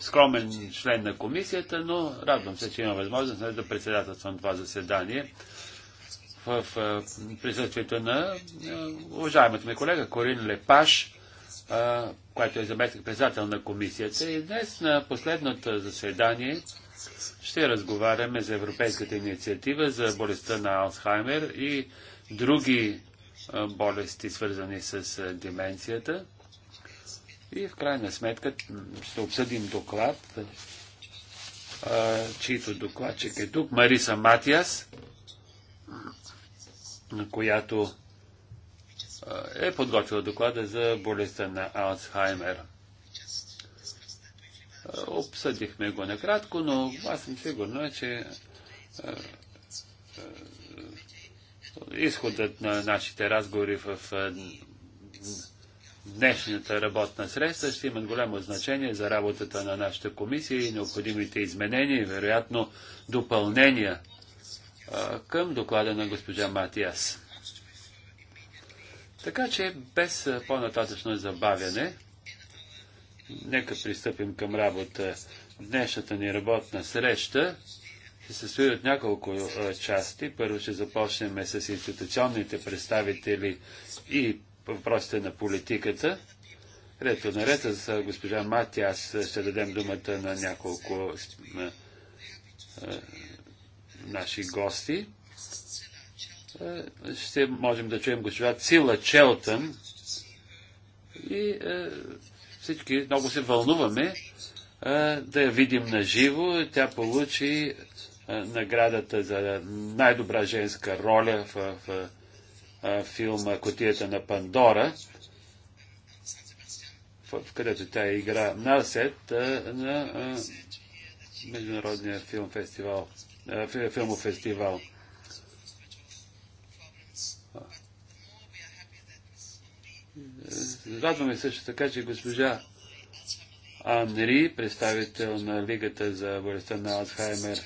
скромен член на комисията, но радвам се, че имам възможност нали, да председателствам това заседание в присъствието на уважаемата ми колега Корин Лепаш, която е заместник председател на комисията. И днес на последното заседание ще разговаряме за Европейската инициатива за болестта на Алцхаймер и други болести, свързани с деменцията. И в крайна сметка ще обсъдим доклад, чийто докладчик е тук, Мариса Матиас, която е подготвила доклада за болестта на Алцхаймер. Обсъдихме го накратко, но аз съм сигурна, че изходът на нашите разговори в днешната работна среща ще имат голямо значение за работата на нашата комисия и необходимите изменения и вероятно допълнения а, към доклада на госпожа Матиас. Така че без по-нататъчно забавяне, нека пристъпим към работа. Днешната ни работна среща се състои от няколко части. Първо ще започнем с институционните представители и въпросите на политиката. Рето наред с госпожа Мати, аз ще дадем думата на няколко на, а, наши гости. А, ще можем да чуем госпожа Цила Челтън и а, всички много се вълнуваме да я видим на живо. Тя получи наградата за най-добра женска роля в, в филма Котията на Пандора, в, където тя игра на Нарсет на Международния филм фестивал, филмов фестивал. Радваме също така, че госпожа Анри, представител на Лигата за болестта на Алцхаймер,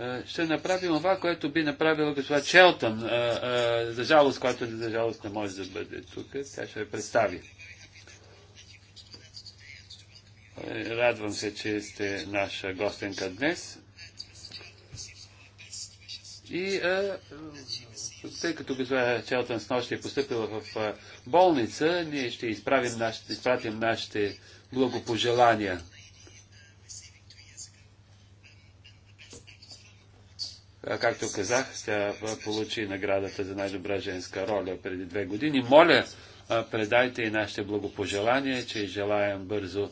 е, ще направи това, което би направила госпожа Челтън, е, е, за жалост, която за жалост не може да бъде тук. Тя ще я представи. Радвам се, че сте наша гостенка днес. И а, тъй като госпожа Челтън с нощ е поступила в болница, ние ще изпратим нашите благопожелания. както казах, тя получи наградата за най-добра женска роля преди две години. Моля, предайте и нашите благопожелания, че желаем бързо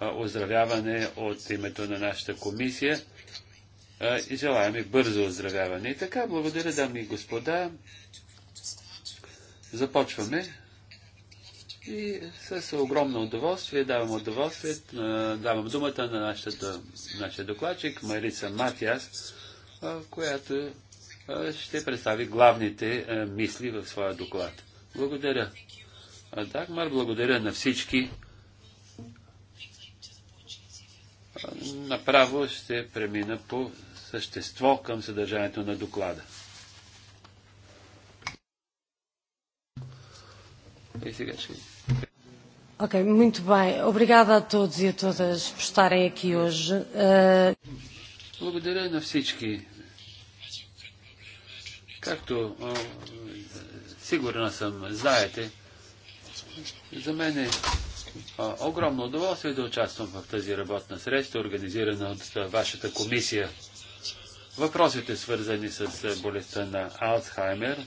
оздравяване от името на нашата комисия и желаем и бързо оздравяване. И така, благодаря, дами и господа. Започваме. И с огромно удоволствие давам удоволствие, давам думата на нашия докладчик Марица Матиас, която ще представи главните мисли в своя доклад. Благодаря. Дагмар, благодаря на всички. Направо ще премина по същество към съдържанието на доклада. И сега ще. Ok, muito bem. Obrigada a todos e a todas por estarem aqui hoje. Uh... Благодаря на всички Както сигурна сигурно съм, знаете, за мен е огромно удоволствие да участвам в тази работна среща, организирана от вашата комисия. Въпросите, свързани с болестта на Алцхаймер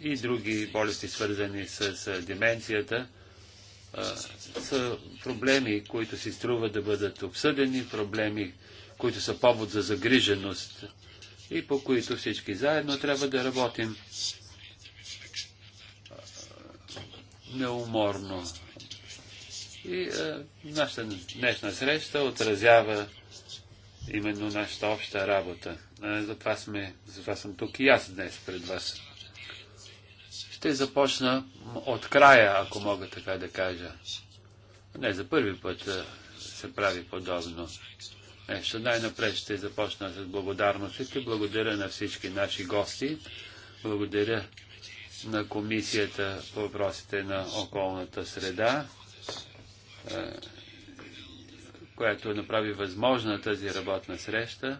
и други болести, свързани с деменцията, са проблеми, които си струва да бъдат обсъдени, проблеми, които са повод за загриженост и по които всички заедно трябва да работим неуморно. И а, е, нашата днешна среща отразява именно нашата обща работа. А, е, затова, сме, затова съм тук и аз днес пред вас. Ще започна от края, ако мога така да кажа. Не за първи път е, се прави подобно нещо. Най-напред ще започна с благодарностите. Благодаря на всички наши гости. Благодаря на Комисията по въпросите на околната среда, е, която направи възможна тази работна среща.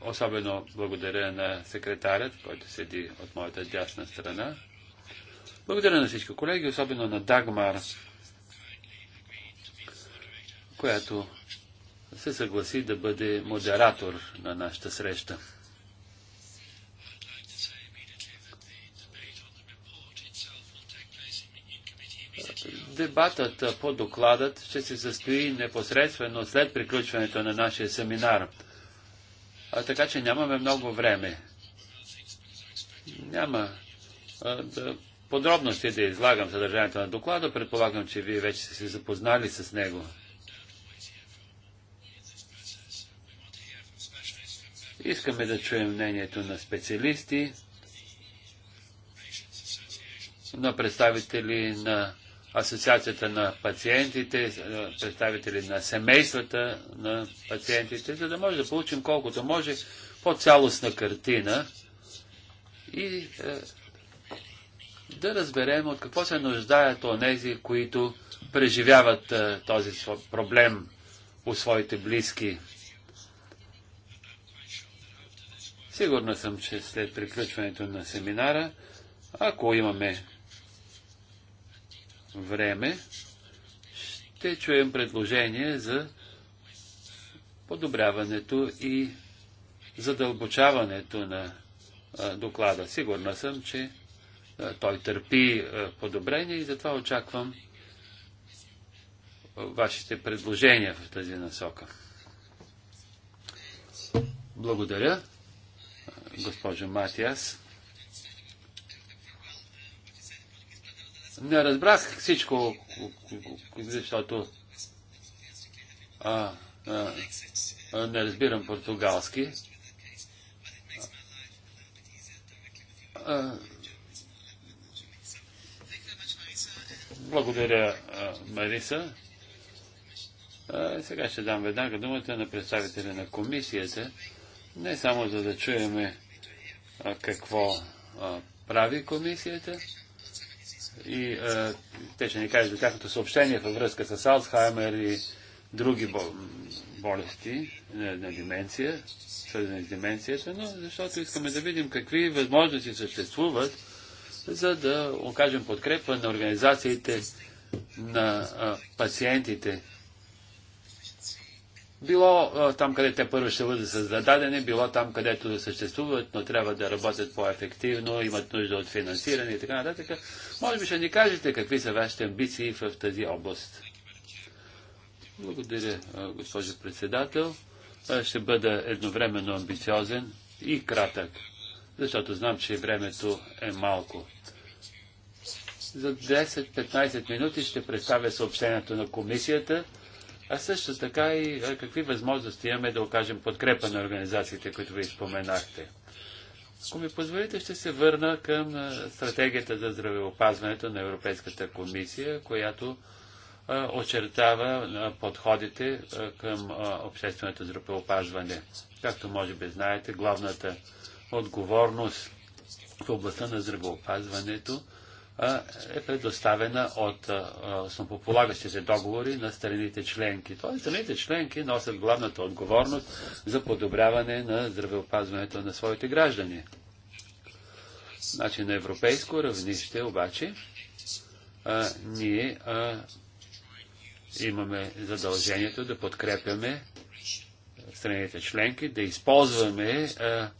Особено благодаря на секретарят, който седи от моята дясна страна. Благодаря на всички колеги, особено на Дагмар, която се съгласи да бъде модератор на нашата среща. Дебатът по докладът ще се състои непосредствено след приключването на нашия семинар. А, така че нямаме много време. Няма а, да, подробности да излагам съдържанието на доклада. Предполагам, че вие вече сте се запознали с него. Искаме да чуем мнението на специалисти, на представители на Асоциацията на пациентите, представители на семействата на пациентите, за да може да получим колкото може по-цялостна картина и е, да разберем от какво се нуждаят онези, които преживяват е, този проблем у своите близки. Сигурна съм, че след приключването на семинара, ако имаме време, ще чуем предложение за подобряването и задълбочаването на доклада. Сигурна съм, че той търпи подобрение и затова очаквам вашите предложения в тази насока. Благодаря госпожо Матиас. Не разбрах всичко, защото а, а, не разбирам португалски. А, благодаря, Мариса. Сега ще дам веднага думата на представителя на комисията, не само за да чуеме какво прави комисията и те ще ни кажат за тяхното съобщение във връзка с Алцхаймер и други болести на, на деменция, свързани с деменцията, но защото искаме да видим какви възможности съществуват, за да окажем подкрепа на организациите на а, пациентите било там, където те първо ще бъдат създадени, било там, където съществуват, но трябва да работят по-ефективно, имат нужда от финансиране и така нататък. Може би ще ни кажете какви са вашите амбиции в тази област. Благодаря, госпожо председател. Ще бъда едновременно амбициозен и кратък, защото знам, че времето е малко. За 10-15 минути ще представя съобщението на комисията а също така и какви възможности имаме да окажем подкрепа на организациите, които ви споменахте. Ако ми позволите, ще се върна към стратегията за здравеопазването на Европейската комисия, която очертава подходите към общественото здравеопазване. Както може би знаете, главната отговорност в областта на здравеопазването е предоставена от основополагащи се договори на страните членки. Тоест, страните членки носят главната отговорност за подобряване на здравеопазването на своите граждани. Значи на европейско равнище обаче а, ние а, имаме задължението да подкрепяме страните членки, да използваме а,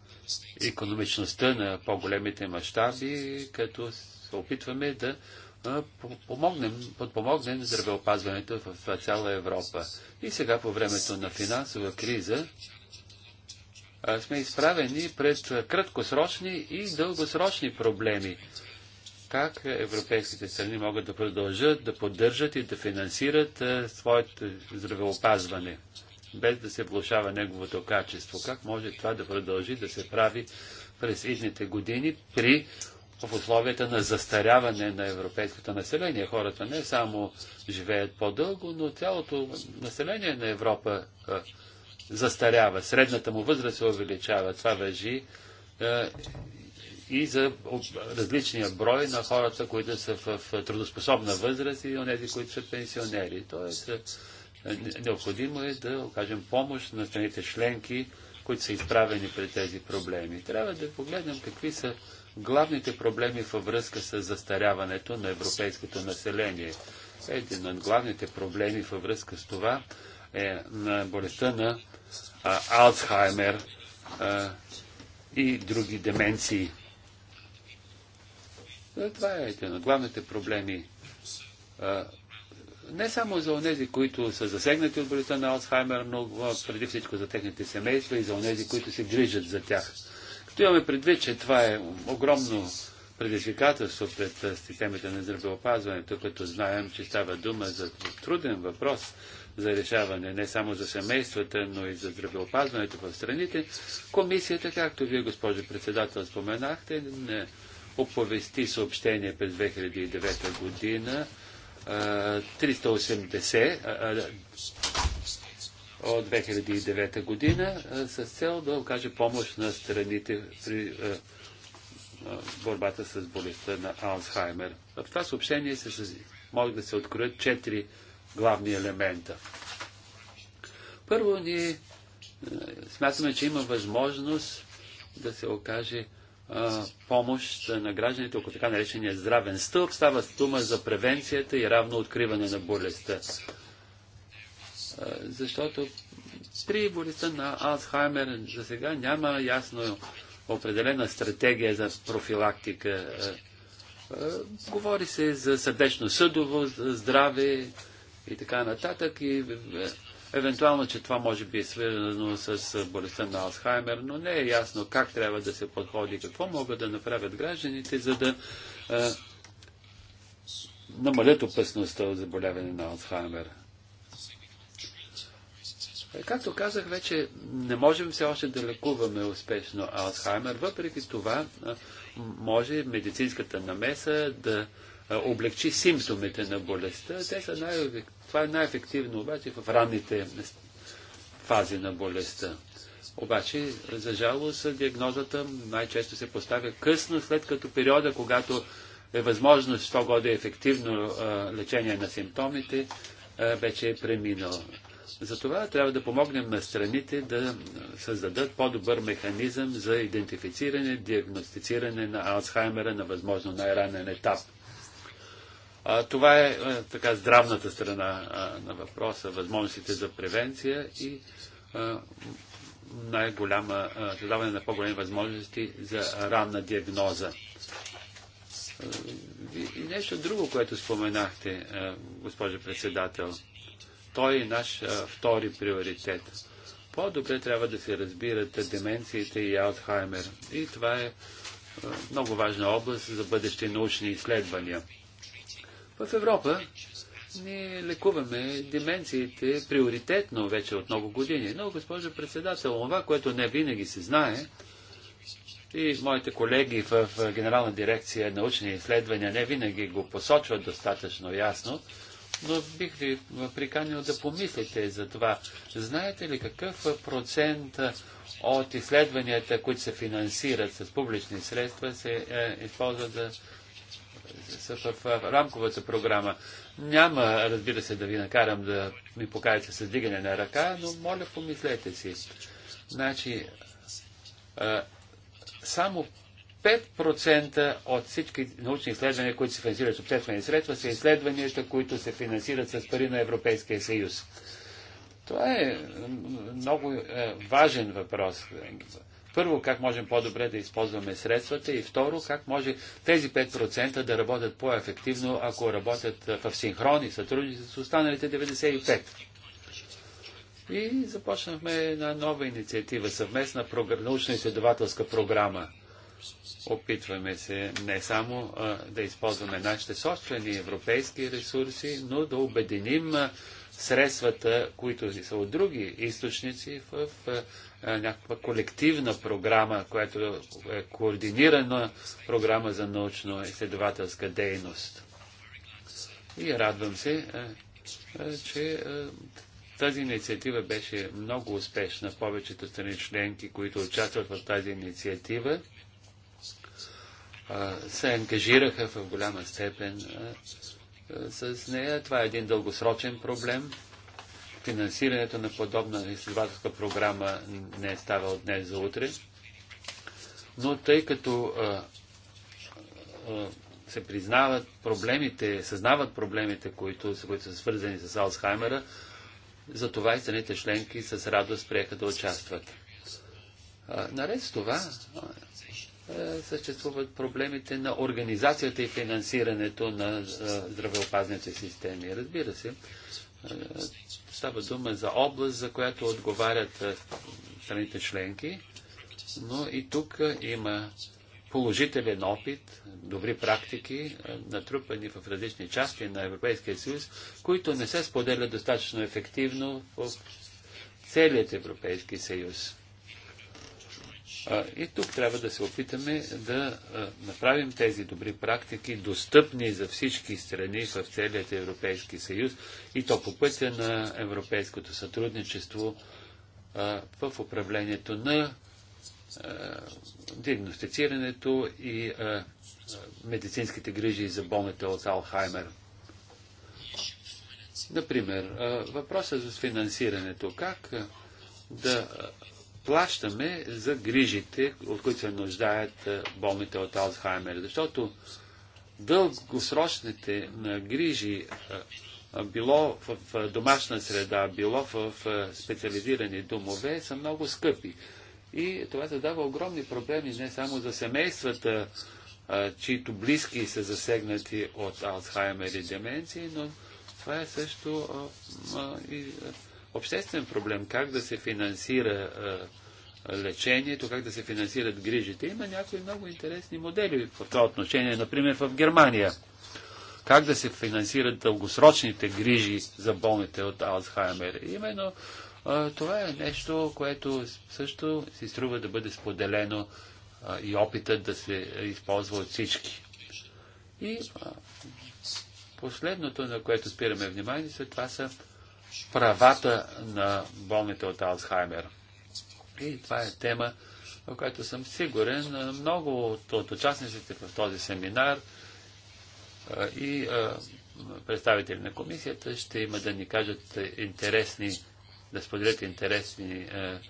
економичността на по-големите мащаби, като се опитваме да помогнем, подпомогнем здравеопазването в цяла Европа. И сега по времето на финансова криза сме изправени пред краткосрочни и дългосрочни проблеми. Как европейските страни могат да продължат да поддържат и да финансират своето здравеопазване, без да се влушава неговото качество? Как може това да продължи да се прави през идните години при в условията на застаряване на европейското население. Хората не само живеят по-дълго, но цялото население на Европа застарява. Средната му възраст се увеличава. Това въжи и за различния брой на хората, които са в, трудоспособна възраст и онези, които са пенсионери. Тоест, необходимо е да окажем помощ на страните членки, които са изправени пред тези проблеми. Трябва да погледнем какви са главните проблеми във връзка с застаряването на европейското население. Един от главните проблеми във връзка с това е на болестта на а, Алцхаймер а, и други деменции. Е, това е един от главните проблеми. А, не само за онези, които са засегнати от болестта на Алцхаймер, но преди всичко за техните семейства и за онези, които се грижат за тях. Като имаме предвид, че това е огромно предизвикателство пред системите на здравеопазването, като знаем, че става дума за труден въпрос за решаване не само за семействата, но и за здравеопазването в страните, комисията, както вие, госпожо председател, споменахте, не оповести съобщение през 2009 година 380 от 2009 година с цел да окаже помощ на страните при борбата с болестта на Алцхаймер. В това съобщение се, могат да се откроят четири главни елемента. Първо, ние смятаме, че има възможност да се окаже помощ на гражданите, около така наречения здравен стълб. Става дума за превенцията и равно откриване на болестта защото при болестта на Алцхаймер за сега няма ясно определена стратегия за профилактика. Говори се за сърдечно-съдово здраве и така нататък и е, евентуално, че това може би е свързано с болестта на Алцхаймер, но не е ясно как трябва да се подходи, какво могат да направят гражданите, за да намалят опасността от заболяване на Алцхаймер. Както казах вече, не можем все още да лекуваме успешно Алцхаймер. Въпреки това, може медицинската намеса да облегчи симптомите на болестта. Те са най- това е най-ефективно обаче в ранните фази на болестта. Обаче, за жалост, диагнозата най-често се поставя късно, след като периода, когато е възможно, що годи ефективно лечение на симптомите, вече е преминал. Затова трябва да помогнем на страните да създадат по-добър механизъм за идентифициране, диагностициране на Алцхаймера на възможно най-ранен етап. А, това е а, така здравната страна а, на въпроса, възможностите за превенция и най-голяма, създаване на по-големи възможности за ранна диагноза. И нещо друго, което споменахте, госпожо председател – той е наш а, втори приоритет. По-добре трябва да се разбират деменциите и Алцхаймер. И това е а, много важна област за бъдещи научни изследвания. В Европа ние лекуваме деменциите приоритетно вече от много години. Но, госпожо председател, това, което не винаги се знае, и моите колеги в Генерална дирекция научни изследвания не винаги го посочват достатъчно ясно, но бих ви приканил да помислите за това. Знаете ли какъв процент от изследванията, които се финансират с публични средства, се е, използват за в, в рамковата програма. Няма, разбира се, да ви накарам да ми покажете с дигане на ръка, но моля, помислете си. Значи, е, само 5% от всички научни изследвания, които се финансират с обществени средства, са изследванията, които се финансират с пари на Европейския съюз. Това е много е, важен въпрос. Първо, как можем по-добре да използваме средствата и второ, как може тези 5% да работят по-ефективно, ако работят е, в синхрон и сътрудничат с останалите 95%. И започнахме една нова инициатива, съвместна научно-изследователска програма – Опитваме се не само да използваме нашите собствени европейски ресурси, но да обединим средствата, които са от други източници, в някаква колективна програма, която е координирана програма за научно-изследователска дейност. И радвам се, че тази инициатива беше много успешна. Повечето страни членки, които участват в тази инициатива, се ангажираха в голяма степен с нея. Това е един дългосрочен проблем. Финансирането на подобна изследователска програма не е става от днес за утре. Но тъй като а, а, се признават проблемите, съзнават проблемите, които, които са свързани с Алцхаймера, за това и страните членки с радост приеха да участват. А, наред с това, е, съществуват проблемите на организацията и финансирането на е, здравеопазните системи. Разбира се, е, става дума за област, за която отговарят страните членки, но и тук има положителен опит, добри практики, натрупани в различни части на Европейския съюз, които не се споделят достатъчно ефективно в целият Европейски съюз. И тук трябва да се опитаме да направим тези добри практики достъпни за всички страни в целият Европейски съюз и то по пътя на европейското сътрудничество в управлението на диагностицирането и медицинските грижи за болните от Алхаймер. Например, въпросът за финансирането. Как да плащаме за грижите, от които се нуждаят болните от Алцхаймер. Защото дългосрочните грижи, било в домашна среда, било в специализирани домове, са много скъпи. И това задава огромни проблеми не само за семействата, чието близки са засегнати от Алцхаймер и деменции, но това е също а, а, и обществен проблем как да се финансира лечението, как да се финансират грижите. Има някои много интересни модели в това отношение, например в Германия. Как да се финансират дългосрочните грижи за болните от Алцхаймер. Именно това е нещо, което също си струва да бъде споделено и опитът да се използва от всички. И последното, на което спираме внимание, това са правата на болните от Алцхаймер. И това е тема, в която съм сигурен, много от, от участниците в този семинар а, и а, представители на комисията ще има да ни кажат интересни, да споделят интересни е,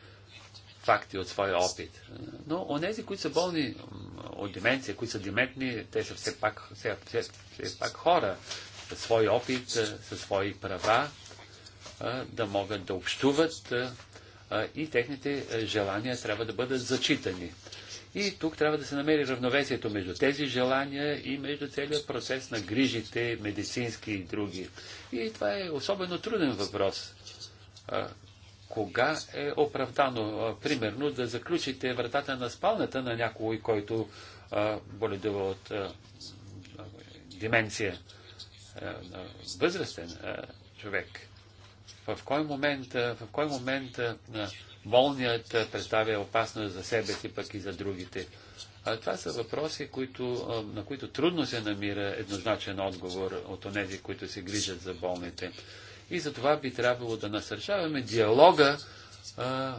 факти от своя опит. Но онези, които са болни от деменция, които са деметни, те са все пак, все, все, все пак хора, със свой опит, със свои права, да могат да общуват и техните желания трябва да бъдат зачитани. И тук трябва да се намери равновесието между тези желания и между целият процес на грижите, медицински и други. И това е особено труден въпрос. Кога е оправдано, примерно, да заключите вратата на спалната на някой, който боледува от деменция, възрастен човек? в кой момент, в кой момент болният представя опасност за себе си, пък и за другите. А това са въпроси, които, на които трудно се намира еднозначен отговор от онези, които се грижат за болните. И за това би трябвало да насърчаваме диалога а,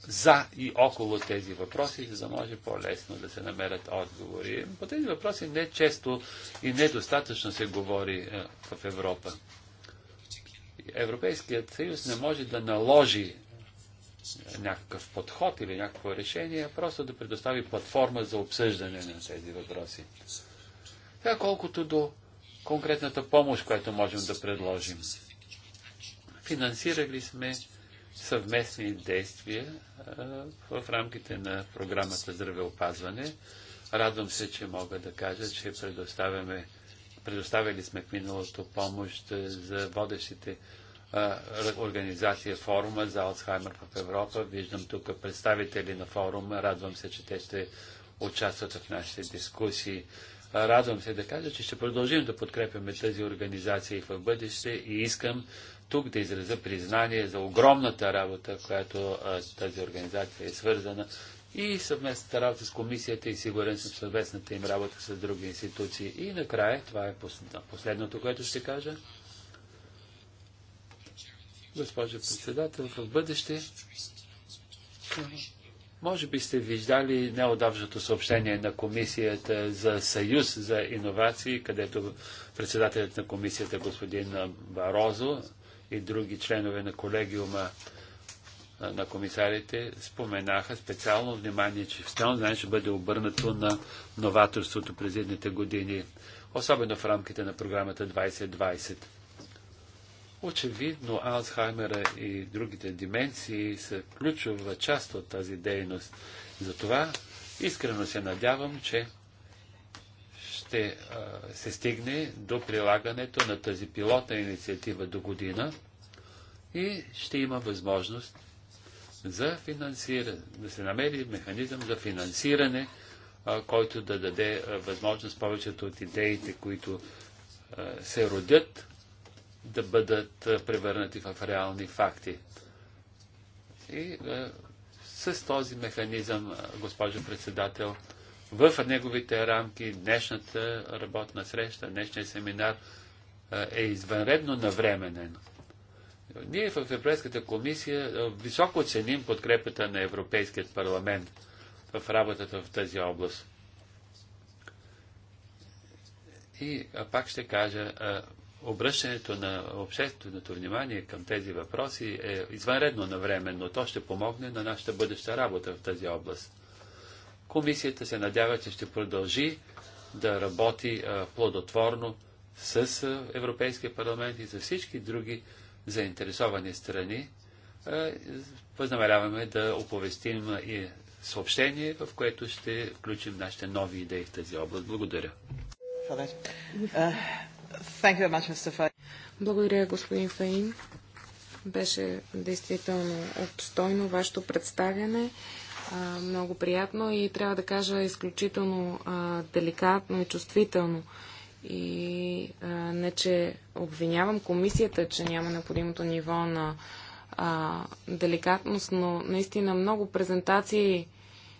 за и около тези въпроси, за да може по-лесно да се намерят отговори. По тези въпроси не често и недостатъчно се говори а, в Европа. Европейският съюз не може да наложи някакъв подход или някакво решение, а просто да предостави платформа за обсъждане на тези въпроси. Това колкото до конкретната помощ, която можем да предложим. Финансирали сме съвместни действия в рамките на програмата здравеопазване. Радвам се, че мога да кажа, че предоставяме Предоставили сме в миналото помощ е, за водещите организация форума за Алцхаймер в Европа. Виждам тук представители на форума. Радвам се, че те ще участват в нашите дискусии. Радвам се да кажа, че ще продължим да подкрепяме тези организации в бъдеще и искам тук да изразя признание за огромната работа, която тази организация е свързана и съвместната работа с комисията и сигурен съм съвместната им работа с други институции. И накрая, това е последното, което ще кажа. Госпожо председател, в бъдеще може би сте виждали неодавжното съобщение на Комисията за Съюз за иновации, където председателят на Комисията господин Барозо и други членове на колегиума на комисарите споменаха специално внимание, че в внимание ще бъде обърнато на новаторството през едните години, особено в рамките на програмата 2020. Очевидно, Алцхаймера и другите дименсии са ключова част от тази дейност. Затова искрено се надявам, че ще а, се стигне до прилагането на тази пилотна инициатива до година и ще има възможност за финансиране, да се намери механизъм за финансиране, а, който да даде а, възможност повечето от идеите, които а, се родят, да бъдат превърнати в реални факти. И с този механизъм, госпожо председател, в неговите рамки днешната работна среща, днешния семинар е извънредно навременен. Ние в Европейската комисия високо ценим подкрепата на Европейският парламент в работата в тази област. И пак ще кажа, обръщането на общественото внимание към тези въпроси е извънредно навременно. То ще помогне на нашата бъдеща работа в тази област. Комисията се надява, че ще продължи да работи плодотворно с Европейския парламент и за всички други заинтересовани страни, е, възнамеряваме да оповестим и съобщение, в което ще включим нашите нови идеи в тази област. Благодаря. Благодаря, господин Фаин. Беше действително обстойно вашето представяне. Много приятно и трябва да кажа изключително деликатно и чувствително и а, не, че обвинявам комисията, че няма необходимото ниво на а, деликатност, но наистина много презентации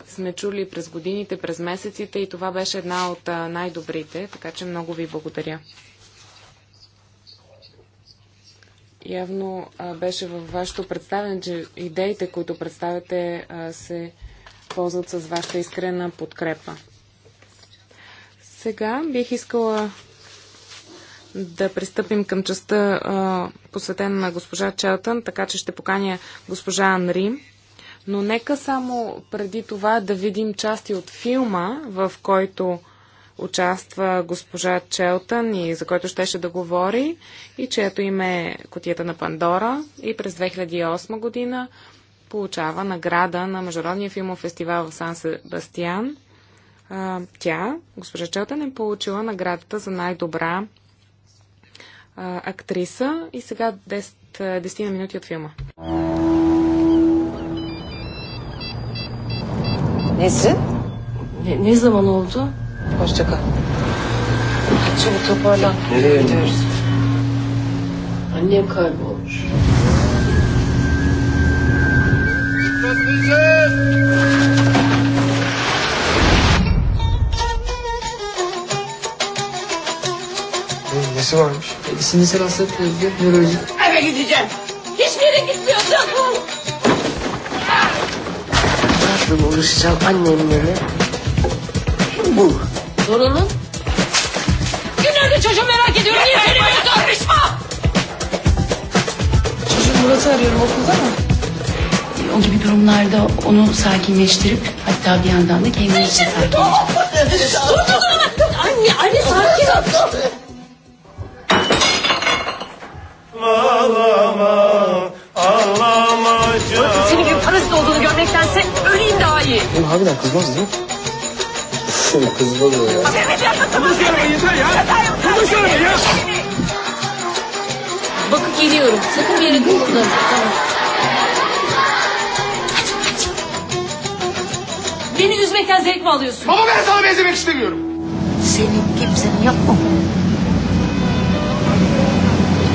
сме чули през годините, през месеците и това беше една от най-добрите, така че много ви благодаря. Явно а, беше във вашето представене, че идеите, които представяте, а, се ползват с вашата искрена подкрепа. Сега бих искала да пристъпим към частта посветена на госпожа Челтън, така че ще поканя госпожа Анри. Но нека само преди това да видим части от филма, в който участва госпожа Челтън и за който щеше да говори и чието име е Котията на Пандора и през 2008 година получава награда на Международния филмов фестивал в Сан себастиан тя, госпожа Челтен, е получила наградата за най-добра актриса и сега 10 минути от филма. Не си? Не, не е за Манолото. Още така. Че го това да. Не, не, не. А не кай Боже. Продължение ilgisi varmış. E, sen hastalık ilgili nörolojik. Eve gideceğim. Hiçbir yere gitmiyorsun. Nasıl buluşacağım annemle mi? Bu. Sorunun? Günlerdir çocuğu merak ediyorum. Niye söylemiyorsun? Karışma! Çocuğu Murat'ı arıyorum okulda mı? O gibi durumlarda onu sakinleştirip hatta bir yandan da kendini sakinleştirip. Anne, anne sakin ol. Ağlama, ağlama canım. Senin gibi parasız olduğunu görmektense öleyim daha iyi. Oğlum harbiden kızmaz değil mi? kızmaz o ya. Mehmet yapma tamam. Bunu söyleme yeter ya. Bunu söyleme ya. Bakıp geliyorum. Sakın bir yere kıpırdama. Tamam. Beni üzmekten zevk mi alıyorsun? Baba ben sana benzemek istemiyorum. Senin kimsenin yapma.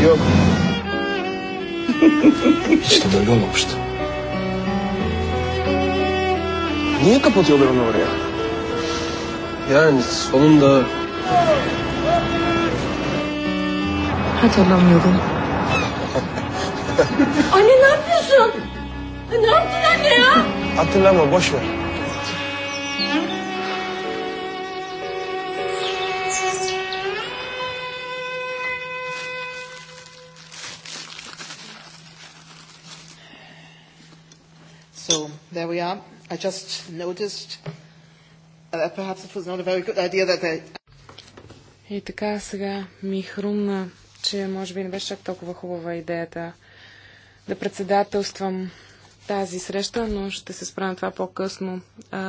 Yok. Ще дойда нощ. Niye kapatıyorlar onu oraya? Yani sonunda... Hatırlamıyorum. anne ne yapıyorsun? Ne yaptın anne ya? Hatırlama boş ver. So there we are. I just noticed that uh, perhaps it was not a very good idea that they... И така сега ми хрумна, че може би не беше чак толкова хубава идеята да председателствам тази среща, но ще се справя това по-късно.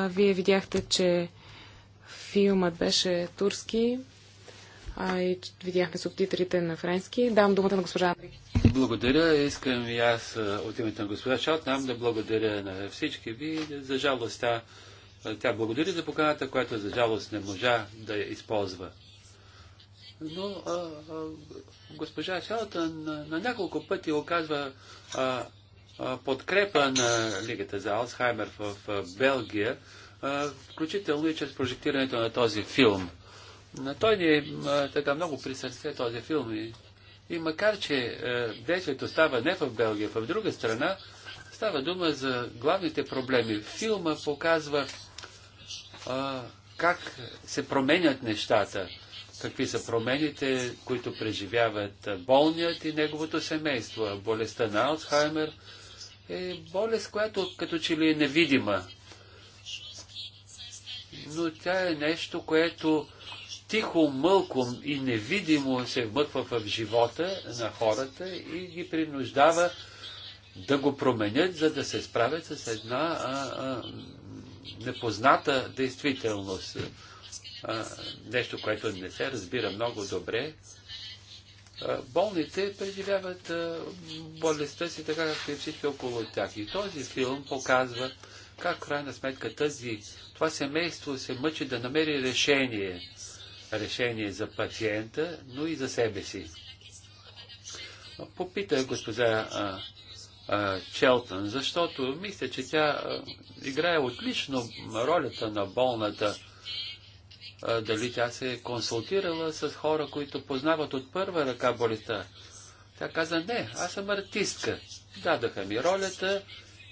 вие видяхте, че филмът беше турски а и видяхме субтитрите на френски. Дам думата на госпожа Андрей. Благодаря. Искам и аз от името на госпожа Шотнам да благодаря на всички ви. За жалост тя, тя благодари за поканата, която за жалост не можа да я използва. Но а, а, госпожа Шалтън на, на няколко пъти оказва а, а, подкрепа на Лигата за Алцхаймер в, в Белгия, а, включително и чрез прожектирането на този филм. На той ни е а, така много при сърце този филм и и макар, че е, действието става не в Белгия, в друга страна, става дума за главните проблеми. Филма показва а, е, как се променят нещата, какви са промените, които преживяват болният и неговото семейство. Болестта на Алцхаймер е болест, която като че ли е невидима. Но тя е нещо, което тихо, мълком и невидимо се вмъква в живота на хората и ги принуждава да го променят, за да се справят с една а, а, непозната действителност. А, нещо, което не се разбира много добре. А, болните преживяват а, болестта си така, както и всички около тях. И този филм показва как, крайна сметка, тази, това семейство се мъчи да намери решение решение за пациента, но и за себе си. Попита госпожа Челтън, защото мисля, че тя а, играе отлично ролята на болната. А, дали тя се е консултирала с хора, които познават от първа ръка болестта. Тя каза, не, аз съм артистка. Дадаха ми ролята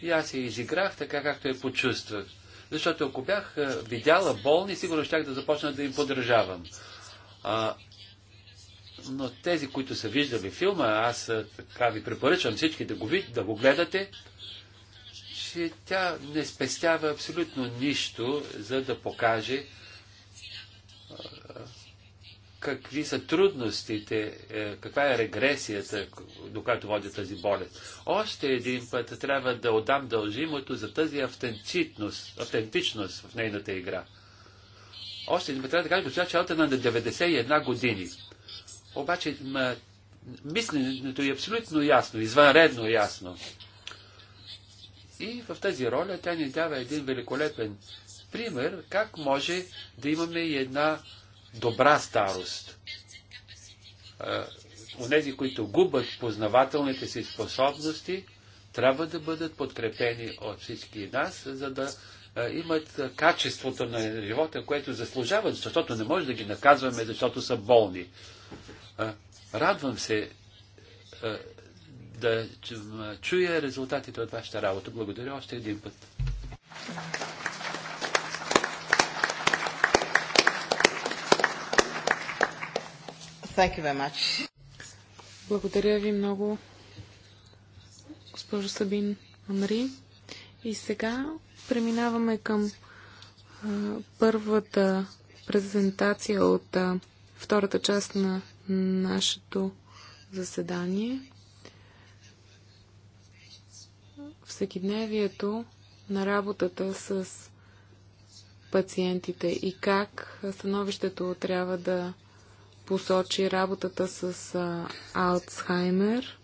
и аз я изиграх така, както я почувствах. Защото ако бях е, видяла болни, сигурно щях да започна да им подражавам. А, но тези, които са виждали филма, аз е, така ви препоръчвам всички да го, вид, да го гледате, че тя не спестява абсолютно нищо, за да покаже, какви са трудностите, е, каква е регресията, до която води тази болест. Още един път трябва да отдам дължимото за тази автентичност, автентичност в нейната игра. Още един път трябва да кажа, че Чалтън е на 91 години. Обаче мисленето е абсолютно ясно, извънредно ясно. И в тази роля тя ни дава един великолепен пример как може да имаме една добра старост. Онези, които губят познавателните си способности, трябва да бъдат подкрепени от всички нас, за да имат качеството на живота, което заслужават, защото не може да ги наказваме, защото са болни. Радвам се да чуя резултатите от вашата работа. Благодаря още един път. Thank you very much. Благодаря ви много, госпожо Сабин Амри. И сега преминаваме към а, първата презентация от а, втората част на нашето заседание. Всекидневието на работата с пациентите и как становището трябва да посочи работата с а, Алцхаймер.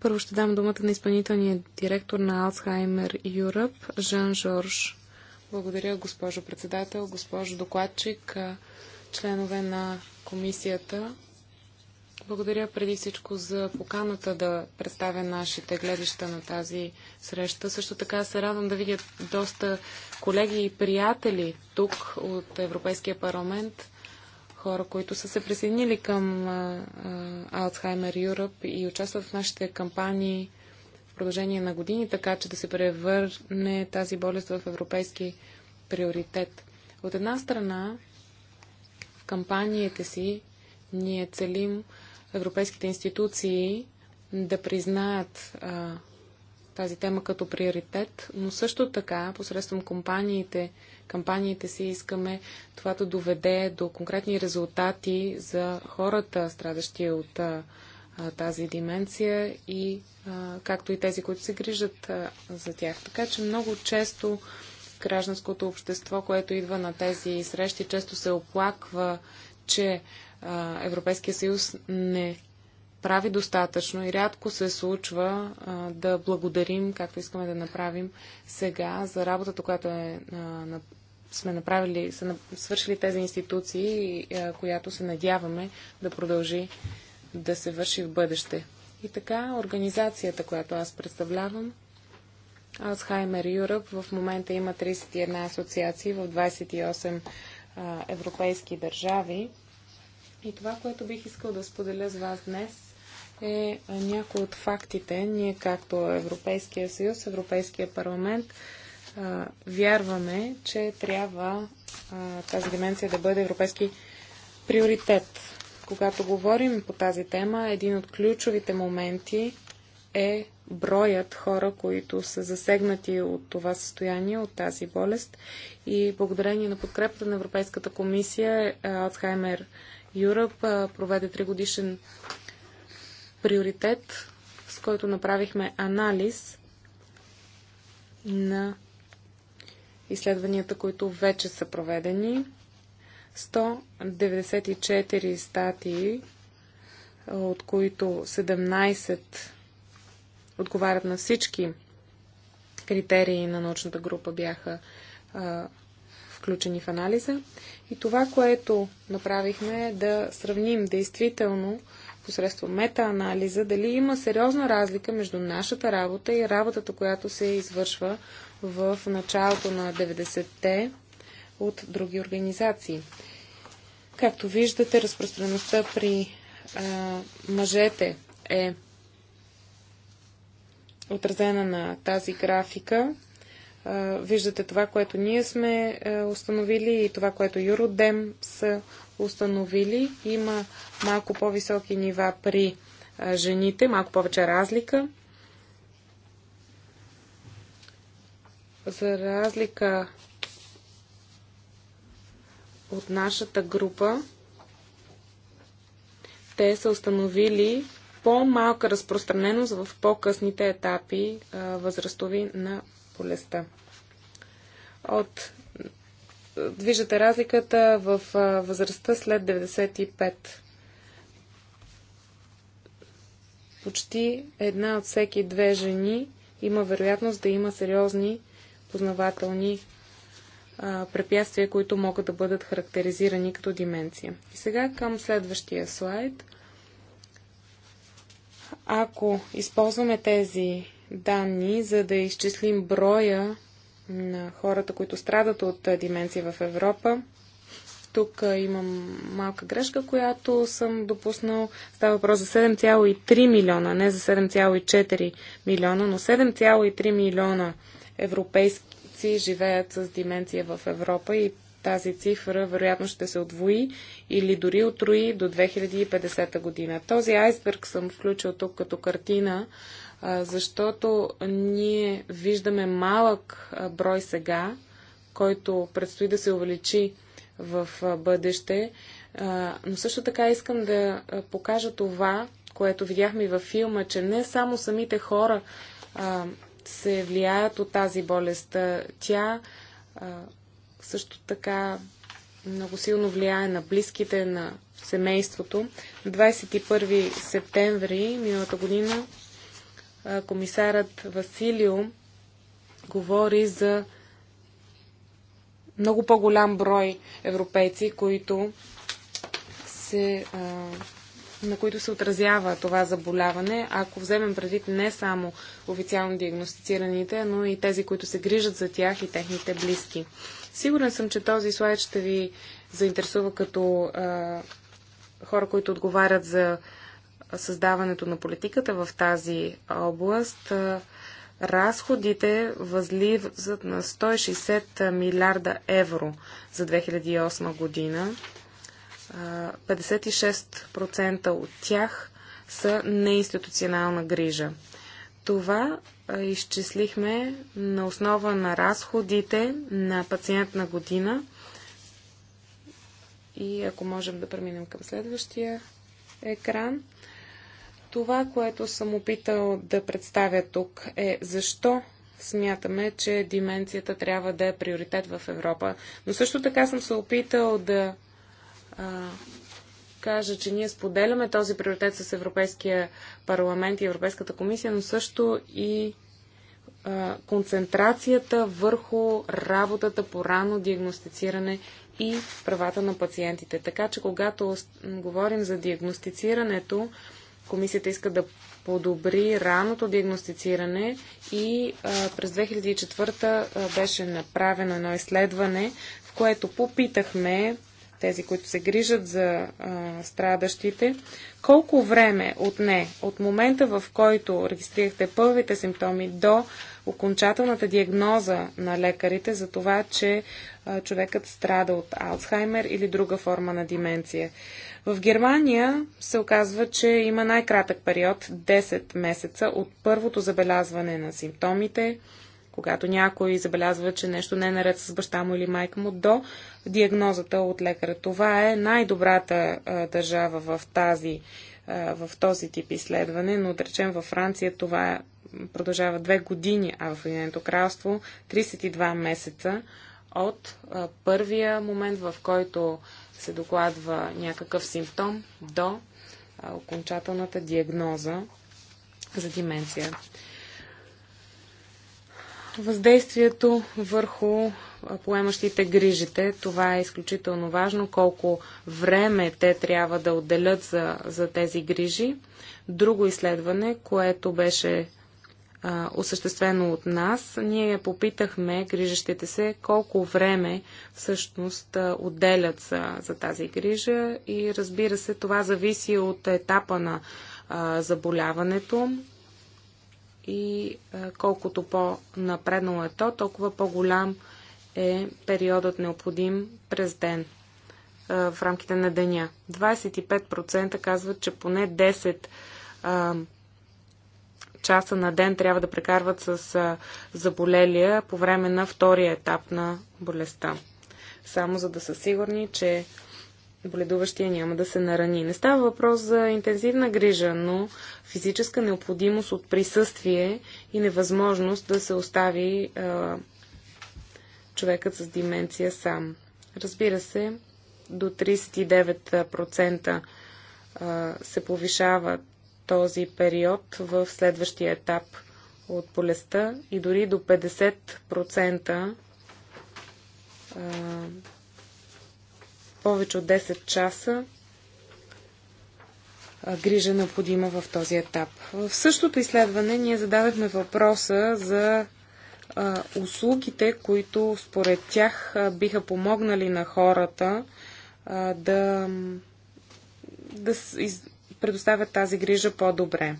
Първо ще дам думата на изпълнителния директор на Алцхаймер Юръп, Жан Жорж. Благодаря, госпожо председател, госпожо докладчик, членове на комисията. Благодаря преди всичко за поканата да представя нашите гледаща на тази среща. Също така се радвам да видя доста колеги и приятели тук от Европейския парламент хора, които са се присъединили към Alzheimer Europe и участват в нашите кампании в продължение на години, така че да се превърне тази болест в европейски приоритет. От една страна, в кампаниите си ние целим европейските институции да признаят а, тази тема като приоритет, но също така посредством компаниите, кампаниите си, искаме това да доведе до конкретни резултати за хората, страдащи от а, тази дименция и а, както и тези, които се грижат а, за тях. Така че много често гражданското общество, което идва на тези срещи, често се оплаква, че Европейския съюз не прави достатъчно и рядко се случва а, да благодарим, както искаме да направим сега, за работата, която е, а, на, сме направили, са на, свършили тези институции, а, която се надяваме да продължи да се върши в бъдеще. И така, организацията, която аз представлявам, Alzheimer Europe, в момента има 31 асоциации в 28 а, европейски държави. И това, което бих искал да споделя с вас днес, е някои от фактите. Ние, както Европейския съюз, Европейския парламент, вярваме, че трябва тази деменция да бъде европейски приоритет. Когато говорим по тази тема, един от ключовите моменти е броят хора, които са засегнати от това състояние, от тази болест. И благодарение на подкрепата на Европейската комисия, е, Алцхаймер Юръп проведе тригодишен приоритет, с който направихме анализ на изследванията, които вече са проведени. 194 статии, от които 17 отговарят на всички критерии на научната група бяха а, включени в анализа. И това, което направихме е да сравним действително посредством метаанализа, дали има сериозна разлика между нашата работа и работата, която се извършва в началото на 90-те от други организации. Както виждате, разпространеността при а, мъжете е отразена на тази графика виждате това, което ние сме установили и това, което Юродем са установили. Има малко по-високи нива при жените, малко повече разлика. За разлика от нашата група, те са установили по-малка разпространеност в по-късните етапи възрастови на болестта. От... Виждате разликата в възрастта след 95. Почти една от всеки две жени има вероятност да има сериозни познавателни а, препятствия, които могат да бъдат характеризирани като деменция. И сега към следващия слайд. Ако използваме тези данни, за да изчислим броя на хората, които страдат от деменция в Европа. Тук имам малка грешка, която съм допуснал. Става въпрос за 7,3 милиона, не за 7,4 милиона, но 7,3 милиона европейци живеят с деменция в Европа и тази цифра вероятно ще се отвои или дори отруи до 2050 година. Този айсберг съм включил тук като картина, защото ние виждаме малък брой сега, който предстои да се увеличи в бъдеще. Но също така искам да покажа това, което видяхме и във филма, че не само самите хора се влияят от тази болест. Тя също така много силно влияе на близките, на семейството. 21 септември миналата година комисарът Василио говори за много по-голям брой европейци, които се, на които се отразява това заболяване, ако вземем предвид не само официално диагностицираните, но и тези, които се грижат за тях и техните близки. Сигурен съм, че този слайд ще ви заинтересува като а, хора, които отговарят за създаването на политиката в тази област, разходите възлизат на 160 милиарда евро за 2008 година. 56% от тях са неинституционална грижа. Това изчислихме на основа на разходите на пациент на година. И ако можем да преминем към следващия екран. Това, което съм опитал да представя тук е защо смятаме, че дименцията трябва да е приоритет в Европа. Но също така съм се опитал да а, кажа, че ние споделяме този приоритет с Европейския парламент и Европейската комисия, но също и а, концентрацията върху работата по рано диагностициране и правата на пациентите. Така че, когато говорим за диагностицирането, Комисията иска да подобри раното диагностициране и а, през 2004 а, беше направено едно изследване, в което попитахме тези, които се грижат за а, страдащите, колко време отне от момента, в който регистрирахте първите симптоми до окончателната диагноза на лекарите за това, че човекът страда от Алцхаймер или друга форма на деменция. В Германия се оказва, че има най-кратък период 10 месеца от първото забелязване на симптомите, когато някой забелязва, че нещо не е наред с баща му или майка му, до диагнозата от лекаря. Това е най-добрата държава в тази в този тип изследване, но да речем във Франция това продължава две години, а в Единеното кралство 32 месеца от а, първия момент, в който се докладва някакъв симптом, до а, окончателната диагноза за деменция. Въздействието върху поемащите грижите. Това е изключително важно, колко време те трябва да отделят за, за тези грижи. Друго изследване, което беше а, осъществено от нас, ние попитахме грижащите се колко време всъщност отделят за, за тази грижа и разбира се, това зависи от етапа на а, заболяването и а, колкото по-напреднало е то, толкова по-голям е периодът необходим през ден в рамките на деня. 25% казват, че поне 10 а, часа на ден трябва да прекарват с заболелия по време на втория етап на болестта. Само за да са сигурни, че боледуващия няма да се нарани. Не става въпрос за интензивна грижа, но физическа необходимост от присъствие и невъзможност да се остави е, човекът с деменция сам. Разбира се, до 39% се повишават този период в следващия етап от болестта и дори до 50% повече от 10 часа грижа необходима в този етап. В същото изследване ние зададахме въпроса за а, услугите, които според тях а, биха помогнали на хората а, да, да из, предоставят тази грижа по-добре.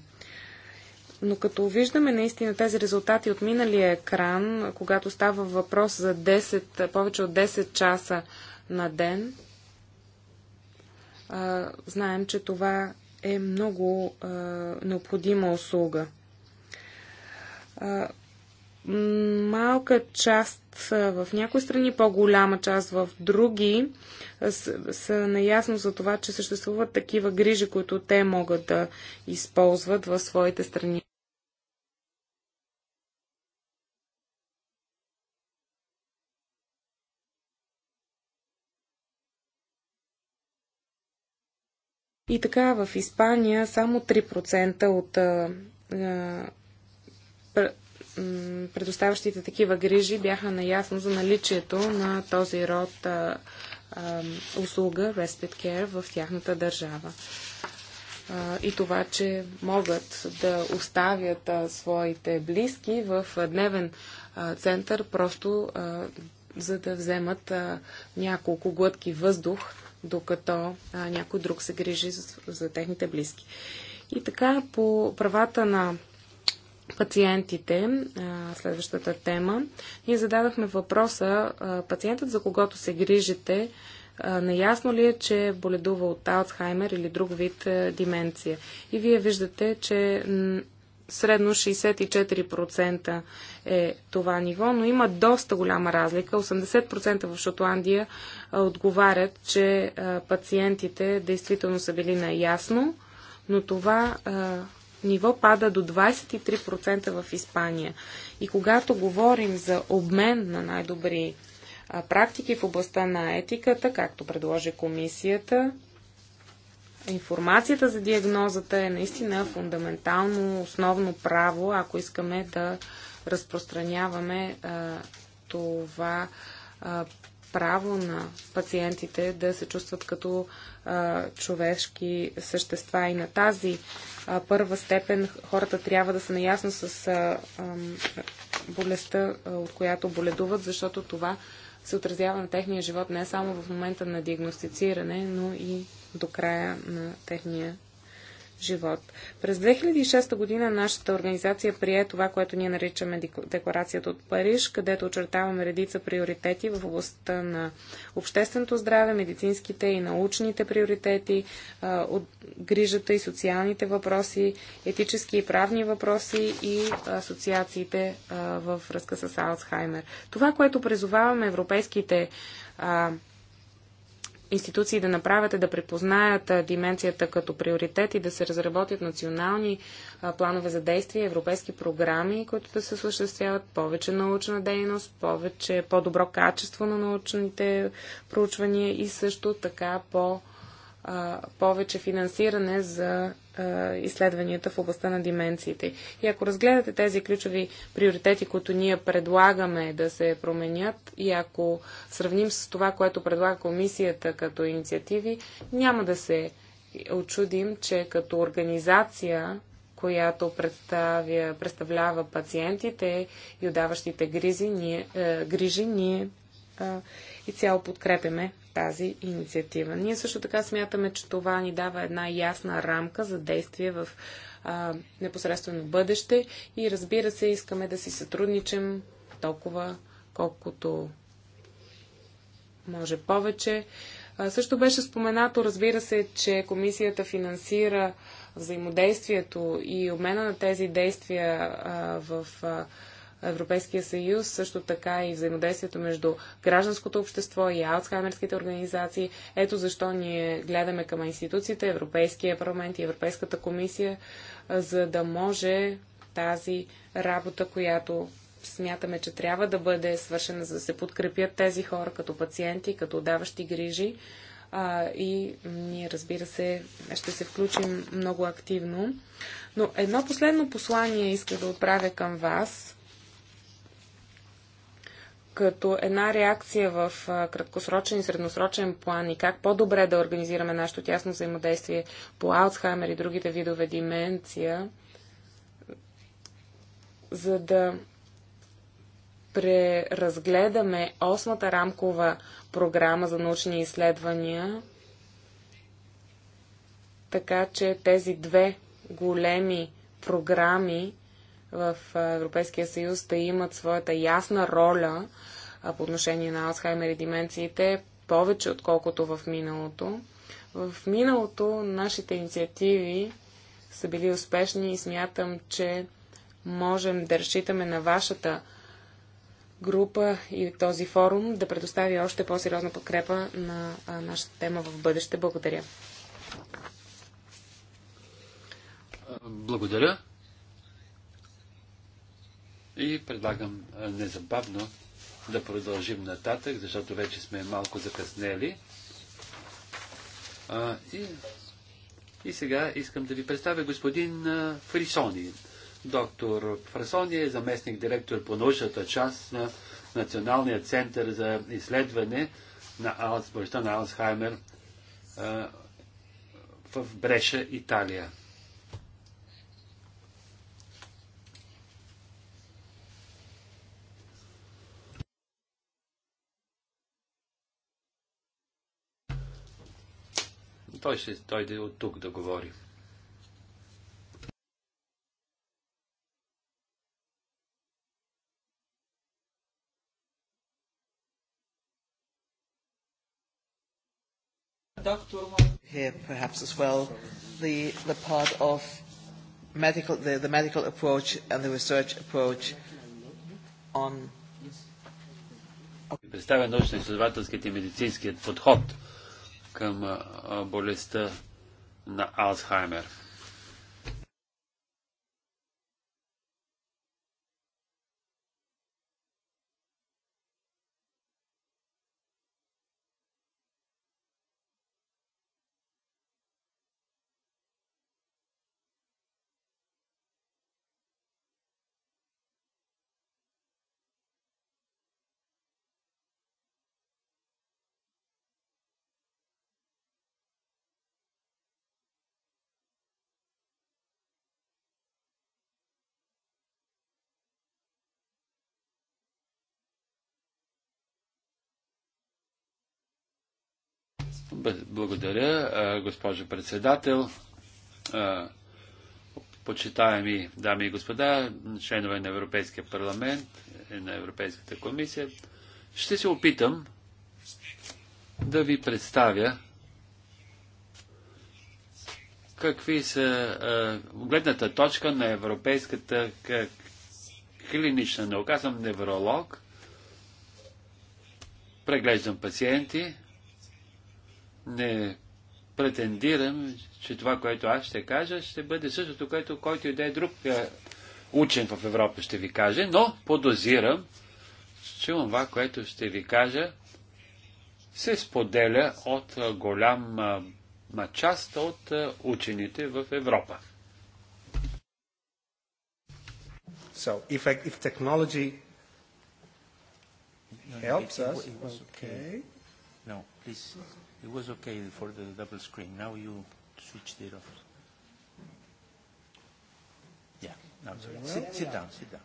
Но като виждаме наистина тези резултати от миналия екран, когато става въпрос за 10, повече от 10 часа на ден, а, знаем, че това е много а, необходима услуга. А, малка част в някои страни, по-голяма част в други, са наясно за това, че съществуват такива грижи, които те могат да използват в своите страни. И така в Испания само 3% от предоставящите такива грижи бяха наясно за наличието на този род а, а, услуга, Respite Care, в тяхната държава. А, и това, че могат да оставят а, своите близки в дневен а, център, просто а, за да вземат а, няколко глътки въздух, докато а, някой друг се грижи за, за техните близки. И така, по правата на пациентите, следващата тема, ние зададахме въпроса, пациентът за когото се грижите, наясно ли е, че боледува от Алцхаймер или друг вид деменция? И вие виждате, че средно 64% е това ниво, но има доста голяма разлика. 80% в Шотландия отговарят, че пациентите действително са били наясно, но това ниво пада до 23% в Испания. И когато говорим за обмен на най-добри практики в областта на етиката, както предложи комисията, информацията за диагнозата е наистина фундаментално, основно право, ако искаме да разпространяваме а, това а, право на пациентите да се чувстват като а, човешки същества. И на тази а, първа степен хората трябва да са наясно с а, болестта, от която боледуват, защото това се отразява на техния живот не само в момента на диагностициране, но и до края на техния живот. През 2006 година нашата организация прие това, което ние наричаме Декларацията от Париж, където очертаваме редица приоритети в областта на общественото здраве, медицинските и научните приоритети, от грижата и социалните въпроси, етически и правни въпроси и асоциациите във връзка с Алцхаймер. Това, което презоваваме, европейските институции да направят е да препознаят дименцията като приоритет и да се разработят национални планове за действие, европейски програми, които да се осъществяват повече научна дейност, повече по-добро качество на научните проучвания и също така по- а, повече финансиране за а, изследванията в областта на дименциите. И ако разгледате тези ключови приоритети, които ние предлагаме да се променят, и ако сравним с това, което предлага комисията като инициативи, няма да се очудим, че като организация която представя, представлява пациентите и отдаващите ние, е, грижи, ние и цяло подкрепяме тази инициатива. Ние също така смятаме, че това ни дава една ясна рамка за действие в а, непосредствено бъдеще и разбира се, искаме да си сътрудничим толкова, колкото може повече. А, също беше споменато, разбира се, че комисията финансира взаимодействието и обмена на тези действия а, в а, Европейския съюз, също така и взаимодействието между гражданското общество и аутсхаймерските организации. Ето защо ние гледаме към институциите, Европейския парламент и Европейската комисия, за да може тази работа, която смятаме, че трябва да бъде свършена, за да се подкрепят тези хора като пациенти, като даващи грижи. А, и ние, разбира се, ще се включим много активно. Но едно последно послание иска да отправя към вас като една реакция в краткосрочен и средносрочен план и как по-добре да организираме нашето тясно взаимодействие по Алцхаймер и другите видове деменция, за да преразгледаме осмата рамкова програма за научни изследвания, така че тези две големи програми в Европейския съюз да имат своята ясна роля по отношение на Алцхаймер и деменциите, повече отколкото в миналото. В миналото нашите инициативи са били успешни и смятам, че можем да разчитаме на вашата група и този форум да предостави още по-сериозна подкрепа на нашата тема в бъдеще. Благодаря. Благодаря. И предлагам незабавно да продължим нататък, защото вече сме малко закъснели. А, и, и сега искам да ви представя господин Фрисони. Доктор Фрисони е заместник директор по научната част на Националния център за изследване на Алцбърща на Алцхаймер а, в Бреша, Италия. той ще дойде от тук да говори. Here, perhaps as well, the, the part of medical, the, the medical approach and the research approach on. Представя научно-изследователският и медицинският подход към болестта на Алцхаймер. Благодаря, госпожо председател. Почитаеми дами и господа, членове на Европейския парламент и на Европейската комисия, ще се опитам да ви представя какви са гледната точка на европейската клинична наука. Аз съм невролог, преглеждам пациенти, не претендирам, че това, което аз ще кажа, ще бъде същото, което който и да е друг е, учен в Европа ще ви каже, но подозирам, че това, което ще ви кажа, се споделя от е, голяма е, част от учените в Европа. So, if, I, if technology helps us, okay. No, please. It was okay for the double screen. Now you switched it off. Yeah, now it's okay. Sit, sit down, sit down.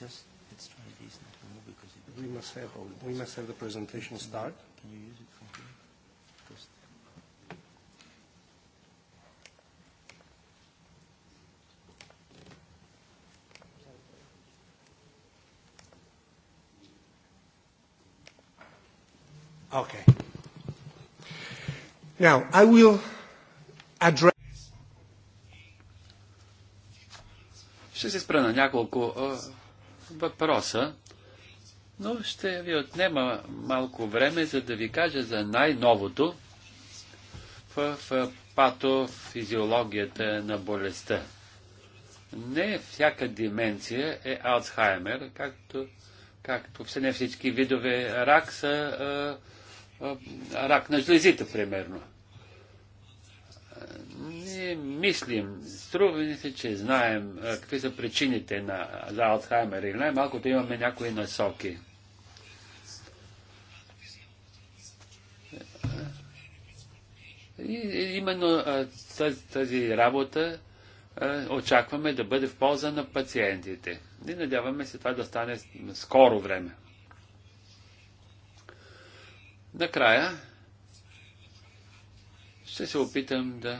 Just let's try this and now because it we must have we must have the presentation start. Can you use it from here? Just Okay. Now, I will address... Ще се спра на няколко а, въпроса, но ще ви отнема малко време, за да ви кажа за най-новото в, в патофизиологията на болестта. Не всяка дименция е Алцхаймер, както, както все не всички видове рак са а, рак на жлезите, примерно. Ние мислим, струва ни се, че знаем какви са причините на, за Алцхаймер и най-малкото имаме някои насоки. И именно тази, тази работа очакваме да бъде в полза на пациентите. И надяваме се това да стане скоро време. Накрая ще се опитам да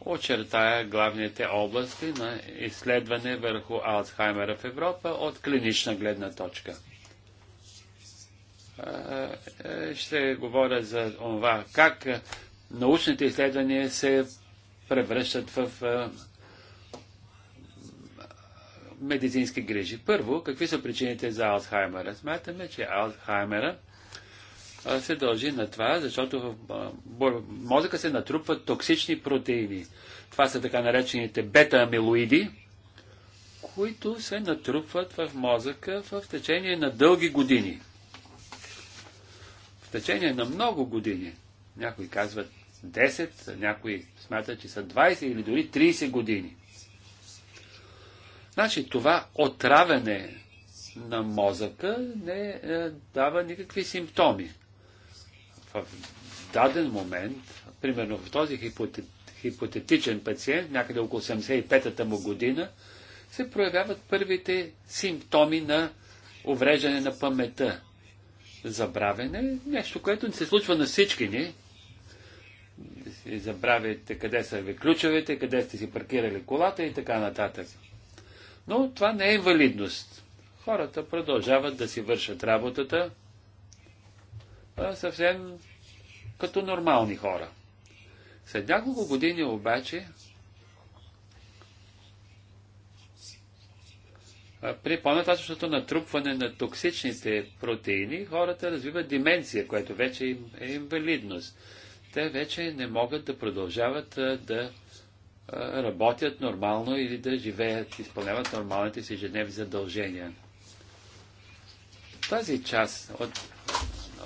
очертая главните области на изследване върху Алцхаймера в Европа от клинична гледна точка. Ще говоря за това как научните изследвания се превръщат в медицински грижи. Първо, какви са причините за Алцхаймера? Смятаме, че Алцхаймера – се дължи на това, защото в мозъка се натрупват токсични протеини. Това са така наречените бета-амилоиди, които се натрупват в мозъка в течение на дълги години. В течение на много години. Някои казват 10, някои смятат, че са 20 или дори 30 години. Значи това отравяне на мозъка не е, дава никакви симптоми в даден момент, примерно в този хипотетичен пациент, някъде около 85 та му година, се проявяват първите симптоми на увреждане на памета. Забравяне е нещо, което не се случва на всички ни. Забравяйте къде са ви ключовете, къде сте си паркирали колата и така нататък. Но това не е инвалидност. Хората продължават да си вършат работата, съвсем като нормални хора. След няколко години обаче, при по-нататъчното натрупване на токсичните протеини, хората развиват деменция, което вече е инвалидност. Те вече не могат да продължават да работят нормално или да живеят, изпълняват нормалните си ежедневни задължения. Тази част от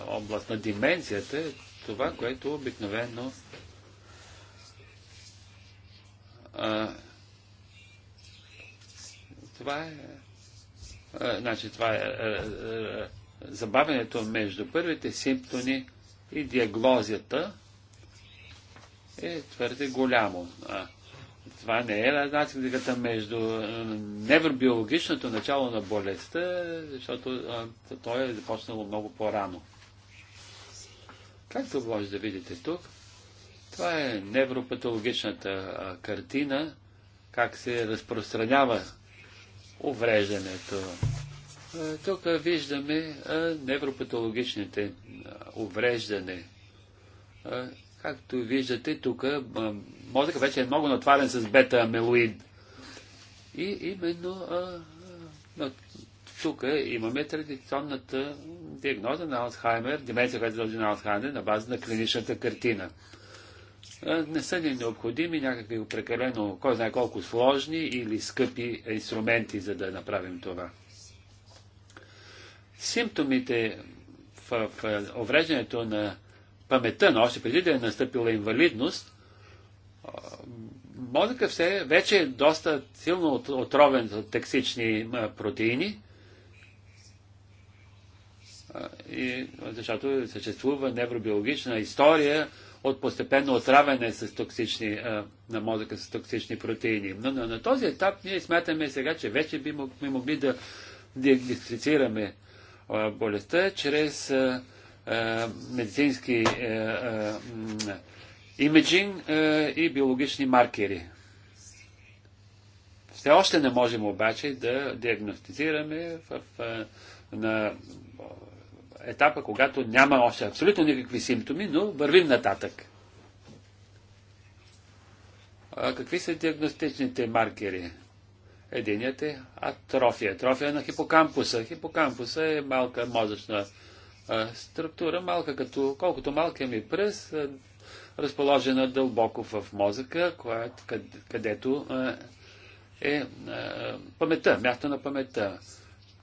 област на дименцията е това, което обикновено а, това е а, значи това е а, забавянето между първите симптоми и диагнозията е твърде голямо. А, това не е разликата между невробиологичното начало на болестта, защото а, то е започнало много по-рано. Както може да видите тук, това е невропатологичната картина, как се разпространява увреждането. Тук виждаме невропатологичните увреждане. Както виждате, тук мозъкът вече е много натварен с бета-амелоид. И именно тук имаме традиционната диагноза на Алцхаймер, деменция, която дължи на Алцхаймер, на база на клиничната картина. Не са ни необходими някакви прекалено, кой знае колко сложни или скъпи инструменти, за да направим това. Симптомите в, в увреждането на паметта, но още преди да е настъпила инвалидност, мозъка все вече е доста силно отровен от токсични протеини и, защото съществува невробиологична история от постепенно отравяне с токсични, на мозъка с токсични протеини. Но, но на този етап ние смятаме сега, че вече би могли, могли да диагностицираме болестта чрез медицински е, е, имиджинг е, и биологични маркери. Все още не можем обаче да диагностицираме в, в, на етапа, когато няма още абсолютно никакви симптоми, но вървим нататък. А, какви са диагностичните маркери? Единият е атрофия. Атрофия на хипокампуса. Хипокампуса е малка мозъчна структура, малка като, колкото малкият е ми пръст, разположена дълбоко в мозъка, която, където е паметта, място на паметта.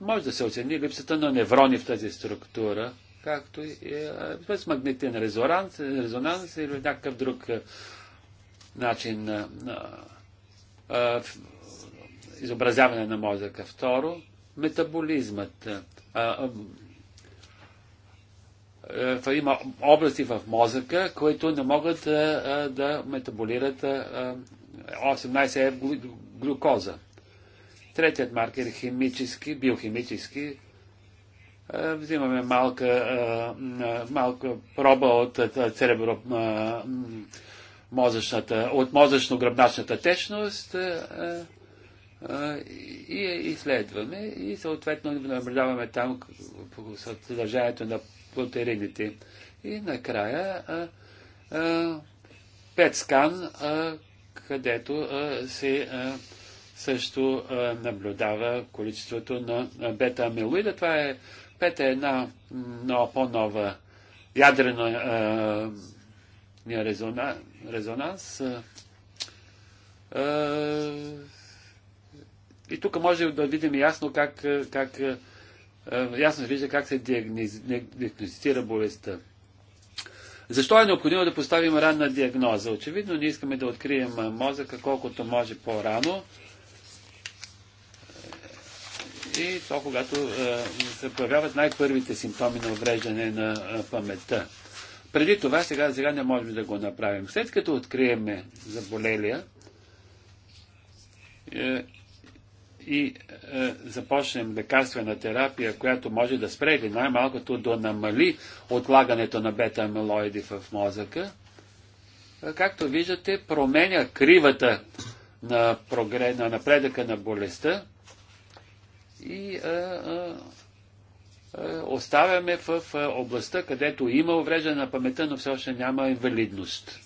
Може да се оцени липсата на неврони в тази структура, както и е, без магнитен резонанс, резонанс или някакъв друг е, начин на, на а, е, изобразяване на мозъка. Второ, метаболизмът. А, а, има области в мозъка, които не могат да метаболират 18F глюкоза. Третият маркер е химически, биохимически. Е, взимаме малка, е, малка проба от церебро, мозъчната, от мозъчно-гръбначната течност и изследваме и съответно наблюдаваме там съдържанието на протеините. И накрая пет скан, където се също наблюдава количеството на бета-амилоида. Това е пета е една много по-нова ядрена а, резонанс. И тук може да видим ясно как, как ясно се вижда как се диагностицира болестта. Защо е необходимо да поставим ранна диагноза? Очевидно, ние искаме да открием мозъка колкото може по-рано, и то когато а, е, се появяват най-първите симптоми на увреждане на а, е, паметта. Преди това, сега, сега не можем да го направим. След като откриеме заболелия е, и е, започнем лекарствена терапия, която може да спре или най-малкото да намали отлагането на бета-амилоиди в мозъка, е, както виждате, променя кривата на, прогре... на напредъка на болестта и а, а, а, оставяме в областта, където има увреждане на памета, но все още няма инвалидност.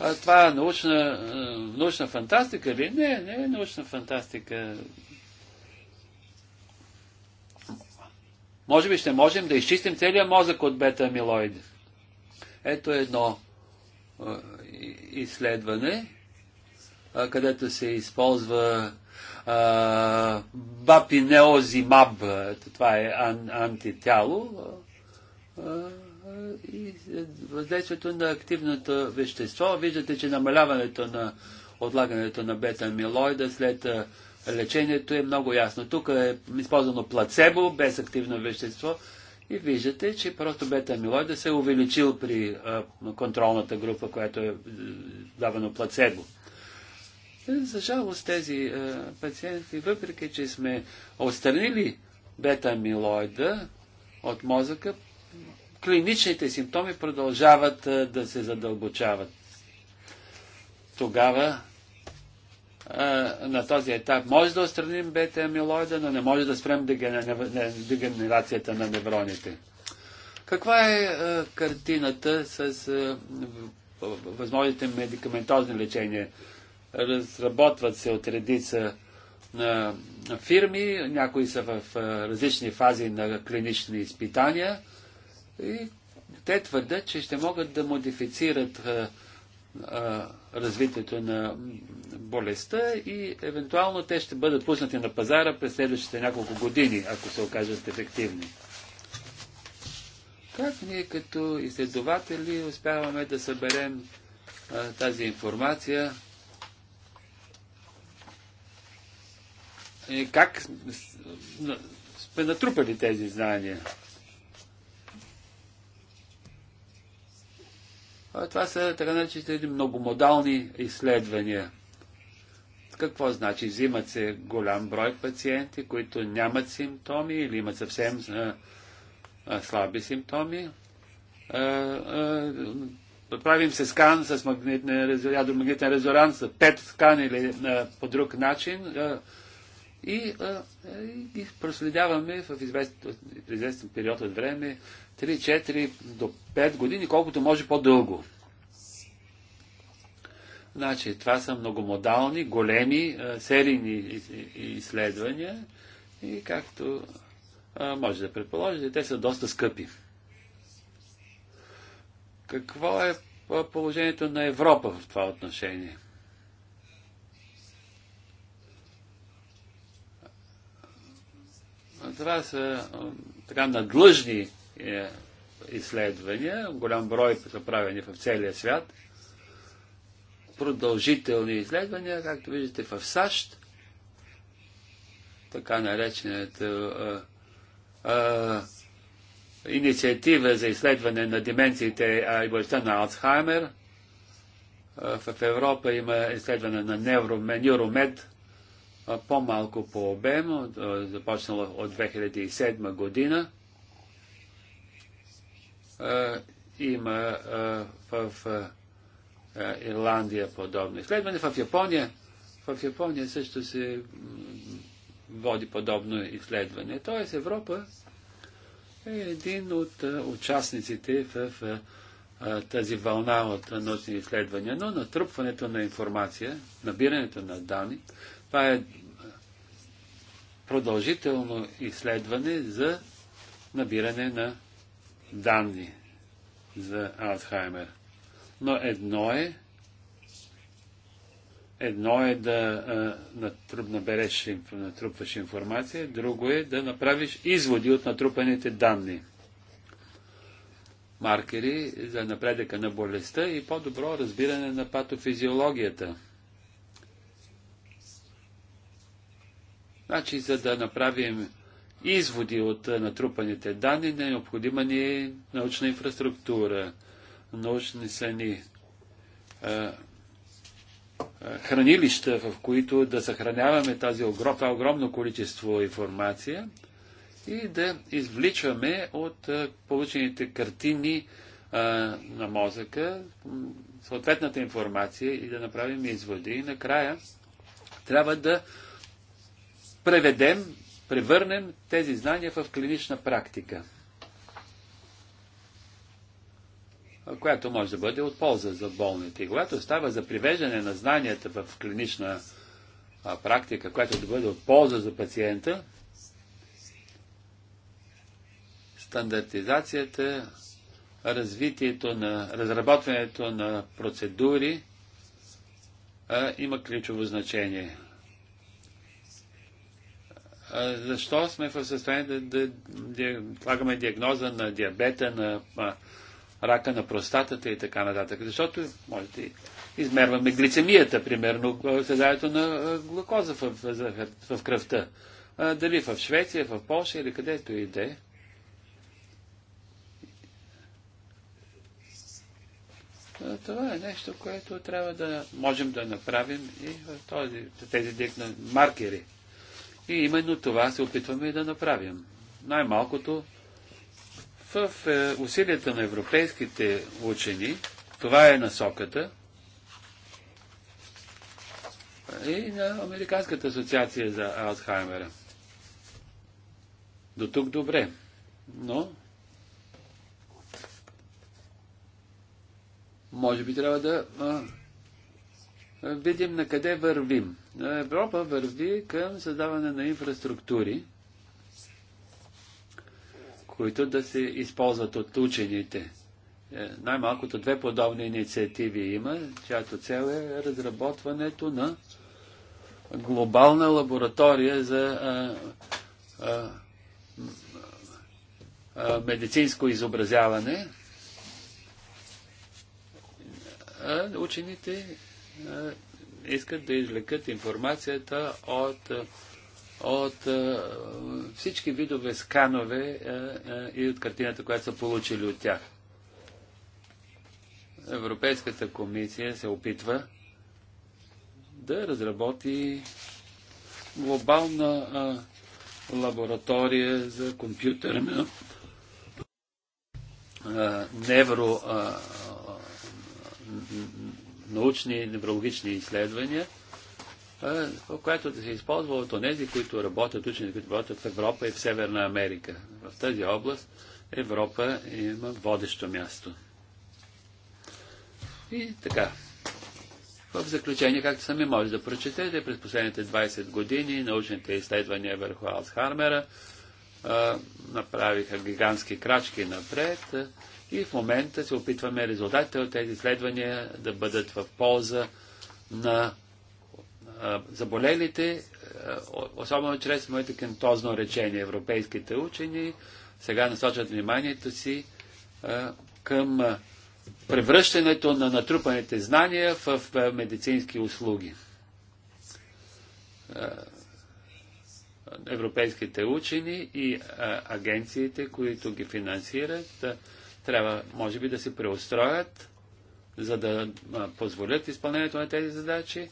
А това е научна, научна фантастика ли? Не, не е научна фантастика. Може би ще можем да изчистим целия мозък от бета-амилоид. Ето едно изследване, където се използва бапинеозимаб, това е ан, антитяло, и въздействието на активното вещество. Виждате, че намаляването на отлагането на бета-амилоида след лечението е много ясно. Тук е използвано плацебо, без активно вещество. И виждате, че просто бета-амилоида се е увеличил при контролната група, която е, е давано плацебо. За жалост тези е, пациенти, въпреки че сме отстранили бета-амилоида от мозъка, клиничните симптоми продължават е, да се задълбочават. Тогава е, на този етап може да отстраним бета-амилоида, но не може да спрем дегенерацията на невроните. Каква е, е картината с е, възможните медикаментозни лечения? Разработват се от редица на фирми, някои са в различни фази на клинични изпитания и те твърдят, че ще могат да модифицират развитието на болестта и евентуално те ще бъдат пуснати на пазара през следващите няколко години, ако се окажат ефективни. Как ние като изследователи успяваме да съберем тази информация е как сме натрупали тези знания. А това са така наречените многомодални изследвания. Какво значи? Взимат се голям брой пациенти, които нямат симптоми или имат съвсем а, а, слаби симптоми. А, а, правим се скан с магнитен, резонанс, пет скан или а, по друг начин. А, и а, е, ги проследяваме в известен, известен период от време 3, 4 до 5 години, колкото може по-дълго. Значи, това са многомодални, големи, серийни изследвания и както може да предположите, те са доста скъпи. Какво е положението на Европа в това отношение? Това са така надлъжни е, изследвания, голям брой са правени в целия свят, продължителни изследвания, както виждате в САЩ, така наречената инициатива за изследване на деменциите и болестта на Алцхаймер. В Европа има изследване на невромед, по-малко по обем, започнала от 2007 година. Има в Ирландия подобно изследвания. В Япония, в Япония също се води подобно изследване. Тоест Европа е един от участниците в тази вълна от научни изследвания, но натрупването на информация, набирането на данни, това е продължително изследване за набиране на данни за Алцхаймер. Но едно е Едно е да а, натруп, набереш, натрупваш информация, друго е да направиш изводи от натрупаните данни. Маркери за напредъка на болестта и по-добро разбиране на патофизиологията. Значи, за да направим изводи от натрупаните данни, не е необходима ни е научна инфраструктура. Научни са ни а, а, хранилища, в които да съхраняваме тази огром, това огромно количество информация и да извличаме от а, получените картини на мозъка съответната информация и да направим изводи. И накрая трябва да преведем, превърнем тези знания в клинична практика, която може да бъде от полза за болните. И когато става за привеждане на знанията в клинична практика, която да бъде от полза за пациента, стандартизацията, развитието на, разработването на процедури а, има ключово значение защо сме в състояние да, да, да слагаме диагноза на диабета, на а, рака на простатата и така нататък. Защото може да измерваме глицемията, примерно, създанието на глукоза в, в, в кръвта. А, дали в Швеция, в Польша или където и да е. Това е нещо, което трябва да можем да направим и в този, тези маркери. И именно това се опитваме да направим. Най-малкото в е, усилията на европейските учени, това е насоката, и на Американската асоциация за Алцхаймера. До тук добре, но може би трябва да е, видим на къде вървим. Е, Европа върви към създаване на инфраструктури, които да се използват от учените. Е, най-малкото две подобни инициативи има, чиято цел е разработването на глобална лаборатория за а, а, а, медицинско изобразяване. А учените е, искат да извлекат информацията от, от е, всички видове сканове е, и от картината, която са получили от тях. Европейската комисия се опитва да разработи глобална а, лаборатория за компютърна невро научни неврологични изследвания, което да се използва от тези, които работят, учени, които работят в Европа и в Северна Америка. В тази област Европа има водещо място. И така. В заключение, както сами може да прочетете, през последните 20 години научните изследвания върху Алсхармера, направиха гигантски крачки напред. И в момента се опитваме резултатите от тези изследвания да бъдат в полза на заболелите, особено чрез моите кентозно речение. Европейските учени сега насочат вниманието си към превръщането на натрупаните знания в медицински услуги. Европейските учени и агенциите, които ги финансират, трябва, може би, да се преустроят, за да позволят изпълнението на тези задачи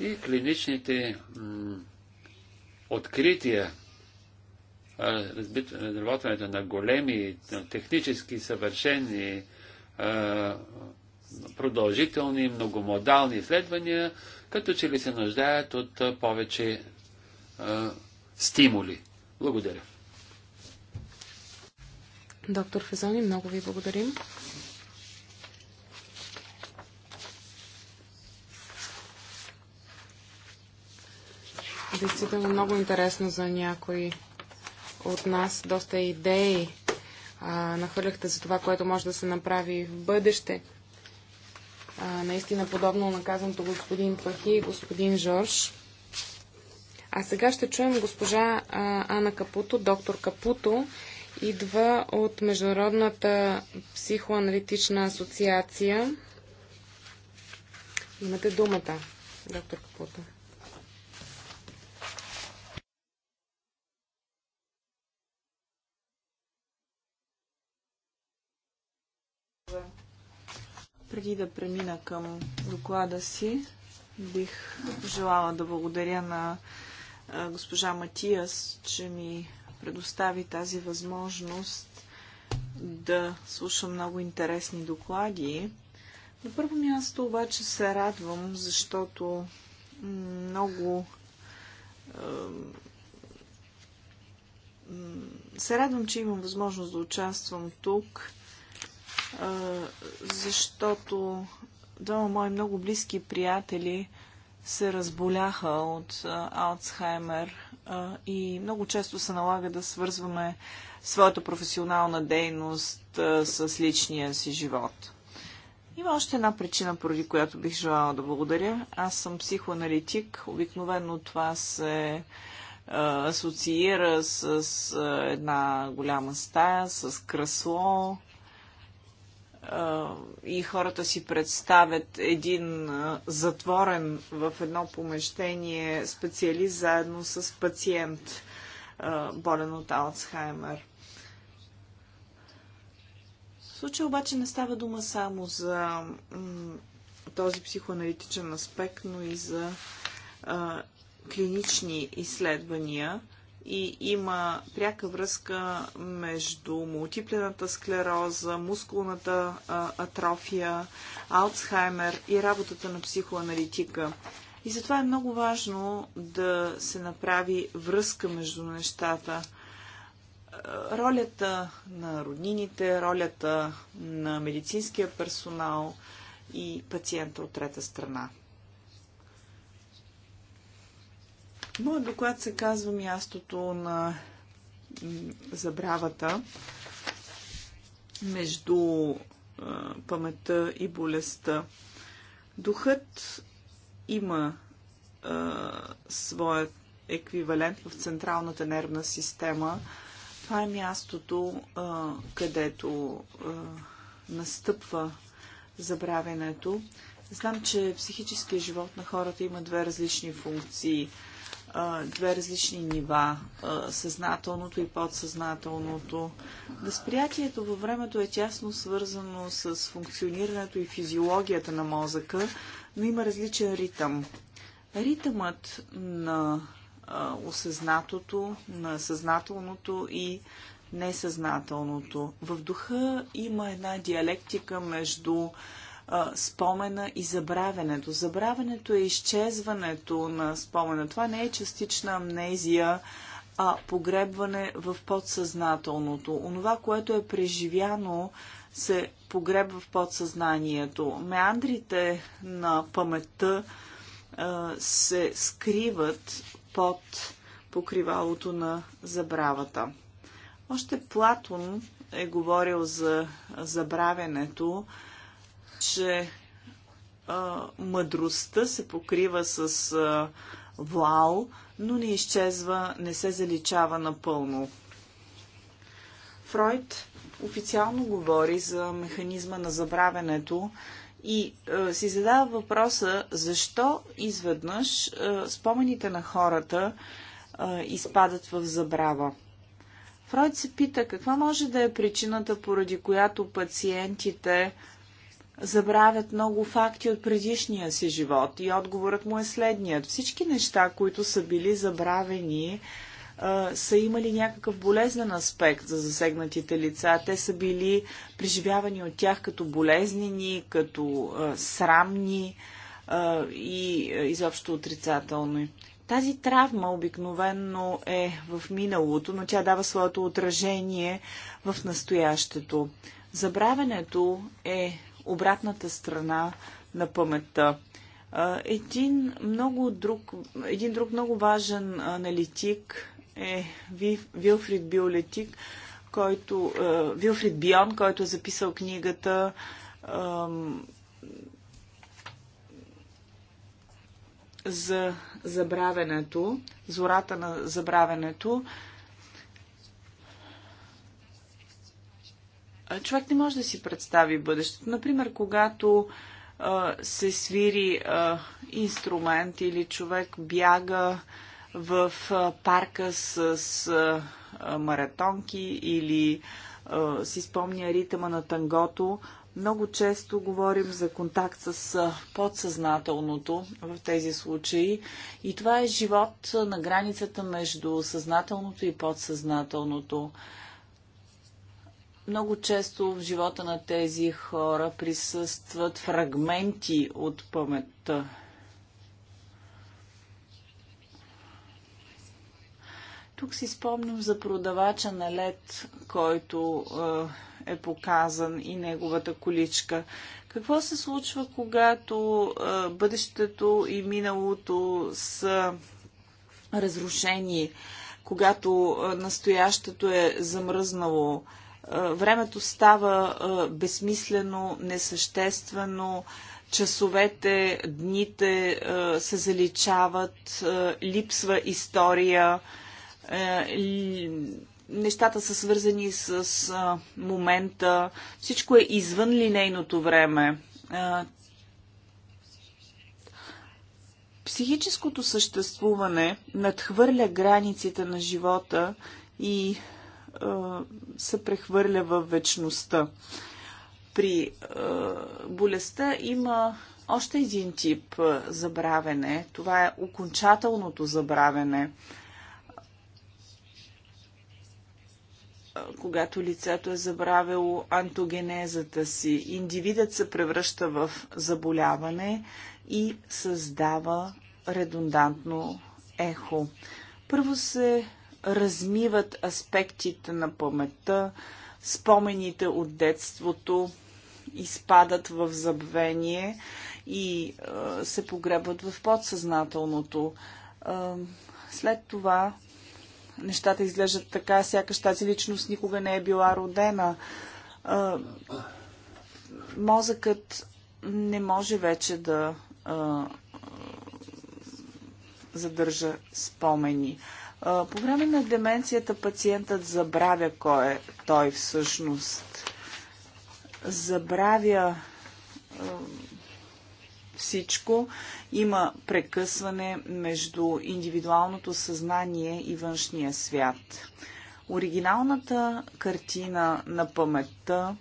и клиничните открития, разработването на големи, технически съвършени, продължителни, многомодални изследвания, като че ли се нуждаят от повече стимули. Благодаря. Доктор Фезони, много ви благодарим. Действително много интересно за някои от нас. Доста идеи а, нахвърляхте за това, което може да се направи в бъдеще. А, наистина подобно наказаното господин Пахи и господин Жорж. А сега ще чуем госпожа а, Ана Капуто, доктор Капуто идва от Международната психоаналитична асоциация. Имате думата, доктор Капута. Преди да премина към доклада си, бих желала да благодаря на госпожа Матиас, че ми предостави тази възможност да слушам много интересни доклади. На първо място обаче се радвам, защото много се радвам, че имам възможност да участвам тук, защото двама мои много близки приятели се разболяха от Алцхаймер и много често се налага да свързваме своята професионална дейност с личния си живот. Има още една причина, поради която бих желала да благодаря. Аз съм психоаналитик. Обикновено това се асоциира с една голяма стая, с кресло, и хората си представят един затворен в едно помещение специалист заедно с пациент, болен от Алцхаймер. В случай обаче не става дума само за този психоаналитичен аспект, но и за клинични изследвания – и има пряка връзка между мултиплената склероза, мускулната атрофия, Алцхаймер и работата на психоаналитика. И затова е много важно да се направи връзка между нещата. Ролята на роднините, ролята на медицинския персонал и пациента от трета страна. моят доклад се казва мястото на забравата между паметта и болестта. Духът има а, своят еквивалент в централната нервна система. Това е мястото, а, където а, настъпва забравянето. Знам, че психическия живот на хората има две различни функции – две различни нива съзнателното и подсъзнателното. Възприятието във времето е тясно свързано с функционирането и физиологията на мозъка, но има различен ритъм. Ритъмът на осъзнатото, на съзнателното и несъзнателното. В духа има една диалектика между а, спомена и забравянето. Забравянето е изчезването на спомена. Това не е частична амнезия, а погребване в подсъзнателното. Онова, което е преживяно, се погребва в подсъзнанието. Меандрите на паметта а, се скриват под покривалото на забравата. Още Платон е говорил за забравянето че а, мъдростта се покрива с а, вал, но не изчезва, не се заличава напълно. Фройд официално говори за механизма на забравянето и а, си задава въпроса защо изведнъж а, спомените на хората а, изпадат в забрава. Фройд се пита каква може да е причината, поради която пациентите забравят много факти от предишния си живот и отговорът му е следният. Всички неща, които са били забравени, са имали някакъв болезнен аспект за засегнатите лица. Те са били преживявани от тях като болезнени, като срамни и изобщо отрицателни. Тази травма обикновенно е в миналото, но тя дава своето отражение в настоящето. Забравянето е обратната страна на паметта. Един, много друг, един друг много важен аналитик е Вилфрид Биолетик, който, Вилфрид Бион, който е записал книгата за забравенето, зората на забравенето. човек не може да си представи бъдещето. Например, когато а, се свири а, инструмент или човек бяга в а, парка с, а, маратонки или а, си спомня ритъма на тангото, много често говорим за контакт с подсъзнателното в тези случаи и това е живот на границата между съзнателното и подсъзнателното много често в живота на тези хора присъстват фрагменти от паметта. Тук си спомням за продавача на лед, който е, е показан и неговата количка. Какво се случва, когато е, бъдещето и миналото са разрушени, когато е, настоящето е замръзнало? Е, е, времето става е, безсмислено, несъществено, часовете, дните е, се заличават, липсва история, нещата са свързани с момента, всичко е извън линейното време. Психическото съществуване надхвърля границите на живота и се прехвърля в вечността. При болестта има още един тип забравене. Това е окончателното забравене. когато лицето е забравило антогенезата си. Индивидът се превръща в заболяване и създава редундантно ехо. Първо се размиват аспектите на паметта, спомените от детството изпадат в забвение и а, се погребват в подсъзнателното. А, след това нещата изглеждат така, сякаш тази личност никога не е била родена. А, мозъкът не може вече да а, задържа спомени. По време на деменцията пациентът забравя кой е той всъщност. Забравя всичко. Има прекъсване между индивидуалното съзнание и външния свят. Оригиналната картина на паметта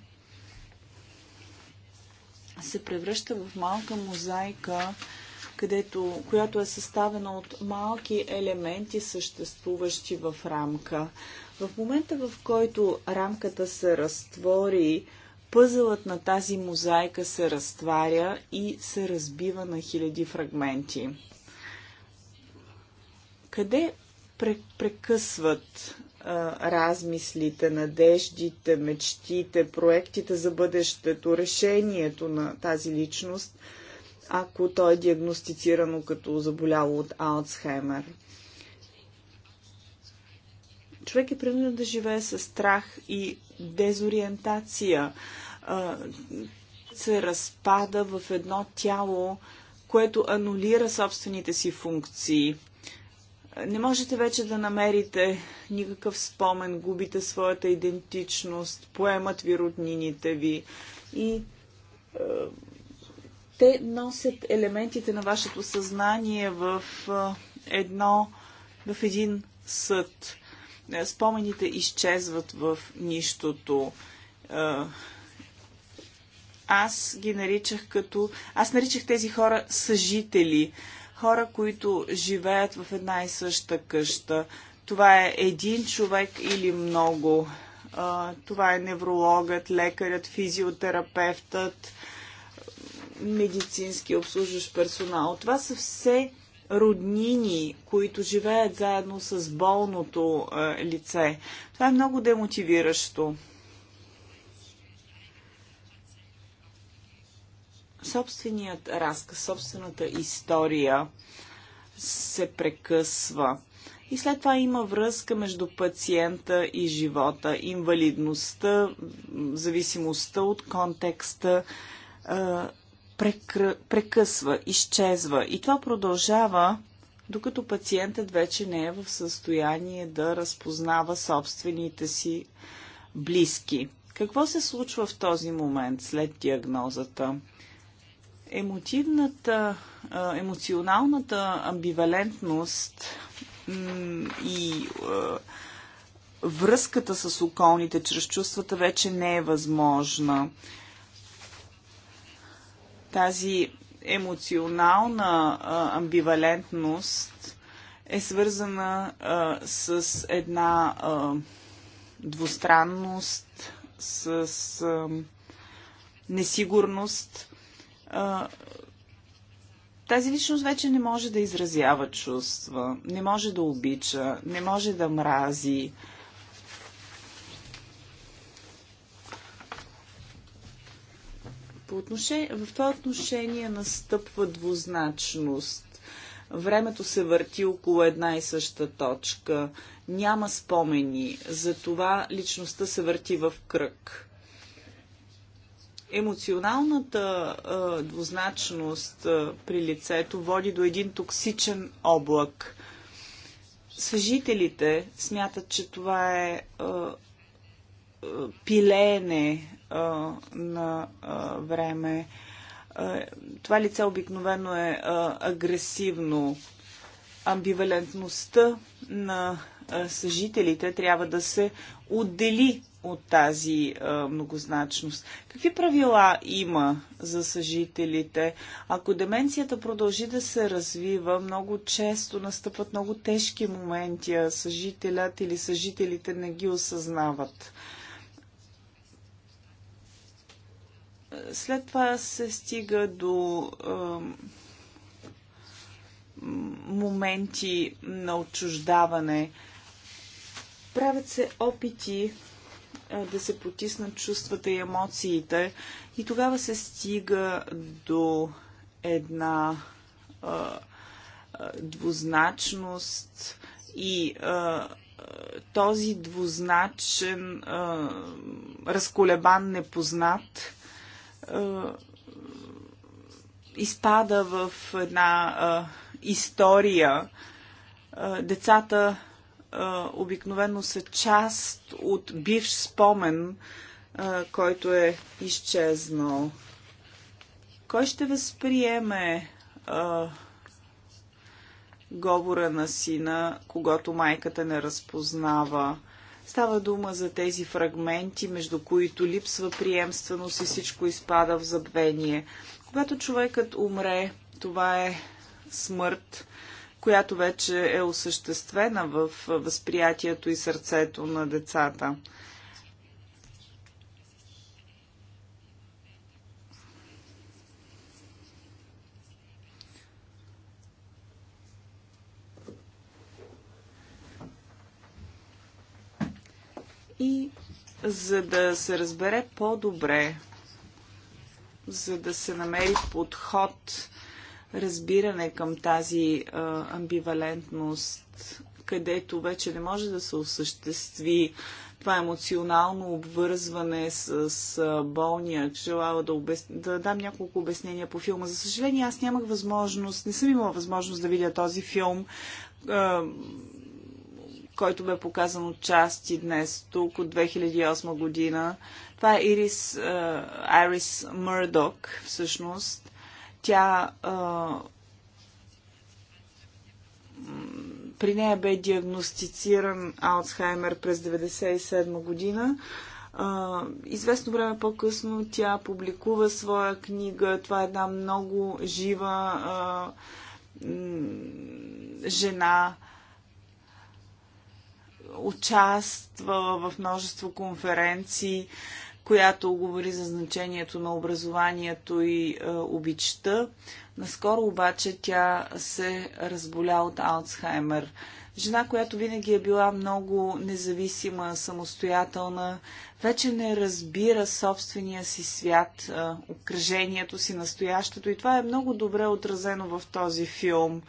се превръща в малка мозайка където, която е съставена от малки елементи, съществуващи в рамка. В момента, в който рамката се разтвори, пъзълът на тази мозайка се разтваря и се разбива на хиляди фрагменти. Къде прекъсват а, размислите, надеждите, мечтите, проектите за бъдещето, решението на тази личност – ако то е диагностицирано като заболяло от Алцхаймер. Човек е принуден да живее с страх и дезориентация, се разпада в едно тяло, което анулира собствените си функции. Не можете вече да намерите никакъв спомен, губите своята идентичност, поемат ви роднините ви и те носят елементите на вашето съзнание в едно, в един съд. Е, спомените изчезват в нищото. Аз ги наричах като... Аз наричах тези хора съжители. Хора, които живеят в една и съща къща. Това е един човек или много. Това е неврологът, лекарят, физиотерапевтът, медицински обслужващ персонал. Това са все роднини, които живеят заедно с болното е, лице. Това е много демотивиращо. Собственият разказ, собствената история се прекъсва. И след това има връзка между пациента и живота, инвалидността, зависимостта от контекста, е, прекр... прекъсва, изчезва. И това продължава, докато пациентът вече не е в състояние да разпознава собствените си близки. Какво се случва в този момент след диагнозата? Емотивната, емоционалната амбивалентност и връзката с околните чрез чувствата вече не е възможна. Тази емоционална а, амбивалентност е свързана а, с една а, двустранност, с а, несигурност. А, тази личност вече не може да изразява чувства, не може да обича, не може да мрази. А, отношение, в това отношение настъпва двузначност. Времето се върти около една и съща точка. Няма спомени. Затова личността се върти в кръг емоционалната а, двузначност а, при лицето води до един токсичен облак. Съжителите смятат, че това е а, пилене на време. това лице обикновено е агресивно. Амбивалентността на съжителите трябва да се отдели от тази а, многозначност. Какви правила има за съжителите? Ако деменцията продължи да се развива, много често настъпват много тежки моменти, а съжителят или съжителите не ги осъзнават. След това се стига до е, моменти на отчуждаване. Правят се опити е, да се потиснат чувствата и емоциите и тогава се стига до една е, двузначност и този двузначен, разколебан, непознат е, изпада в една а, е, история. А, е, децата а, обикновено са част от бивш спомен, а, който е изчезнал. Кой ще възприеме а, говора на сина, когато майката не разпознава? Става дума за тези фрагменти, между които липсва приемственост и всичко изпада в забвение. Когато човекът умре, това е смърт, която вече е осъществена в възприятието и сърцето на децата. и за да се разбере по-добре, за да се намери подход, разбиране към тази а, амбивалентност, където вече не може да се осъществи това емоционално обвързване с, с болния. Желава да, обяс... да дам няколко обяснения по филма. За съжаление, аз нямах възможност, не съм имала възможност да видя този филм който бе показан от части днес тук от 2008 година. Това е Ирис, Айрис Мърдок, всъщност. Тя а, при нея бе диагностициран Алцхаймер през 1997 година. А, известно време по-късно тя публикува своя книга. Това е една много жива а, жена, участвала в множество конференции, която говори за значението на образованието и е, обичта. Наскоро обаче тя се разболя от Алцхаймер. Жена, която винаги е била много независима, самостоятелна, вече не разбира собствения си свят, е, окръжението си, настоящето. И това е много добре отразено в този филм.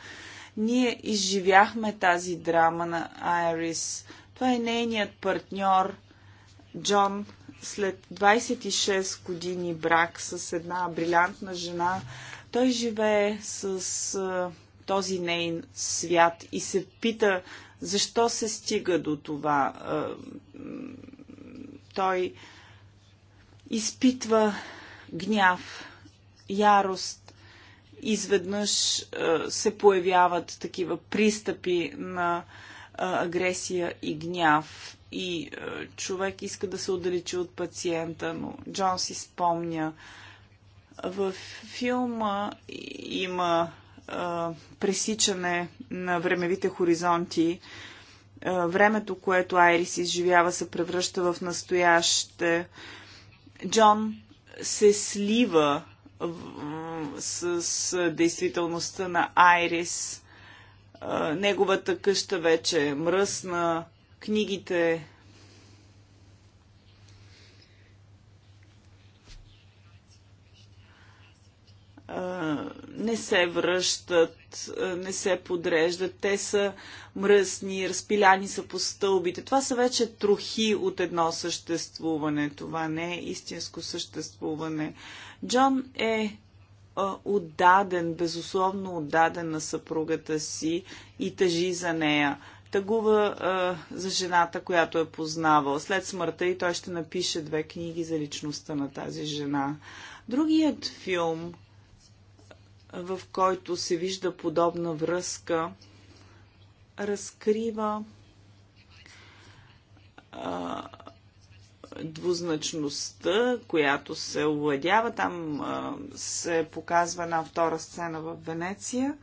Ние изживяхме тази драма на Айрис това е нейният партньор Джон след 26 години брак с една брилянтна жена. Той живее с този нейн свят и се пита защо се стига до това. Той изпитва гняв, ярост. Изведнъж се появяват такива пристъпи на агресия и гняв. И човек иска да се отдалечи от пациента но Джон си спомня. В филма има пресичане на времевите хоризонти. Времето, което Айрис изживява, се превръща в настояще. Джон се слива с действителността на Айрис неговата къща вече е мръсна, книгите. не се връщат, не се подреждат, те са мръсни, разпиляни са по стълбите. Това са вече трохи от едно съществуване. Това не е истинско съществуване. Джон е отдаден, безусловно отдаден на съпругата си и тъжи за нея. Тъгува а, за жената, която е познавал. След смъртта и той ще напише две книги за личността на тази жена. Другият филм, в който се вижда подобна връзка, разкрива а, двузначността, която се овладява. Там се показва една втора сцена в Венеция.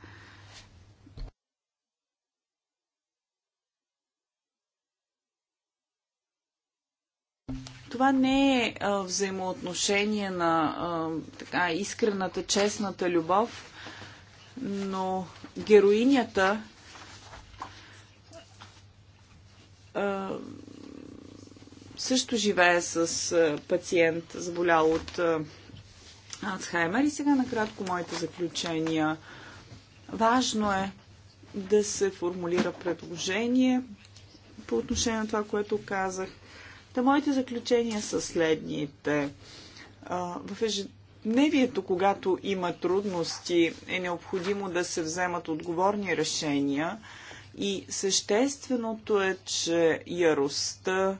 това не е а, взаимоотношение на а, така, искрената, честната любов, но героинята а, също живее с пациент, заболял от Алцхаймер. И сега накратко моите заключения. Важно е да се формулира предложение по отношение на това, което казах. Та моите заключения са следните. В ежедневието, когато има трудности, е необходимо да се вземат отговорни решения и същественото е, че яростта,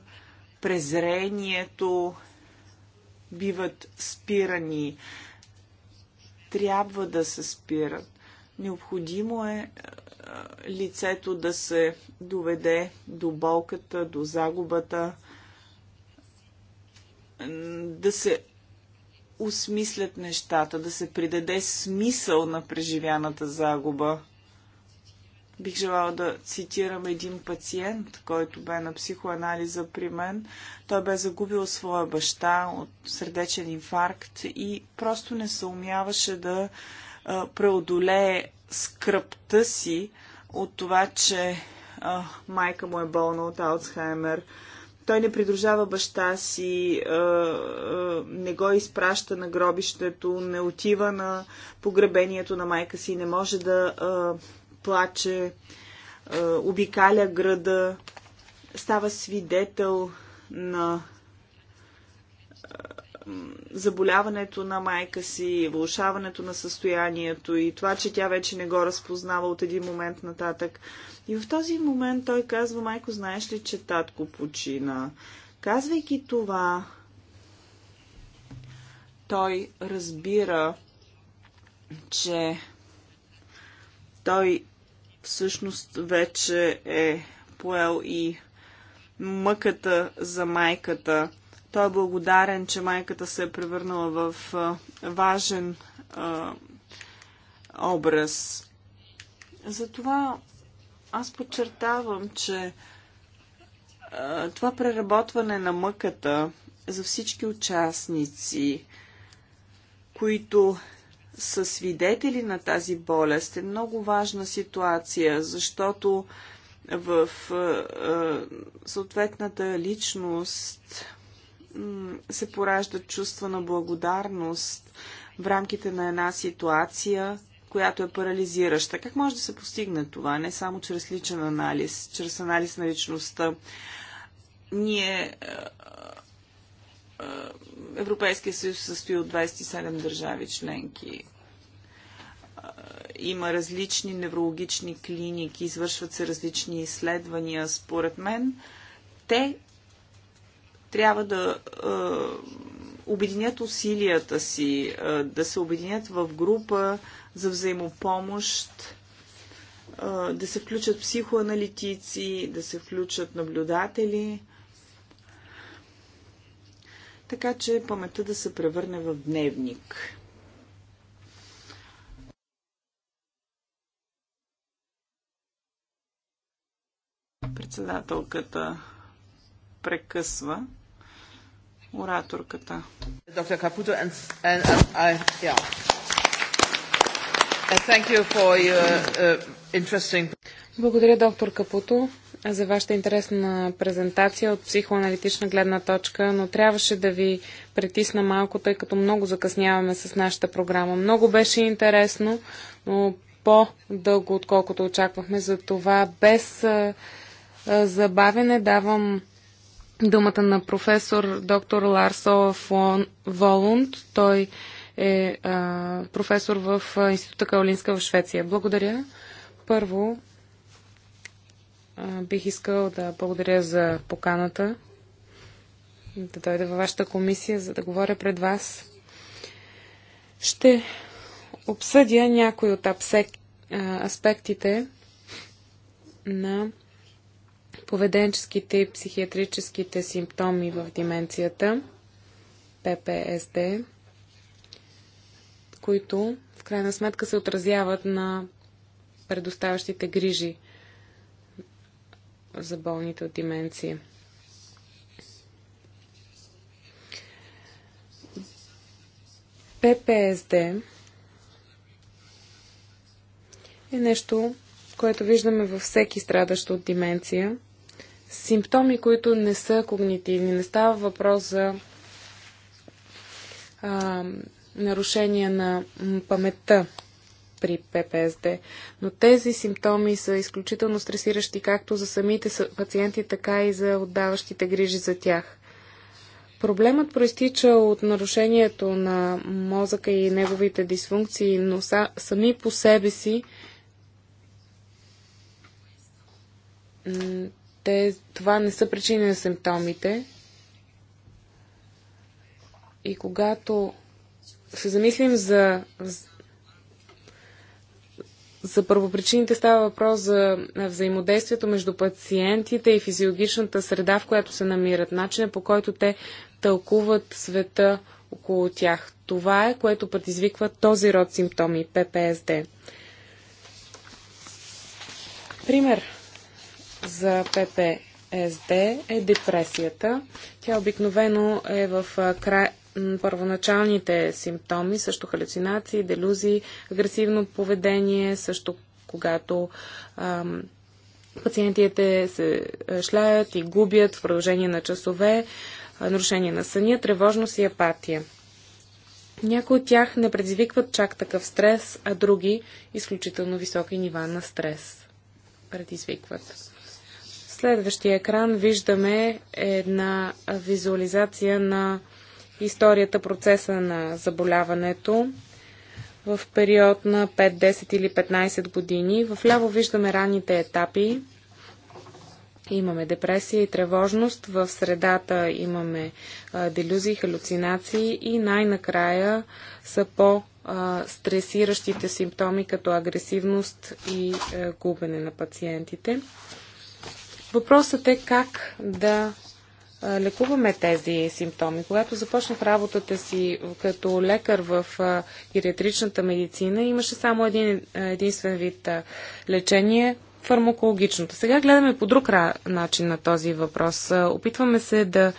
презрението биват спирани. Трябва да се спират. Необходимо е, е лицето да се доведе до болката, до загубата, да се осмислят нещата, да се придаде смисъл на преживяната загуба. Бих желала да цитирам един пациент, който бе на психоанализа при мен. Той бе загубил своя баща от сърдечен инфаркт и просто не съумяваше да преодолее скръпта си от това, че а, майка му е болна от Алцхаймер. Той не придружава баща си, а, а, не го изпраща на гробището, не отива на погребението на майка си, не може да а, плаче, е, обикаля града, става свидетел на е, заболяването на майка си, влушаването на състоянието и това, че тя вече не го разпознава от един момент нататък. И в този момент той казва, майко, знаеш ли, че татко почина? Казвайки това, той разбира, че той всъщност вече е поел и мъката за майката. Той е благодарен, че майката се е превърнала в важен а, образ. Затова аз подчертавам, че а, това преработване на мъката за всички участници, които са свидетели на тази болест е много важна ситуация, защото в е, е, съответната личност се поражда чувство на благодарност в рамките на една ситуация, която е парализираща. Как може да се постигне това? Не само чрез личен анализ, чрез анализ на личността. Ние е, Европейския съюз състои от 27 държави членки. Има различни неврологични клиники, извършват се различни изследвания. Според мен, те трябва да обединят усилията си, да се обединят в група за взаимопомощ, да се включат психоаналитици, да се включат наблюдатели – така че паметта да се превърне в дневник. Председателката прекъсва ораторката. Доктор Капуто, and, Uh, uh, Благодаря, доктор Капуто, за вашата интересна презентация от психоаналитична гледна точка, но трябваше да ви притисна малко, тъй като много закъсняваме с нашата програма. Много беше интересно, но по-дълго, отколкото очаквахме. За това без забавене давам думата на професор доктор Ларсо Волунд. Той е е а, професор в Института Каолинска в Швеция. Благодаря. Първо, а, бих искал да благодаря за поканата да дойда във вашата комисия, за да говоря пред вас. Ще обсъдя някои от абсек, а, аспектите на поведенческите и психиатрическите симптоми в деменцията, ППСД които в крайна сметка се отразяват на предоставящите грижи за болните от деменция. ППСД е нещо, което виждаме във всеки страдащ от деменция. Симптоми, които не са когнитивни. Не става въпрос за нарушение на паметта при ППСД. Но тези симптоми са изключително стресиращи както за самите пациенти, така и за отдаващите грижи за тях. Проблемът проистича от нарушението на мозъка и неговите дисфункции, но са, сами по себе си те, това не са причини на симптомите. И когато се замислим за, за първопричините, става въпрос за взаимодействието между пациентите и физиологичната среда, в която се намират, начина по който те тълкуват света около тях. Това е, което предизвиква този род симптоми – ППСД. Пример за ППСД е депресията. Тя обикновено е в край, първоначалните симптоми, също халюцинации, делюзии, агресивно поведение, също когато ам, пациентите се шляят и губят в продължение на часове, нарушение на съня, тревожност и апатия. Някои от тях не предизвикват чак такъв стрес, а други изключително високи нива на стрес предизвикват. следващия екран виждаме е една визуализация на историята, процеса на заболяването в период на 5, 10 или 15 години. В ляво виждаме ранните етапи. Имаме депресия и тревожност. В средата имаме делюзии, халюцинации и най-накрая са по-стресиращите симптоми, като агресивност и е, губене на пациентите. Въпросът е как да лекуваме тези симптоми. Когато започнах работата си като лекар в гериатричната медицина, имаше само един единствен вид лечение фармакологичното. Сега гледаме по друг начин на този въпрос. Опитваме се да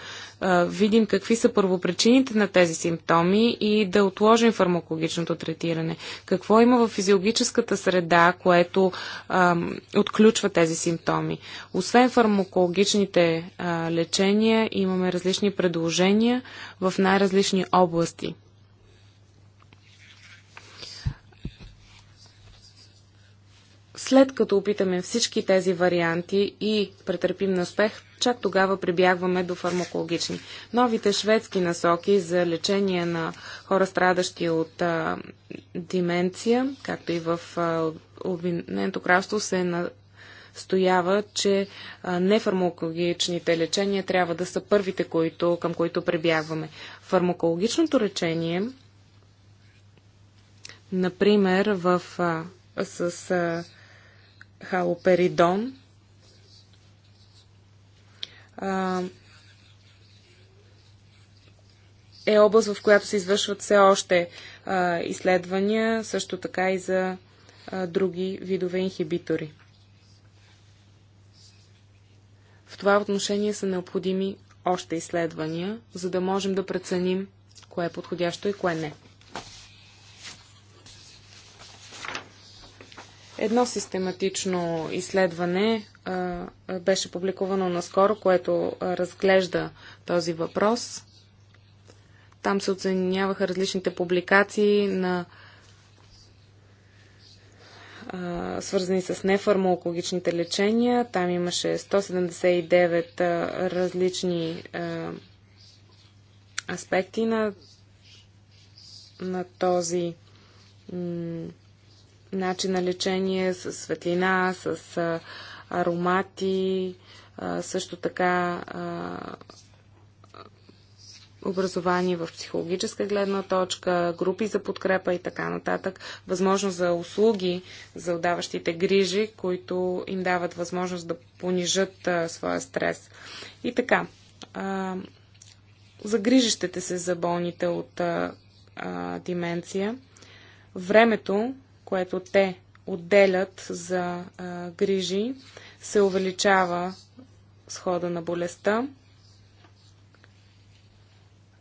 видим какви са първопричините на тези симптоми и да отложим фармакологичното третиране. Какво има в физиологическата среда, което ам, отключва тези симптоми? Освен фармакологичните а, лечения, имаме различни предложения в най-различни области. след като опитаме всички тези варианти и претърпим на успех, чак тогава прибягваме до фармакологични. Новите шведски насоки за лечение на хора страдащи от а, деменция, както и в Обединеното кралство, се на стоява, че нефармакологичните лечения трябва да са първите, които, към които прибягваме. Фармакологичното лечение, например, в, а, с а, халоперидон, е област, в която се извършват все още а, изследвания, също така и за а, други видове инхибитори. В това отношение са необходими още изследвания, за да можем да преценим кое е подходящо и кое не. Едно систематично изследване беше публикувано наскоро, което разглежда този въпрос. Там се оценяваха различните публикации на свързани с нефармакологичните лечения. Там имаше 179 различни аспекти на, на този начин на лечение, с светлина, с аромати, също така образование в психологическа гледна точка, групи за подкрепа и така нататък, възможност за услуги за отдаващите грижи, които им дават възможност да понижат своя стрес. И така, загрижищете се за болните от а, а, деменция, времето, което те отделят за а, грижи, се увеличава схода на болестта.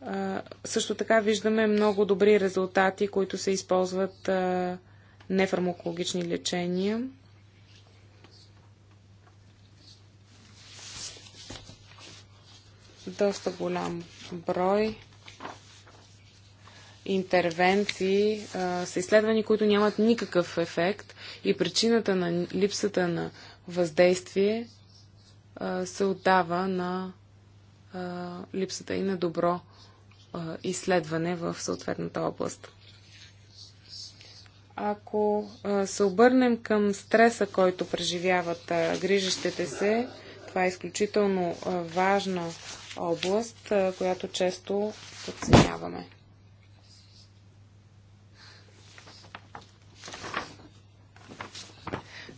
А, също така виждаме много добри резултати, които се използват а, нефармакологични лечения. Доста голям брой интервенции а, са изследвани, които нямат никакъв ефект и причината на липсата на въздействие а, се отдава на а, липсата и на добро а, изследване в съответната област. Ако а, се обърнем към стреса, който преживяват а, грижащите се, това е изключително а, важна област, а, която често подценяваме.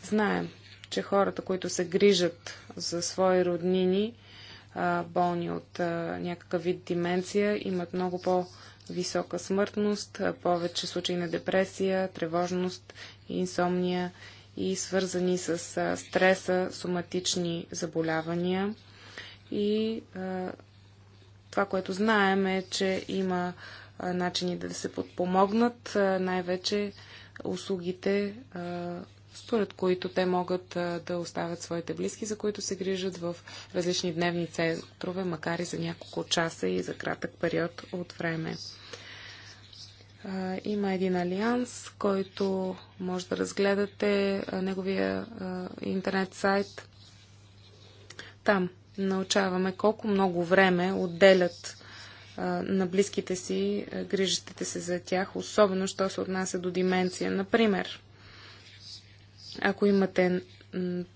Знаем, че хората, които се грижат за свои роднини, болни от някакъв вид деменция, имат много по-висока смъртност, повече случаи на депресия, тревожност, инсомния и свързани с стреса, соматични заболявания. И това, което знаем е, че има начини да се подпомогнат, най-вече услугите според които те могат да оставят своите близки, за които се грижат в различни дневни центрове, макар и за няколко часа и за кратък период от време. има един алианс, който може да разгледате неговия интернет сайт. Там научаваме колко много време отделят на близките си, грижите се за тях, особено що се отнася до деменция. Например, ако имате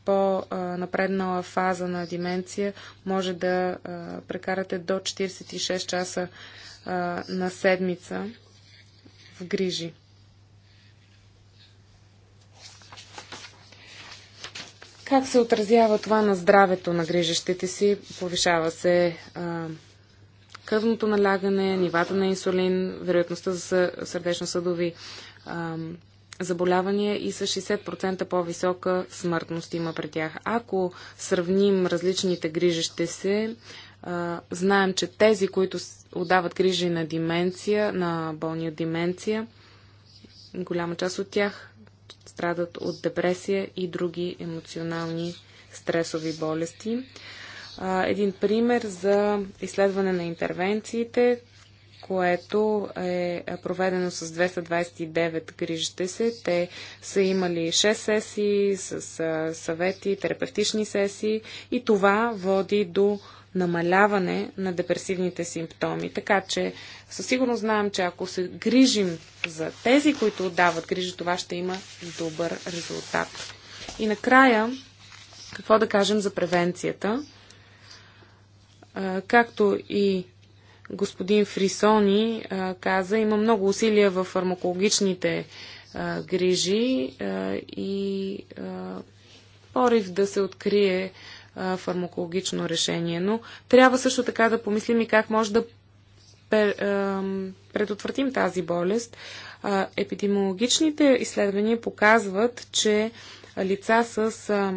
по-напреднала фаза на деменция, може да прекарате до 46 часа на седмица в грижи. Как се отразява това на здравето на грижещите си? Повишава се а, кръвното налягане, нивата на инсулин, вероятността за сърдечно-съдови заболявания и с 60% по-висока смъртност има при тях. Ако сравним различните грижещи се знаем, че тези, които отдават грижи на деменция, на болни от деменция, голяма част от тях страдат от депресия и други емоционални стресови болести. Един пример за изследване на интервенциите което е проведено с 229 грижите се. Те са имали 6 сесии с съвети, терапевтични сесии и това води до намаляване на депресивните симптоми. Така че със сигурност знаем, че ако се грижим за тези, които отдават грижи, това ще има добър резултат. И накрая, какво да кажем за превенцията? Както и господин Фрисони а, каза, има много усилия в фармакологичните а, грижи а, и а, порив да се открие а, фармакологично решение. Но трябва също така да помислим и как може да пер, а, предотвратим тази болест. А, епидемиологичните изследвания показват, че лица с а,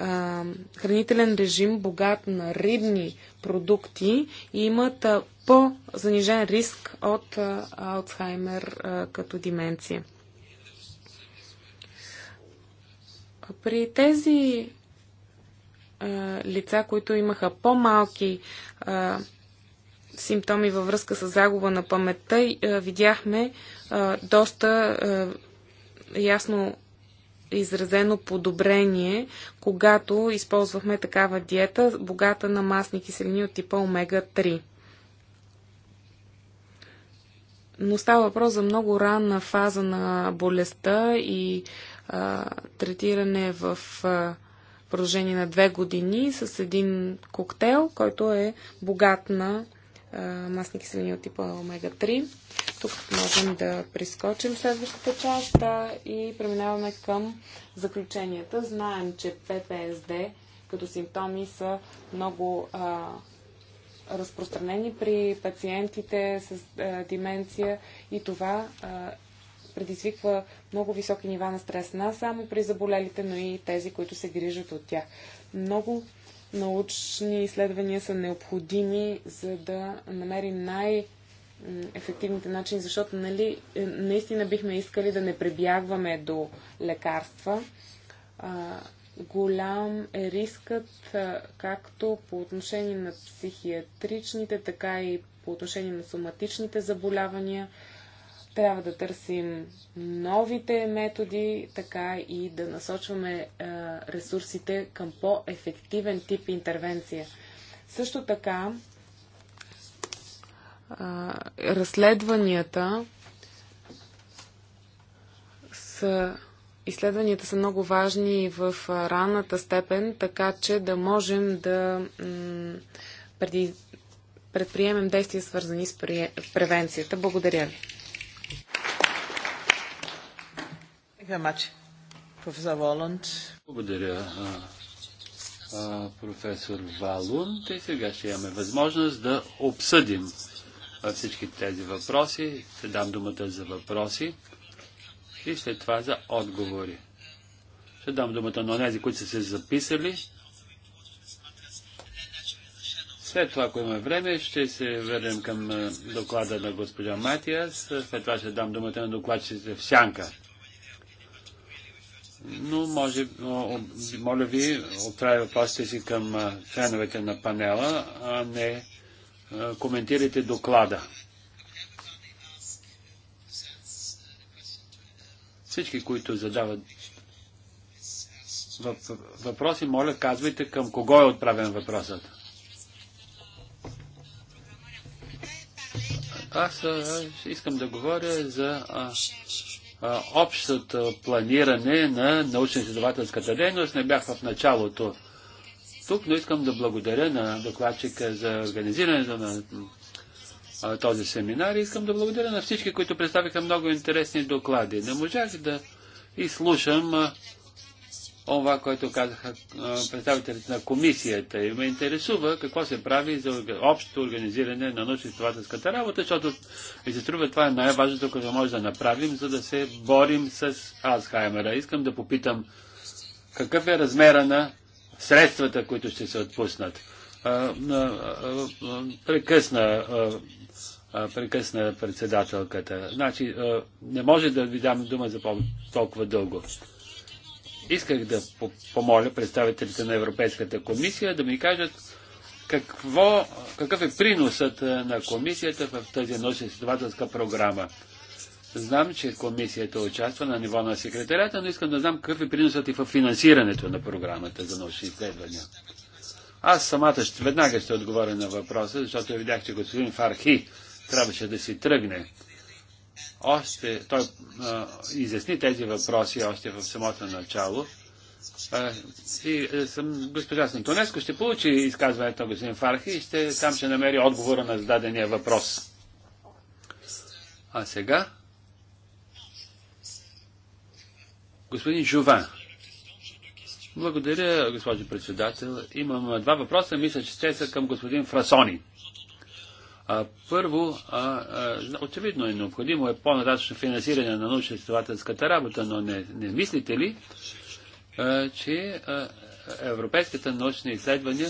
а, хранителен режим, богат на рибни продукти, имат по-занижен риск от а, Алцхаймер а, като деменция. При тези лица, които имаха по-малки симптоми във връзка с загуба на паметта, видяхме доста ясно изразено подобрение, когато използвахме такава диета, богата на масни киселини от типа омега-3. Но става въпрос за много ранна фаза на болестта и а, третиране в а, продължение на две години с един коктейл, който е богат на масни киселини от типа омега-3. Тук можем да прескочим следващата част и преминаваме към заключенията. Знаем, че ППСД като симптоми са много а, разпространени при пациентите с а, деменция и това а, предизвиква много високи нива на стрес, не само при заболелите, но и тези, които се грижат от тях. Много научни изследвания са необходими, за да намерим най- ефективните начини, защото нали, е, наистина бихме искали да не прибягваме до лекарства. А, голям е рискът а, както по отношение на психиатричните, така и по отношение на соматичните заболявания. Трябва да търсим новите методи, така и да насочваме ресурсите към по-ефективен тип интервенция. Също така, разследванията са изследванията са много важни в ранната степен, така че да можем да преди, предприемем действия свързани с превенцията. Благодаря ви. much, Благодаря, професор Валунд. И сега ще имаме възможност да обсъдим всички тези въпроси. Ще дам думата за въпроси и след това за отговори. Ще дам думата на тези, които са се записали. След това, ако има време, ще се върнем към доклада на госпожа Матиас. След това ще дам думата на докладчиците в Сянка но може, моля ви, отправя въпросите си към членовете на панела, а не коментирайте доклада. Всички, които задават въпроси, моля, казвайте към кого е отправен въпросът. Аз искам да говоря за общото планиране на научно-изследователската дейност. Не бях в началото тук, но искам да благодаря на докладчика за организирането на този семинар. и Искам да благодаря на всички, които представиха много интересни доклади. Не можах да изслушам това, което казаха представителите на комисията. И ме интересува какво се прави за общото организиране на научно-изследователската работа, защото ми се струва това е най-важното, което може да направим, за да се борим с Алцхаймера. Искам да попитам какъв е размера на средствата, които ще се отпуснат. Прекъсна прекъсна председателката. Значи, не може да ви дам дума за толкова дълго исках да помоля представителите на Европейската комисия да ми кажат какво, какъв е приносът е, на комисията в тази научно-изследователска програма. Знам, че комисията участва на ниво на секретарята, но искам да знам какъв е приносът и в финансирането на програмата за научни изследвания. Аз самата ще, веднага ще отговоря на въпроса, защото видях, че господин Фархи трябваше да си тръгне още, той изясни тези въпроси още в самото начало. и е, съм госпожа Сантонеско ще получи изказването на господин Фархи и ще, там ще намери отговора на зададения въпрос. А сега господин Жуван. Благодаря, госпожо председател. Имам два въпроса. Мисля, че те са към господин Фрасони. А, първо, а, а, очевидно е необходимо е по-нататъчно финансиране на научно-изследователската работа, но не, не мислите ли, а, че а, европейските научни изследвания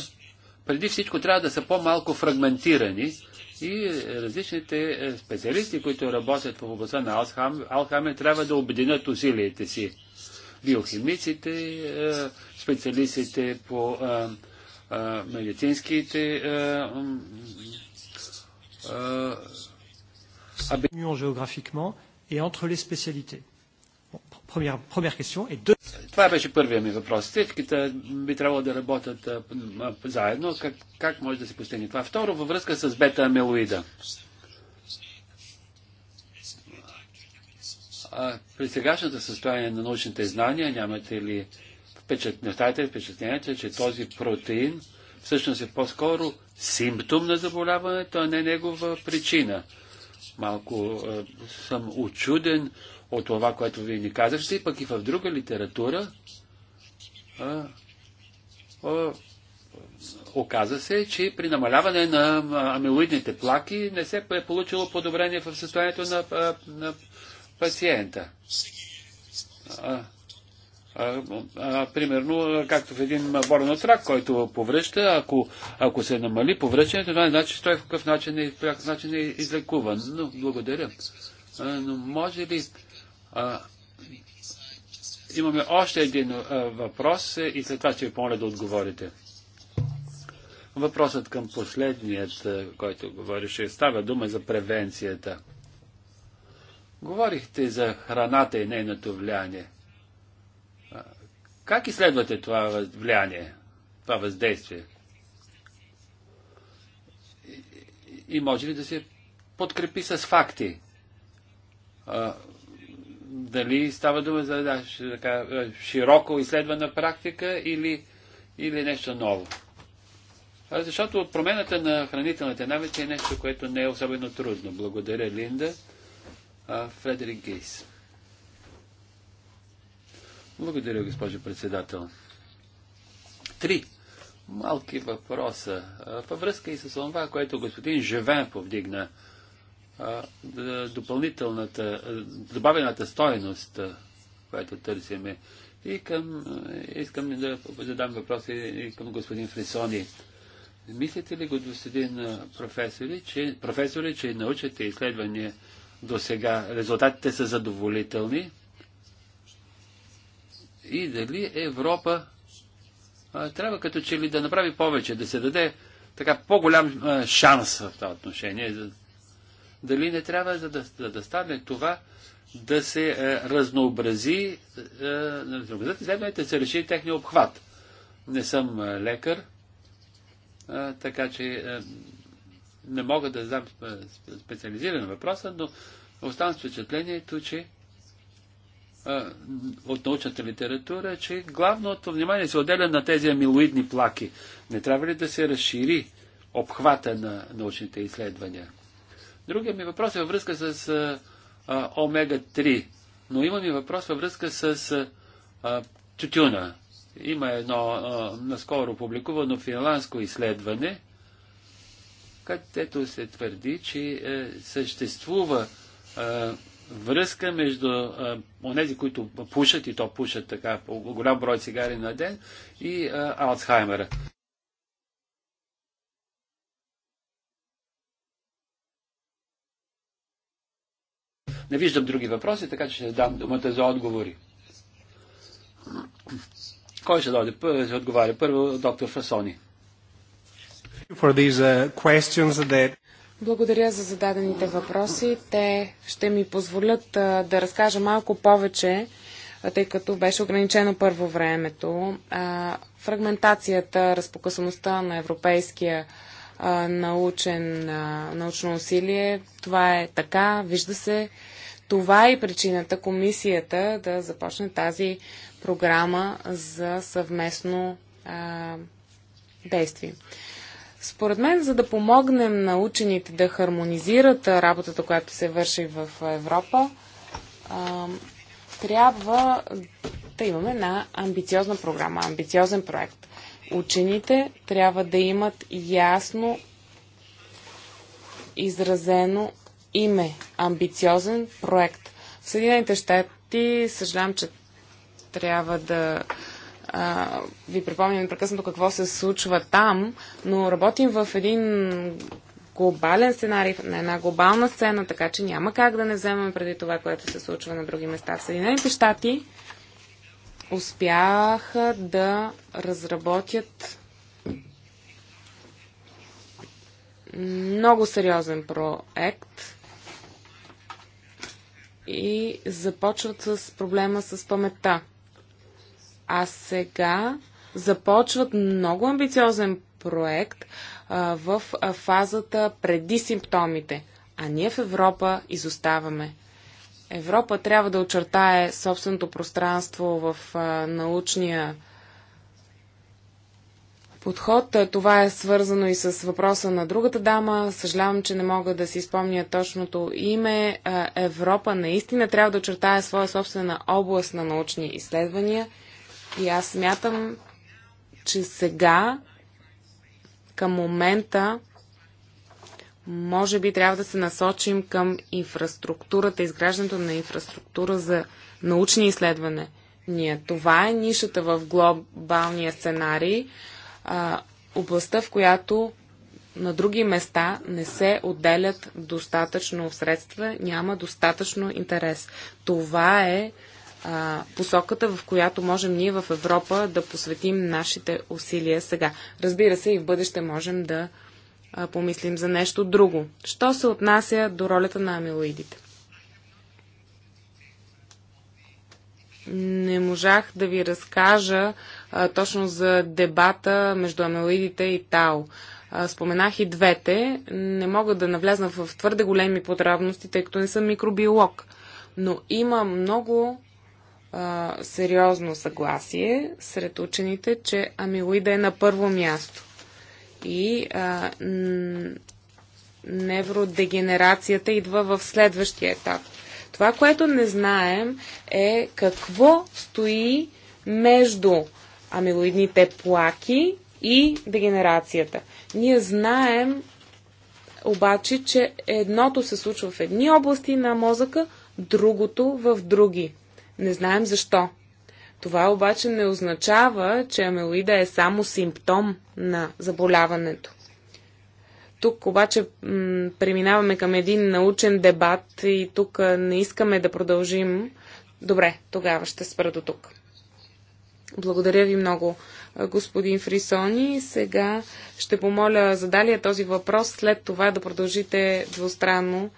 преди всичко трябва да са по-малко фрагментирани и различните е, специалисти, които работят в областта на Алхам, Алхаме, трябва да обединят усилията си. Биохимиците, е, специалистите по е, медицинските Euh, géographiquement et entre les spécialités. première, question et deux Това беше първия ми въпрос. Всичките би трябвало да работят а, заедно. Как, как може да се постигне това? Второ, във връзка с бета-амелоида. при сегашното състояние на научните знания нямате ли впечат... впечатлението, че този протеин всъщност е по-скоро симптом на заболяването, а не е негова причина. Малко е, съм очуден от това, което вие ни казахте, пък и в друга литература. Е, е, оказа се, че при намаляване на амилоидните плаки не се е получило подобрение в състоянието на, на пациента. А, а, а, примерно, както в един на трак, който повръща, ако, ако се намали повръщането, това не значи, че той в какъв начин е, какъв начин е излекуван. Но, благодаря. А, но може ли... А, имаме още един а, въпрос е, и след това ще ви помоля да отговорите. Въпросът към последният, който говореше, става дума за превенцията. Говорихте за храната и нейното влияние. Как изследвате това влияние, това въздействие? И може ли да се подкрепи с факти? А, дали става дума за да, така, широко изследвана практика или, или нещо ново? А, защото промената на хранителните навици е нещо, което не е особено трудно. Благодаря, Линда. А, Фредерик Гейс. Благодаря, госпожо председател. Три малки въпроса. Във връзка и с това, което господин Живен повдигна, допълнителната, добавената стоеност, която търсиме. И към, искам да задам въпроси и към господин Фрисони. Мислите ли, господин професори, че, професори, че научите изследвания до сега, резултатите са задоволителни? и дали Европа а, трябва като че ли да направи повече, да се даде така по-голям шанс в това отношение. Дали не трябва за да, да, да стане това да се е, разнообрази, е, разнообразят изследванията, да се реши техния обхват. Не съм е, лекар, е, така че е, не мога да задам специализиран въпрос, но оставам с впечатлението, че от научната литература, че главното внимание се отделя на тези амилоидни плаки. Не трябва ли да се разшири обхвата на научните изследвания? Другия ми въпрос е във връзка с а, омега-3, но имам и въпрос във връзка с а, тютюна. Има едно а, наскоро публикувано финландско изследване, където се твърди, че е, съществува връзка между онези, които пушат и то пушат така по голям брой цигари на ден и а, Алцхаймера. Не виждам други въпроси, така че ще дам думата за отговори. Кой ще дойде? Първо ще отговаря. Първо доктор Фасони. Uh, that... Благодаря за зададените въпроси. Те ще ми позволят а, да разкажа малко повече, а, тъй като беше ограничено първо времето. А, фрагментацията, разпокъсаността на европейския научен, научно усилие, това е така, вижда се. Това е причината комисията да започне тази програма за съвместно действие. Според мен, за да помогнем на учените да хармонизират работата, която се върши в Европа, трябва да имаме една амбициозна програма, амбициозен проект. Учените трябва да имат ясно изразено име, амбициозен проект. В Съединените щати, съжалявам, че трябва да ви припомням непрекъснато какво се случва там, но работим в един глобален сценарий, на една глобална сцена, така че няма как да не вземем преди това, което се случва на други места. В Съединените щати успяха да разработят много сериозен проект и започват с проблема с паметта а сега започват много амбициозен проект а, в а, фазата преди симптомите. А ние в Европа изоставаме. Европа трябва да очертае собственото пространство в а, научния подход. Това е свързано и с въпроса на другата дама. Съжалявам, че не мога да си спомня точното име. Европа наистина трябва да очертае своя собствена област на научни изследвания – и аз смятам, че сега, към момента, може би трябва да се насочим към инфраструктурата, изграждането на инфраструктура за научни изследвания. Това е нишата в глобалния сценарий, а, областта, в която на други места не се отделят достатъчно средства, няма достатъчно интерес. Това е а, посоката, в която можем ние в Европа да посветим нашите усилия сега. Разбира се, и в бъдеще можем да а, помислим за нещо друго. Що се отнася до ролята на амилоидите? Не можах да ви разкажа а, точно за дебата между амилоидите и Тао. споменах и двете. Не мога да навлязна в твърде големи подробности, тъй като не съм микробиолог. Но има много а, сериозно съгласие сред учените, че амилоида е на първо място. И а, невродегенерацията идва в следващия етап. Това, което не знаем е какво стои между амилоидните плаки и дегенерацията. Ние знаем обаче, че едното се случва в едни области на мозъка, другото в други. Не знаем защо. Това обаче не означава, че амилоида е само симптом на заболяването. Тук обаче преминаваме към един научен дебат и тук не искаме да продължим. Добре, тогава ще спра до тук. Благодаря ви много, господин Фрисони. Сега ще помоля задалия този въпрос, след това да продължите двустранно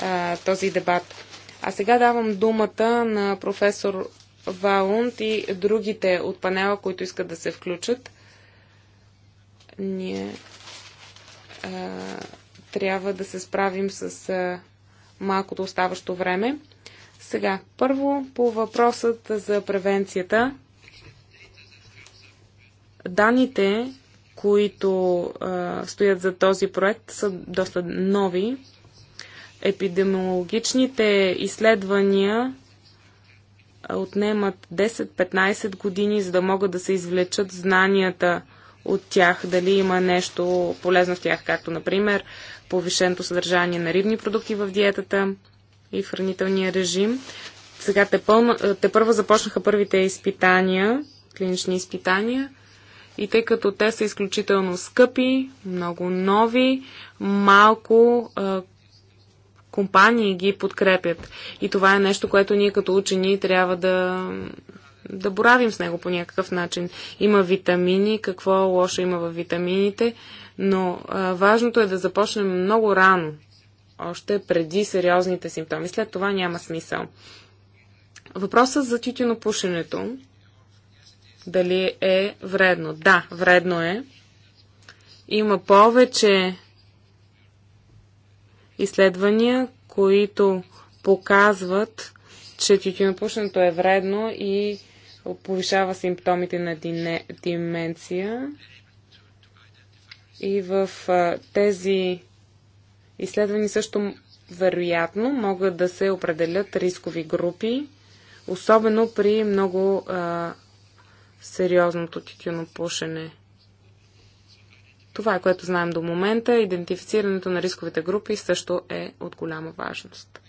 а, този дебат. А сега давам думата на професор Ваунт и другите от панела, които искат да се включат. Ние а, трябва да се справим с а, малкото оставащо време. Сега, първо по въпросът за превенцията. Даните, които а, стоят за този проект, са доста нови Епидемиологичните изследвания отнемат 10-15 години, за да могат да се извлечат знанията от тях, дали има нещо полезно в тях, както, например, повишеното съдържание на рибни продукти в диетата и в хранителния режим. Сега те, пълно, те първо започнаха първите изпитания, клинични изпитания, и тъй като те са изключително скъпи, много нови, малко компании ги подкрепят. И това е нещо, което ние като учени трябва да да боравим с него по някакъв начин. Има витамини, какво лошо има в витамините, но а, важното е да започнем много рано, още преди сериозните симптоми. След това няма смисъл. Въпросът за тютюнопушенето, дали е вредно? Да, вредно е. Има повече изследвания, които показват, че тютюнопушенето е вредно и повишава симптомите на деменция. И в тези изследвания също вероятно могат да се определят рискови групи, особено при много а, сериозното тютюнопушене. пушене. Това е което знаем до момента. Идентифицирането на рисковите групи също е от голяма важност.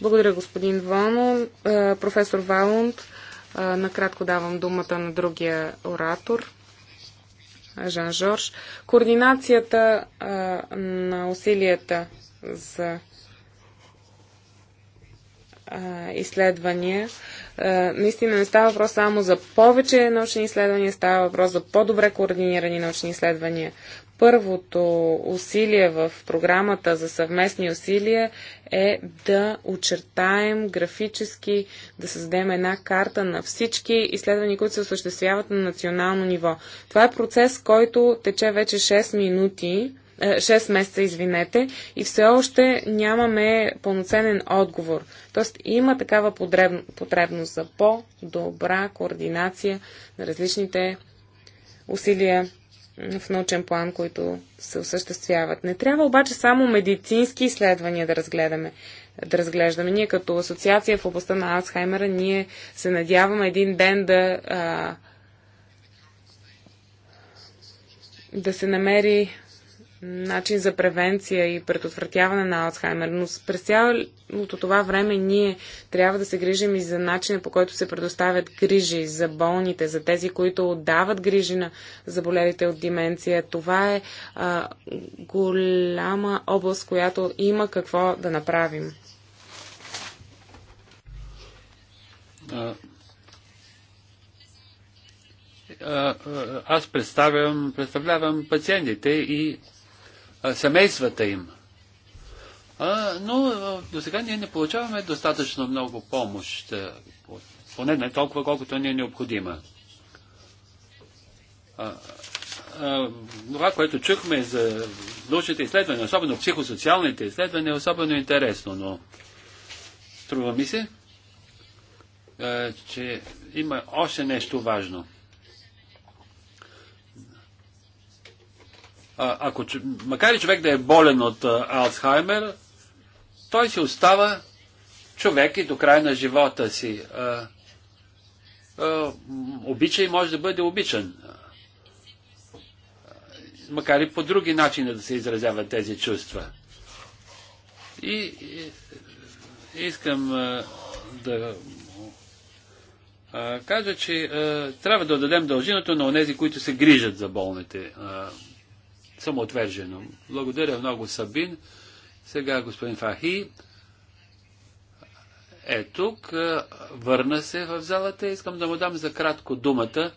Благодаря, господин Валон. Е, професор Валунд, е, накратко давам думата на другия оратор. Жан Жорж. Координацията е, на усилията за изследвания. наистина не става въпрос само за повече научни изследвания, става въпрос за по-добре координирани научни изследвания. Първото усилие в програмата за съвместни усилия е да очертаем графически, да създадем една карта на всички изследвания, които се осъществяват на национално ниво. Това е процес, който тече вече 6 минути 6 е, месеца, извинете, и все още нямаме пълноценен отговор. Тоест има такава потребност за по-добра координация на различните усилия в научен план, които се осъществяват. Не трябва обаче само медицински изследвания да разгледаме. Да разглеждаме. Ние като асоциация в областта на Алцхаймера, ние се надяваме един ден да, а, да се намери начин за превенция и предотвратяване на Алцхаймер, но през цялото това време ние трябва да се грижим и за начина по който се предоставят грижи за болните, за тези, които отдават грижи на заболелите от деменция. Това е а, голяма област, която има какво да направим. А, а, аз представям, представлявам пациентите и семействата им. А, но до сега ние не получаваме достатъчно много помощ, поне не толкова, колкото ни е необходима. това, което чухме за научните изследвания, особено психосоциалните изследвания, е особено интересно, но струва ми се, а, че има още нещо важно – ако, макар и човек да е болен от Алцхаймер, той си остава човек и до края на живота си. А, а, обича и може да бъде обичан. Макар и по други начини да се изразяват тези чувства. И, и искам а, да а, кажа, че а, трябва да дадем дължината на онези, които се грижат за болните. А, самоотвержено. Благодаря много, Сабин. Сега господин Фахи е тук, върна се в залата. Искам да му дам за кратко думата,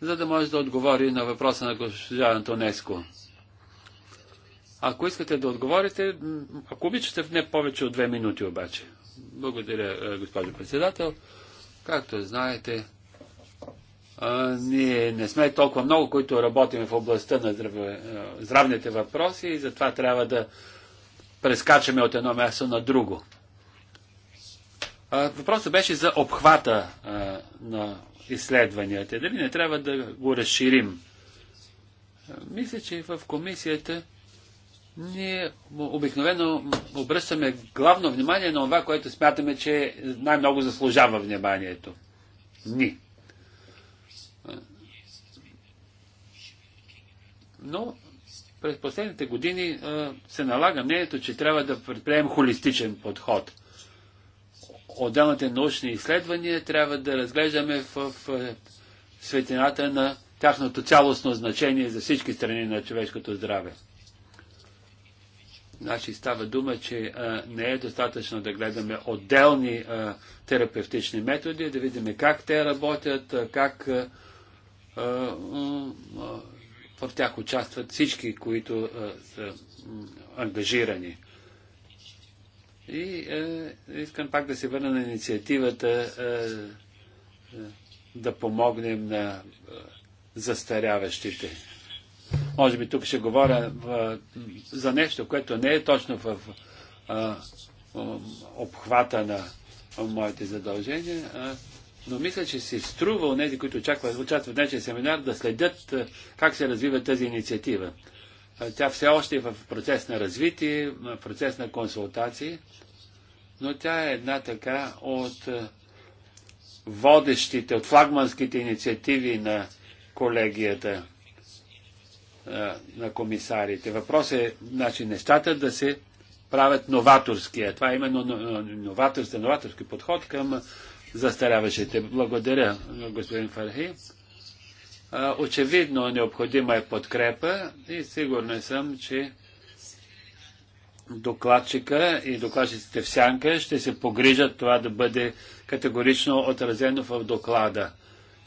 за да може да отговори на въпроса на госпожа Антонеско. Ако искате да отговорите, ако обичате в не повече от две минути обаче. Благодаря, госпожо председател. Както знаете, ние не сме толкова много, които работим в областта на здраве, здравните въпроси и затова трябва да прескачаме от едно място на друго. въпросът беше за обхвата на изследванията. Дали не трябва да го разширим? Мисля, че в комисията ние обикновено обръщаме главно внимание на това, което смятаме, че най-много заслужава вниманието. Ни. но през последните години се налага мнението, че трябва да предприемем холистичен подход. Отделните научни изследвания трябва да разглеждаме в светлината на тяхното цялостно значение за всички страни на човешкото здраве. Значи става дума, че а, не е достатъчно да гледаме отделни а, терапевтични методи, да видим как те работят, а, как а, а, в тях участват всички, които а, е, са ангажирани. И а, е, искам пак да се върна на инициативата а, е, да помогнем на застаряващите. Може би тук ще говоря в, за нещо, което не е точно в а, обхвата на моите задължения. А, но мисля, че се струва у нези, които очакват, участват в днешния семинар, да следят е, как се развива тази инициатива. Е, тя все още е в процес на развитие, в процес на консултации, но тя е една така от е, водещите, от флагманските инициативи на колегията на комисарите. Въпрос е, значи, нещата да се правят новаторския. Това е именно новаторски, новаторски подход към застаряващите. Благодаря, господин Фархи. Очевидно необходима е подкрепа и сигурен съм, че докладчика и докладчиците в сянка ще се погрижат това да бъде категорично отразено в доклада.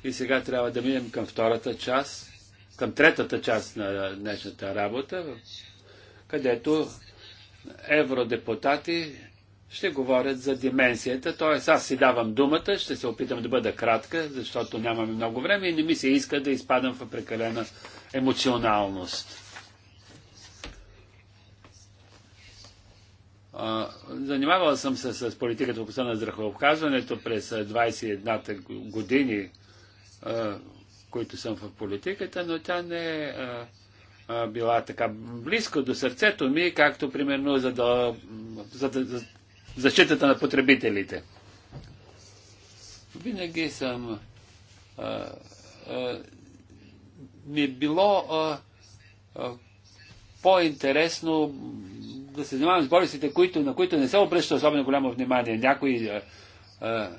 И сега трябва да минем към втората част, към третата част на днешната работа, където евродепутати ще говорят за дименсията, т.е. аз си давам думата, ще се опитам да бъда кратка, защото нямаме много време и не ми се иска да изпадам в прекалена емоционалност. Занимавал съм се с политиката в областта на здравеопазването през 21-та години, които съм в политиката, но тя не е била така близко до сърцето ми, както примерно за, да, за, за защитата на потребителите. Винаги съм а, а, ми е било а, а, по-интересно да се занимавам с болестите, които, на които не се обръща особено голямо внимание. Някои а, а,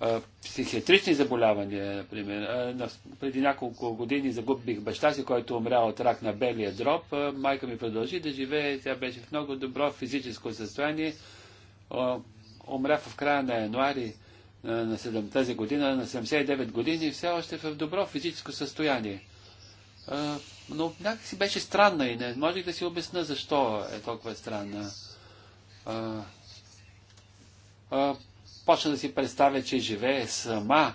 а, психиатрични заболявания, например. А, преди няколко години загубих баща си, който умря от рак на белия дроб. А, майка ми продължи да живее. Тя беше в много добро физическо състояние умря в края на януари на 7 тази година, на 79 години, все още в добро физическо състояние. Но някакси беше странна и не можех да си обясна защо е толкова странна. Почна да си представя, че живее сама.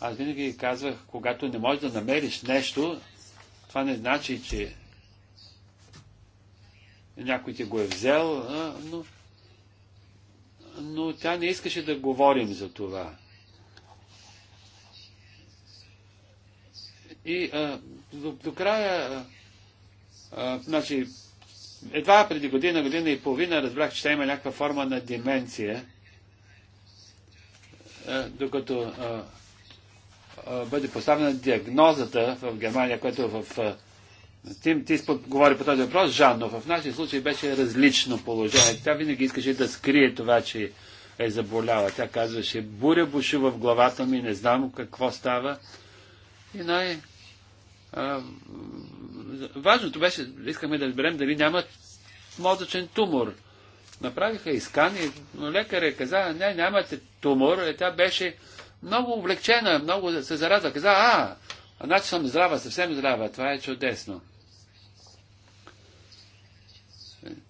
Аз винаги казвах, когато не можеш да намериш нещо, това не значи, че някой ти го е взел, но но тя не искаше да говорим за това. И а, до, до края, а, значи, едва преди година, година и половина разбрах, че тя има някаква форма на деменция, а, докато а, а, бъде поставена диагнозата в Германия, която в. А, Тим ти говори по този въпрос, Жан, но в нашия случай беше различно положение. Тя винаги искаше да скрие това, че е заболяла. Тя казваше, буря бушува в главата ми, не знам какво става. И най... А, важното беше, искаме да разберем дали няма мозъчен тумор. Направиха искани, но лекаря е каза, не, нямате тумор. И е, тя беше много облегчена, много се зарадва. Каза, а, Значи съм здрава, съвсем здрава. Това е чудесно.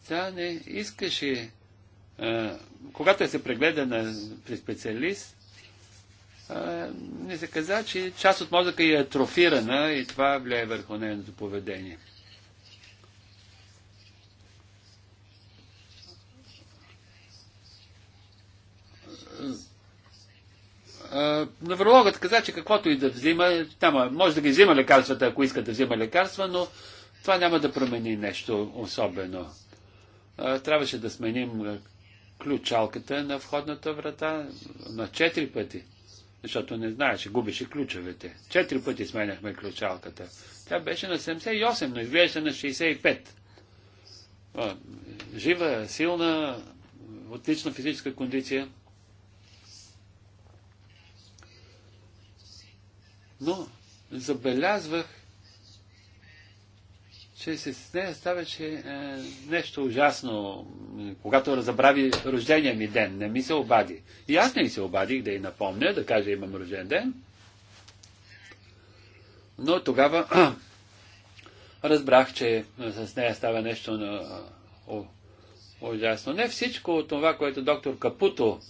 Тя не искаше. когато е се прегледа на, при специалист, не се каза, че част от мозъка е атрофирана и това влияе върху нейното поведение. Неврологът каза, че каквото и да взима, няма, може да ги взима лекарствата, ако иска да взима лекарства, но това няма да промени нещо особено. трябваше да сменим ключалката на входната врата на четири пъти, защото не знаеше, губеше ключовете. Четири пъти сменяхме ключалката. Тя беше на 78, но изглеждаше на 65. жива, силна, отлична физическа кондиция. но забелязвах, че с нея ставаше е, нещо ужасно, когато разбрави рождения ми ден, не ми се обади. И аз не ми се обадих да й напомня, да кажа имам рожден ден. Но тогава разбрах, че е, с нея става нещо на, е, о, ужасно. Не всичко от това, което доктор Капуто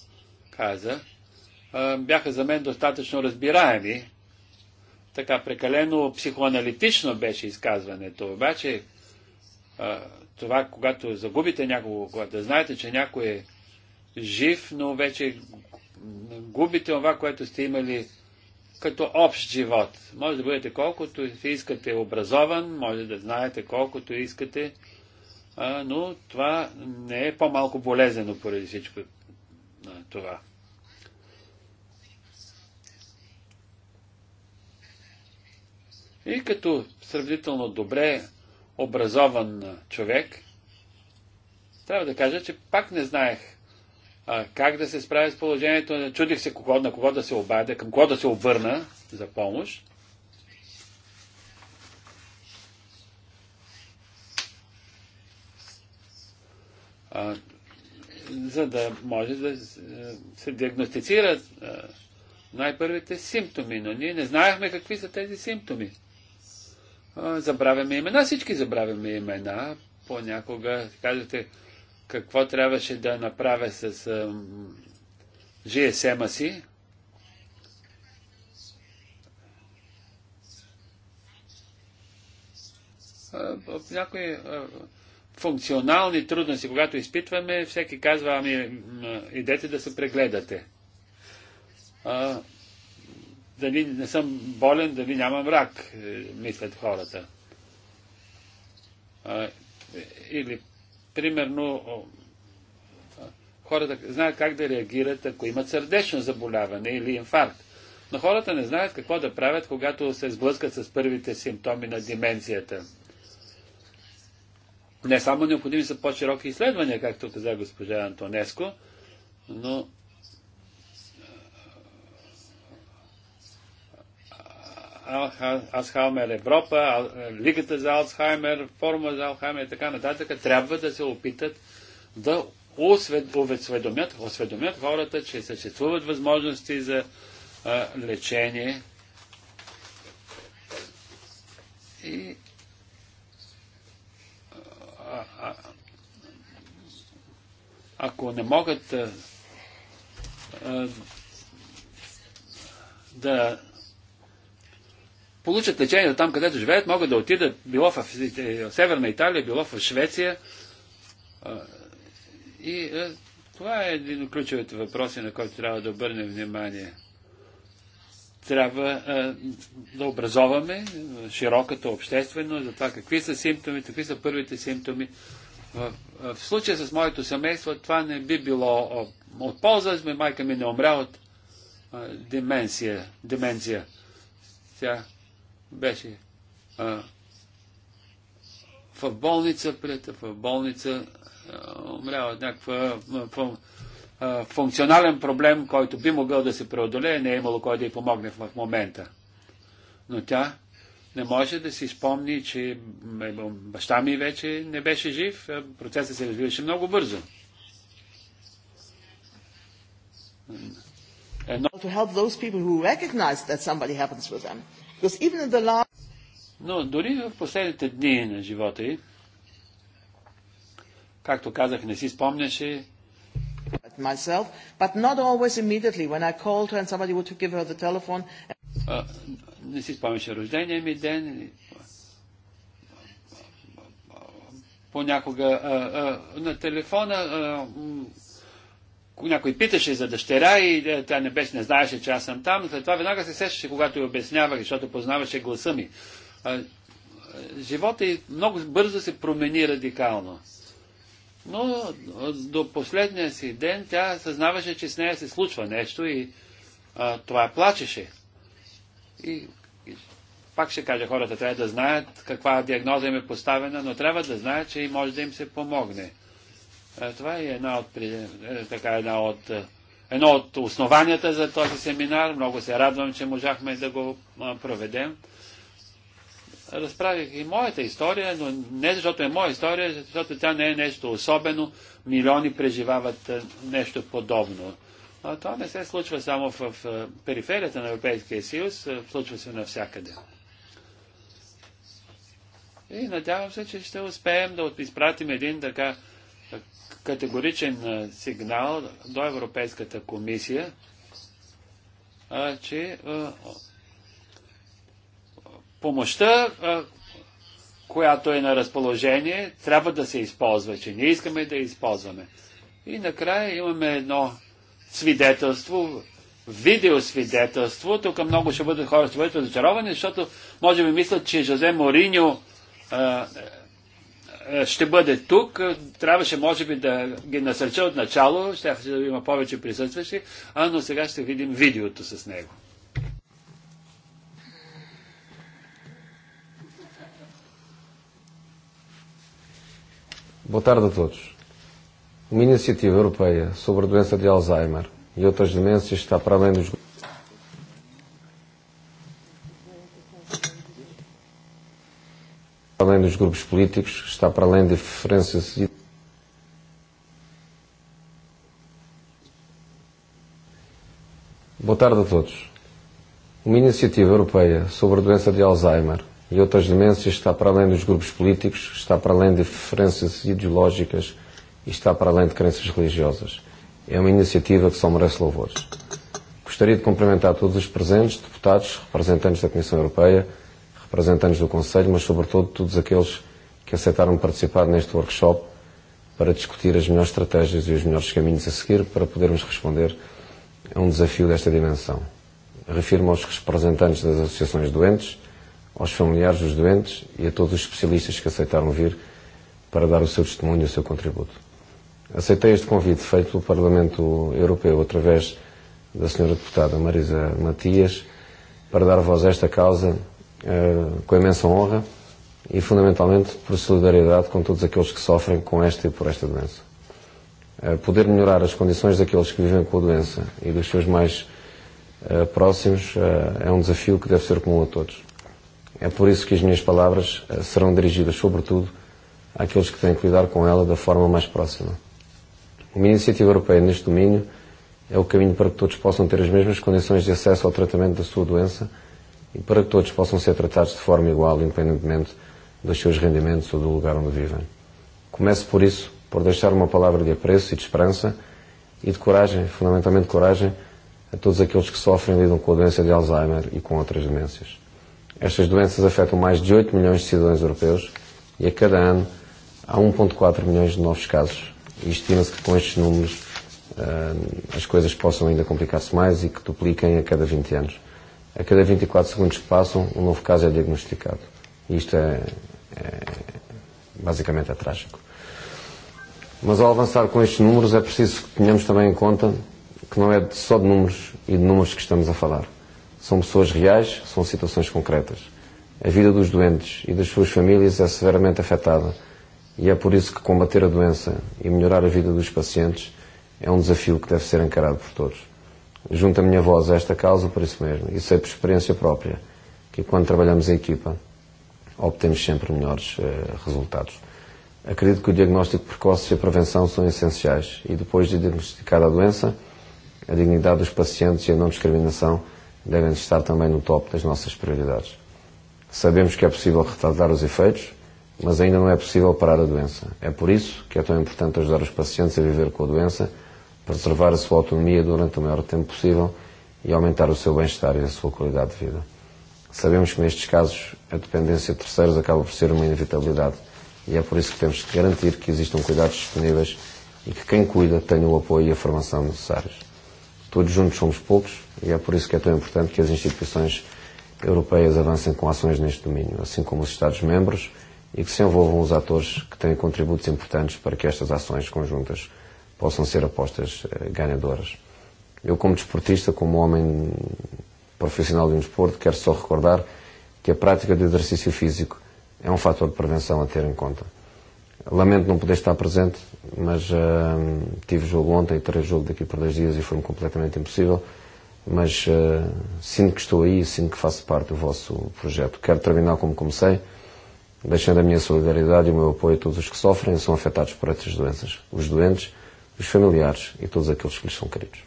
каза, е, бяха за мен достатъчно разбираеми, така прекалено психоаналитично беше изказването, обаче а, това, когато загубите някого, когато знаете, че някой е жив, но вече губите това, което сте имали като общ живот. Може да бъдете колкото искате образован, може да знаете колкото искате, а, но това не е по-малко болезнено поради всичко това. И като сравнително добре образован човек, трябва да кажа, че пак не знаех а, как да се справя с положението. Чудих се кого, на кого да се обадя, към кого да се обърна за помощ. А, за да може да се диагностицират най-първите симптоми, но ние не знаехме какви са тези симптоми забравяме имена, всички забравяме имена. Понякога казвате какво трябваше да направя с GSM-а си. Някои функционални трудности, когато изпитваме, всеки казва, ами идете да се прегледате дали не съм болен, дали нямам рак, е, мислят хората. Или, примерно, хората знаят как да реагират, ако имат сърдечно заболяване или инфаркт. Но хората не знаят какво да правят, когато се сблъскат с първите симптоми на деменцията. Не само необходими са по-широки изследвания, както каза госпожа Антонеско, но Алцхаймер Европа, Лигата за Алцхаймер, Форума за Алцхаймер и така нататък, трябва да се опитат да осведомят, осведомят хората, че съществуват възможности за а, лечение. И а, ако не могат а, да получат лечение там, където живеят, могат да отидат било в е, Северна Италия, било в Швеция. И това е един от ключовите въпроси, на който трябва да обърнем внимание. Трябва да образоваме широката общественост за това какви са симптомите, какви са първите симптоми. В, случая с моето семейство това не би било от полза, майка ми не е умря от деменция. деменция. Тя беше а, в болница, пред, в болница а, умрява от някаква функционален проблем, който би могъл да се преодолее, не е имало кой да й помогне в момента. Но тя не може да си спомни, че баща ми вече не беше жив. Процесът се развиваше много бързо. Едно... To help those people who recognize that somebody happens with them. Но дори в последните дни на живота й, както казах, не си спомняше myself, but not always immediately when I called her and somebody would give her the telephone. А, не си спомняше рождения ми ден. Понякога на телефона някой питаше за дъщеря и е, тя не беше, не знаеше, че аз съм там, но след това веднага се сещаше, когато я обяснявах, защото познаваше гласа ми. Живота и много бързо се промени радикално. Но до последния си ден тя съзнаваше, че с нея се случва нещо и а, това плачеше. И, и пак ще кажа, хората трябва да знаят каква диагноза им е поставена, но трябва да знаят, че може да им се помогне. Е, това е една от, е, така, една от, е, едно от основанията за този семинар. Много се радвам, че можахме да го проведем. Разправих и моята история, но не защото е моя история, защото тя не е нещо особено. Милиони преживават нещо подобно. А това не се случва само в, в периферията на Европейския съюз, случва се навсякъде. И надявам се, че ще успеем да изпратим един така категоричен сигнал до Европейската комисия, че помощта, която е на разположение, трябва да се използва, че ние искаме да използваме. И накрая имаме едно свидетелство, видеосвидетелство. Тук много ще бъдат хора, ще бъдат разочаровани, защото може би мислят, че Жозе Мориньо е, ще бъде тук. Трябваше, може би, да ги насърча от начало. Ще да има повече присъстващи. А, но сега ще видим видеото с него. Boa tarde a todos. Uma iniciativa europeia sobre a doença de Alzheimer e outras demências está para além dos. para além dos grupos políticos, está para além de diferenças e Boa tarde a todos. Uma iniciativa europeia sobre a doença de Alzheimer e outras demências está para além dos grupos políticos, está para além de diferenças ideológicas e está para além de crenças religiosas. É uma iniciativa que só merece louvores. Gostaria de cumprimentar todos os presentes, deputados, representantes da Comissão Europeia, representantes do Conselho, mas sobretudo todos aqueles que aceitaram participar neste workshop para discutir as melhores estratégias e os melhores caminhos a seguir para podermos responder a um desafio desta dimensão. Refirmo aos representantes das associações doentes, aos familiares dos doentes e a todos os especialistas que aceitaram vir para dar o seu testemunho e o seu contributo. Aceitei este convite feito pelo Parlamento Europeu através da Sra. Deputada Marisa Matias para dar voz a esta causa com imensa honra e fundamentalmente por solidariedade com todos aqueles que sofrem com esta e por esta doença. Poder melhorar as condições daqueles que vivem com a doença e dos seus mais próximos é um desafio que deve ser comum a todos. É por isso que as minhas palavras serão dirigidas, sobretudo, àqueles que têm que lidar com ela da forma mais próxima. Uma iniciativa europeia neste domínio é o caminho para que todos possam ter as mesmas condições de acesso ao tratamento da sua doença e para que todos possam ser tratados de forma igual, independentemente dos seus rendimentos ou do lugar onde vivem. Começo por isso, por deixar uma palavra de apreço e de esperança e de coragem, fundamentalmente coragem, a todos aqueles que sofrem e lidam com a doença de Alzheimer e com outras demências. Estas doenças afetam mais de 8 milhões de cidadãos europeus e a cada ano há 1.4 milhões de novos casos. E estima-se que com estes números as coisas possam ainda complicar-se mais e que dupliquem a cada 20 anos a cada 24 segundos que passam, um novo caso é diagnosticado. E isto é, é basicamente é trágico. Mas ao avançar com estes números é preciso que tenhamos também em conta que não é só de números e de números que estamos a falar. São pessoas reais, são situações concretas. A vida dos doentes e das suas famílias é severamente afetada e é por isso que combater a doença e melhorar a vida dos pacientes é um desafio que deve ser encarado por todos junto a minha voz a esta causa por isso mesmo. E sei por experiência própria, que quando trabalhamos em equipa obtemos sempre melhores uh, resultados. Acredito que o diagnóstico precoce e a prevenção são essenciais e depois de diagnosticada a doença, a dignidade dos pacientes e a não discriminação devem estar também no topo das nossas prioridades. Sabemos que é possível retardar os efeitos, mas ainda não é possível parar a doença. É por isso que é tão importante ajudar os pacientes a viver com a doença preservar a sua autonomia durante o maior tempo possível e aumentar o seu bem-estar e a sua qualidade de vida. Sabemos que nestes casos a dependência de terceiros acaba por ser uma inevitabilidade e é por isso que temos que garantir que existam cuidados disponíveis e que quem cuida tenha o apoio e a formação necessários. Todos juntos somos poucos e é por isso que é tão importante que as instituições europeias avancem com ações neste domínio, assim como os Estados-membros e que se envolvam os atores que têm contributos importantes para que estas ações conjuntas posso não ser apostas ganhadoras. Eu, como desportista, como homem profissional de um desporto, quero só recordar que a prática do exercício físico é um fator de prevenção a ter em conta. Lamento não poder estar presente, mas uh, tive jogo ontem e terei jogo daqui por dois dias e foi-me completamente impossível. Mas uh, sinto que estou aí e sinto que faço parte do vosso projeto. Quero terminar como comecei, deixando a minha solidariedade e o meu apoio a todos os que sofrem e são afetados por estas doenças. Os doentes, os familiares e todos aqueles que lhes são queridos.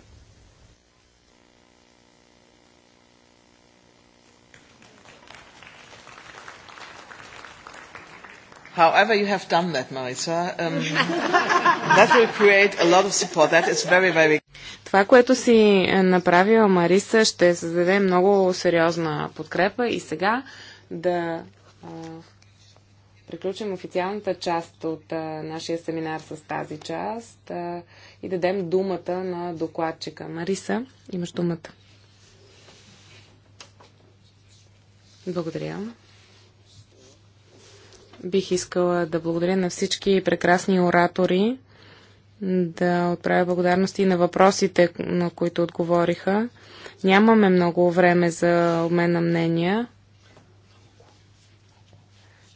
However you have done that, Marisa, um, that will create a lot of support. That is very, very... Това, което си направила Мариса, ще създаде много сериозна подкрепа и сега да приключим официалната част от а, нашия семинар с тази част а, и дадем думата на докладчика. Мариса, имаш думата. Благодаря. Бих искала да благодаря на всички прекрасни оратори, да отправя благодарности на въпросите, на които отговориха. Нямаме много време за обмен на мнения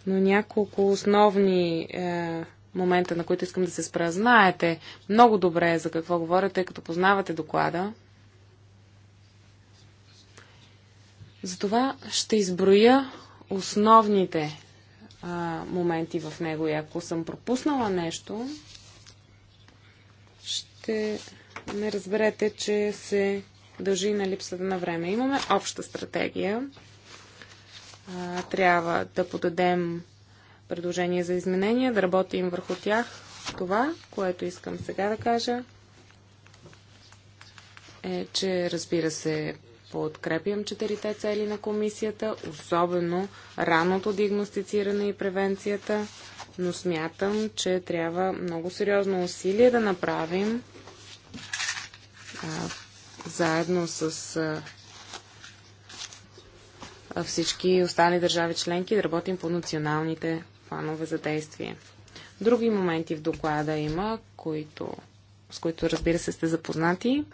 но няколко основни е, момента, на които искам да се спра. Знаете много добре за какво говоря, тъй като познавате доклада. Затова ще изброя основните е, моменти в него и ако съм пропуснала нещо, ще не разберете, че се дължи на липсата на време. Имаме обща стратегия трябва да подадем предложение за изменения, да работим върху тях. Това, което искам сега да кажа, е, че разбира се, подкрепям четирите цели на комисията, особено раното диагностициране и превенцията, но смятам, че трябва много сериозно усилие да направим а, заедно с а, всички останали държави членки да работим по националните планове за действие. Други моменти в доклада има, които, с които разбира се сте запознати.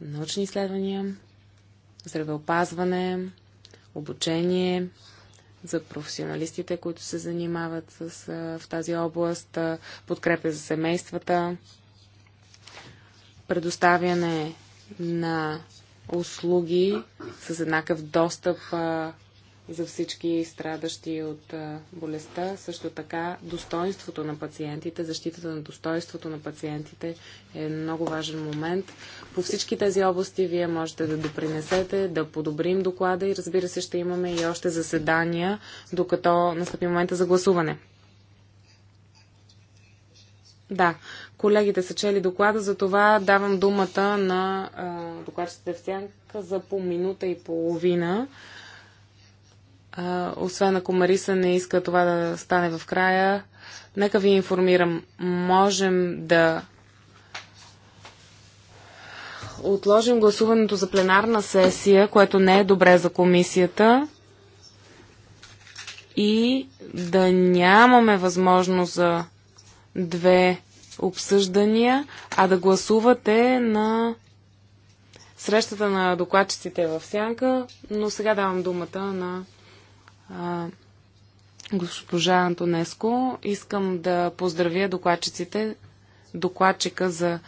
Научни изследвания, здравеопазване, обучение за професионалистите, които се занимават с, в тази област, подкрепа за семействата, предоставяне на услуги с еднакъв достъп а, за всички страдащи от а, болестта. Също така, достоинството на пациентите, защитата на достоинството на пациентите е много важен момент. По всички тези области вие можете да допринесете, да подобрим доклада и разбира се ще имаме и още заседания, докато настъпи момента за гласуване. Да, колегите са чели доклада, за това давам думата на докладчите в сянка за по минута и половина. А, освен ако Мариса не иска това да стане в края, нека ви информирам. Можем да отложим гласуването за пленарна сесия, което не е добре за комисията и да нямаме възможност за две обсъждания, а да гласувате на срещата на докладчиците в Сянка, но сега давам думата на а, госпожа Антонеско. Искам да поздравя докладчиците, докладчика за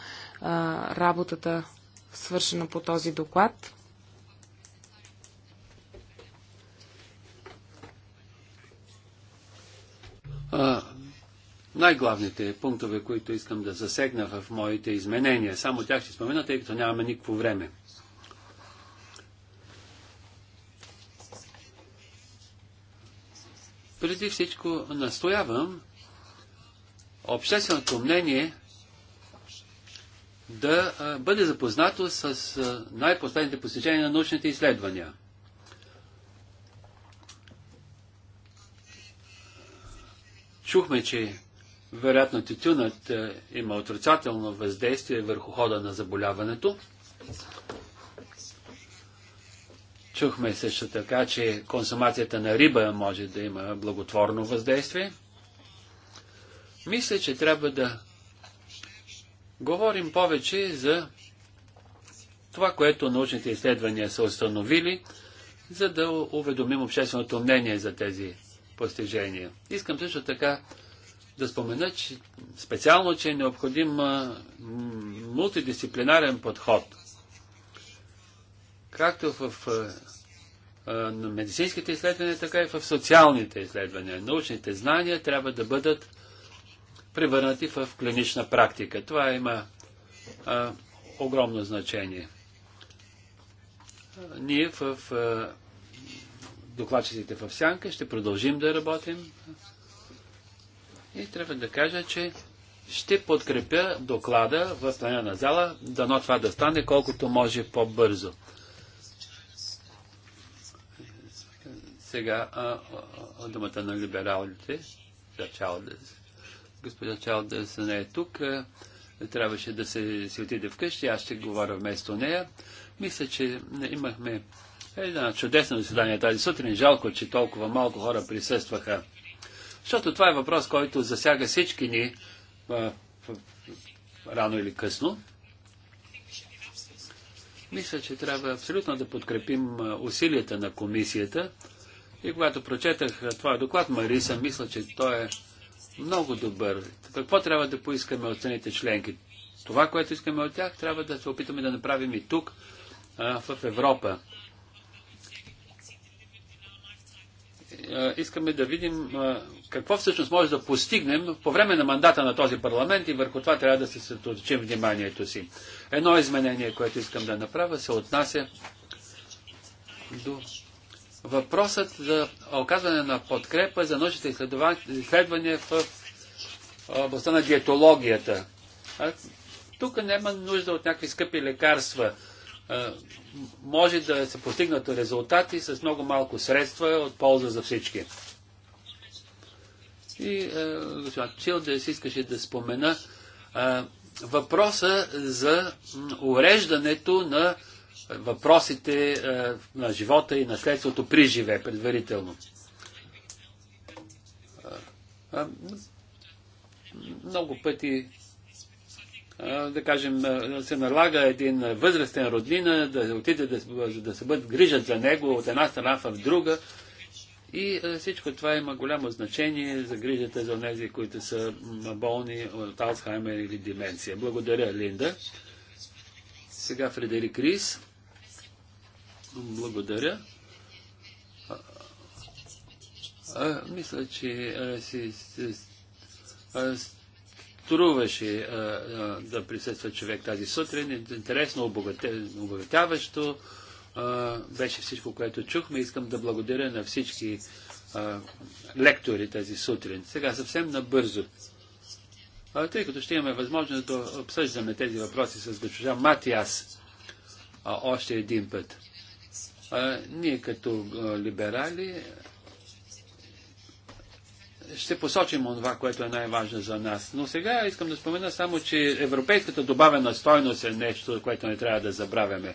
а, работата свършена по този доклад. най-главните пунктове, които искам да засегна в моите изменения. Само тях ще спомена, тъй като нямаме никакво време. Преди всичко настоявам общественото мнение да бъде запознато с най-последните постижения на научните изследвания. Чухме, че вероятно тютюнът е, има отрицателно въздействие върху хода на заболяването. Чухме също така, че консумацията на риба може да има благотворно въздействие. Мисля, че трябва да говорим повече за това, което научните изследвания са установили, за да уведомим общественото мнение за тези постижения. Искам също така да спомена че, специално, че е необходим мултидисциплинарен подход. Както в на медицинските изследвания, така и в социалните изследвания. Научните знания трябва да бъдат превърнати в клинична практика. Това има а, огромно значение. Ние в а, докладчиците в Сянка ще продължим да работим и трябва да кажа, че ще подкрепя доклада в на зала, дано това да стане колкото може по-бързо. Сега а, а, думата на либералите, за Чалдес. Госпожа Чалдес не е тук. Трябваше да се си отиде вкъщи, аз ще говоря вместо нея. Мисля, че имахме една чудесна заседание тази сутрин. Жалко, че толкова малко хора присъстваха. Защото това е въпрос, който засяга всички ни а, рано или късно. Мисля, че трябва абсолютно да подкрепим усилията на комисията. И когато прочетах твоя доклад, Мариса, мисля, че той е много добър. Какво трябва да поискаме от страните членки? Това, което искаме от тях, трябва да се опитаме да направим и тук, а, в Европа. искаме да видим какво всъщност може да постигнем по време на мандата на този парламент и върху това трябва да се съточим вниманието си. Едно изменение, което искам да направя, се отнася до въпросът за оказване на подкрепа за научните изследвания в областта на диетологията. тук няма нужда от някакви скъпи лекарства е, може да се постигнат резултати с много малко средства от полза за всички. И е, господин Чилдес искаше да спомена е, въпроса за уреждането на въпросите на живота и наследството при живе предварително. Много пъти да кажем, се налага един възрастен роднина да отиде да, да се бъдат грижат за него от една страна в друга. И всичко това има голямо значение за грижата за тези, които са болни от Алцхаймер или деменция. Благодаря, Линда. Сега Фредерик Рис. Благодаря. А, а, мисля, че а, си, си, струваше а, а, да присъства човек тази сутрин. Интересно, обогатяващо а, беше всичко, което чухме. Искам да благодаря на всички а, лектори тази сутрин. Сега съвсем набързо. А, тъй като ще имаме възможност да обсъждаме тези въпроси с госпожа Матиас а, още един път. А, ние като а, либерали ще посочим това, което е най-важно за нас. Но сега искам да спомена само, че европейската добавена стойност е нещо, което не трябва да забравяме.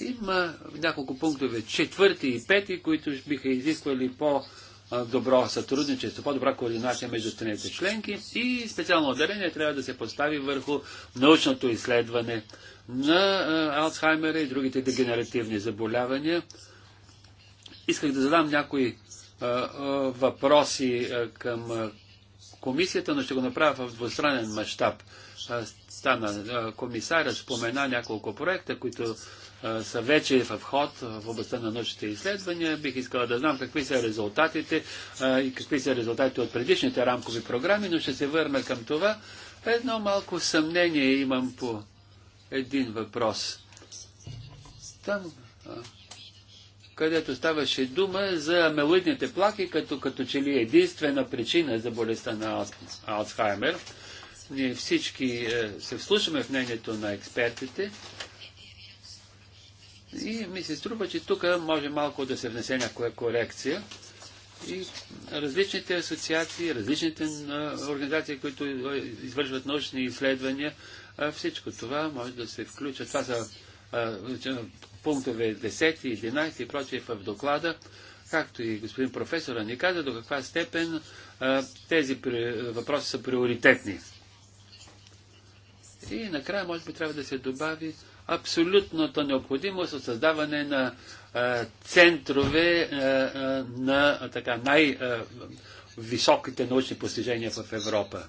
Има няколко пунктове, четвърти и пети, които биха изисквали по- добро сътрудничество, по-добра координация между страните членки и специално отделение трябва да се постави върху научното изследване на Алцхаймера и другите дегенеративни заболявания. Исках да задам някои въпроси към комисията, но ще го направя в двустранен мащаб. Стана комисарът, спомена няколко проекта, които са вече в ход в областта на научните изследвания. Бих искала да знам какви са резултатите и какви са резултатите от предишните рамкови програми, но ще се върна към това. Едно малко съмнение имам по един въпрос. Там където ставаше дума за амелоидните плаки, като, като че ли е единствена причина за болестта на Алцхаймер. Ние всички е, се вслушаме в мнението на експертите и ми се струва, че тук може малко да се внесе някоя корекция. И различните асоциации, различните организации, които извършват научни изследвания, всичко това може да се включва. Това са пунктове 10, 11 и прочие в доклада, както и господин професора ни каза, до каква степен а, тези при, въпроси са приоритетни. И накрая, може би, трябва да се добави абсолютната необходимост от създаване на а, центрове а, на така, най- високите научни постижения в Европа.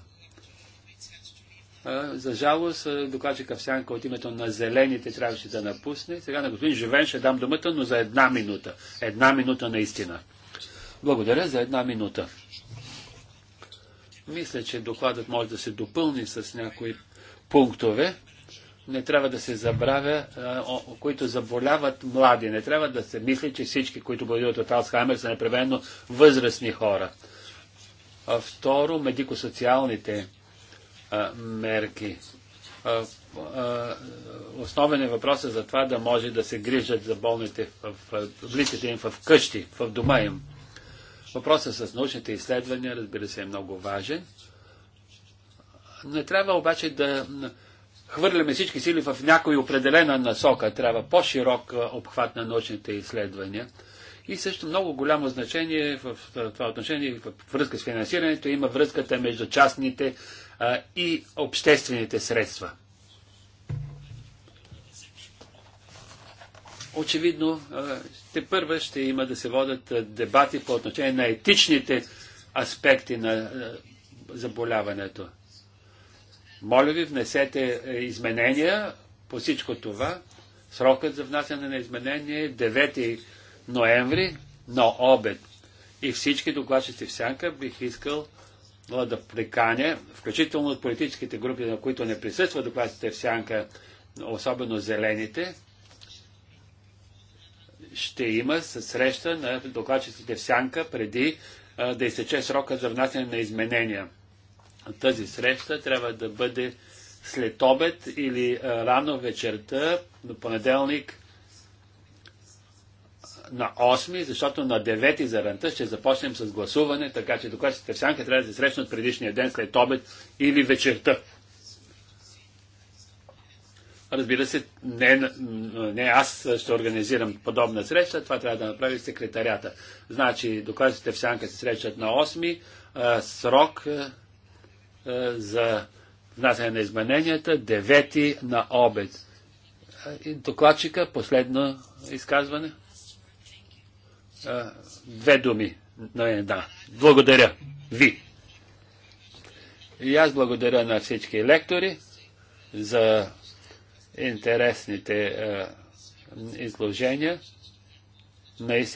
За жалост, докладчика Всянка от името на зелените трябваше да напусне. Сега на господин Живен ще дам думата, но за една минута. Една минута наистина. Благодаря за една минута. Мисля, че докладът може да се допълни с някои пунктове. Не трябва да се забравя, които заболяват млади. Не трябва да се мисли, че всички, които боледуват от Алцхаймер, са непременно възрастни хора. А второ, медико-социалните мерки. Основен е въпросът за това да може да се грижат за болните, в близките им в къщи, в дома им. Въпросът с научните изследвания, разбира се, е много важен. Не трябва обаче да хвърляме всички сили в някоя определена насока. Трябва по-широк обхват на научните изследвания. И също много голямо значение в това отношение в връзка с финансирането има връзката между частните а, и обществените средства. Очевидно, те първа ще има да се водят дебати по отношение на етичните аспекти на заболяването. Моля ви, внесете изменения по всичко това. Срокът за внасяне на изменение е 9 ноември на обед. И всички докладчици в сянка бих искал да приканя, включително от политическите групи, на които не присъства докладите в сянка, особено зелените, ще има среща на докладчиците в сянка преди да изтече срока за внасяне на изменения. Тази среща трябва да бъде след обед или рано вечерта, на понеделник, на 8, защото на 9 ранта ще започнем с гласуване, така че докладчите в сянка трябва да се срещнат предишния ден след обед или вечерта. Разбира се, не, не аз ще организирам подобна среща, това трябва да направи секретарята. Значи, докладите в сянка се срещат на 8, а, срок а, за внасяне на измененията 9 на обед. Докладчика, последно изказване две думи на една. Благодаря ви. И аз благодаря на всички лектори за интересните а, изложения. Наистина.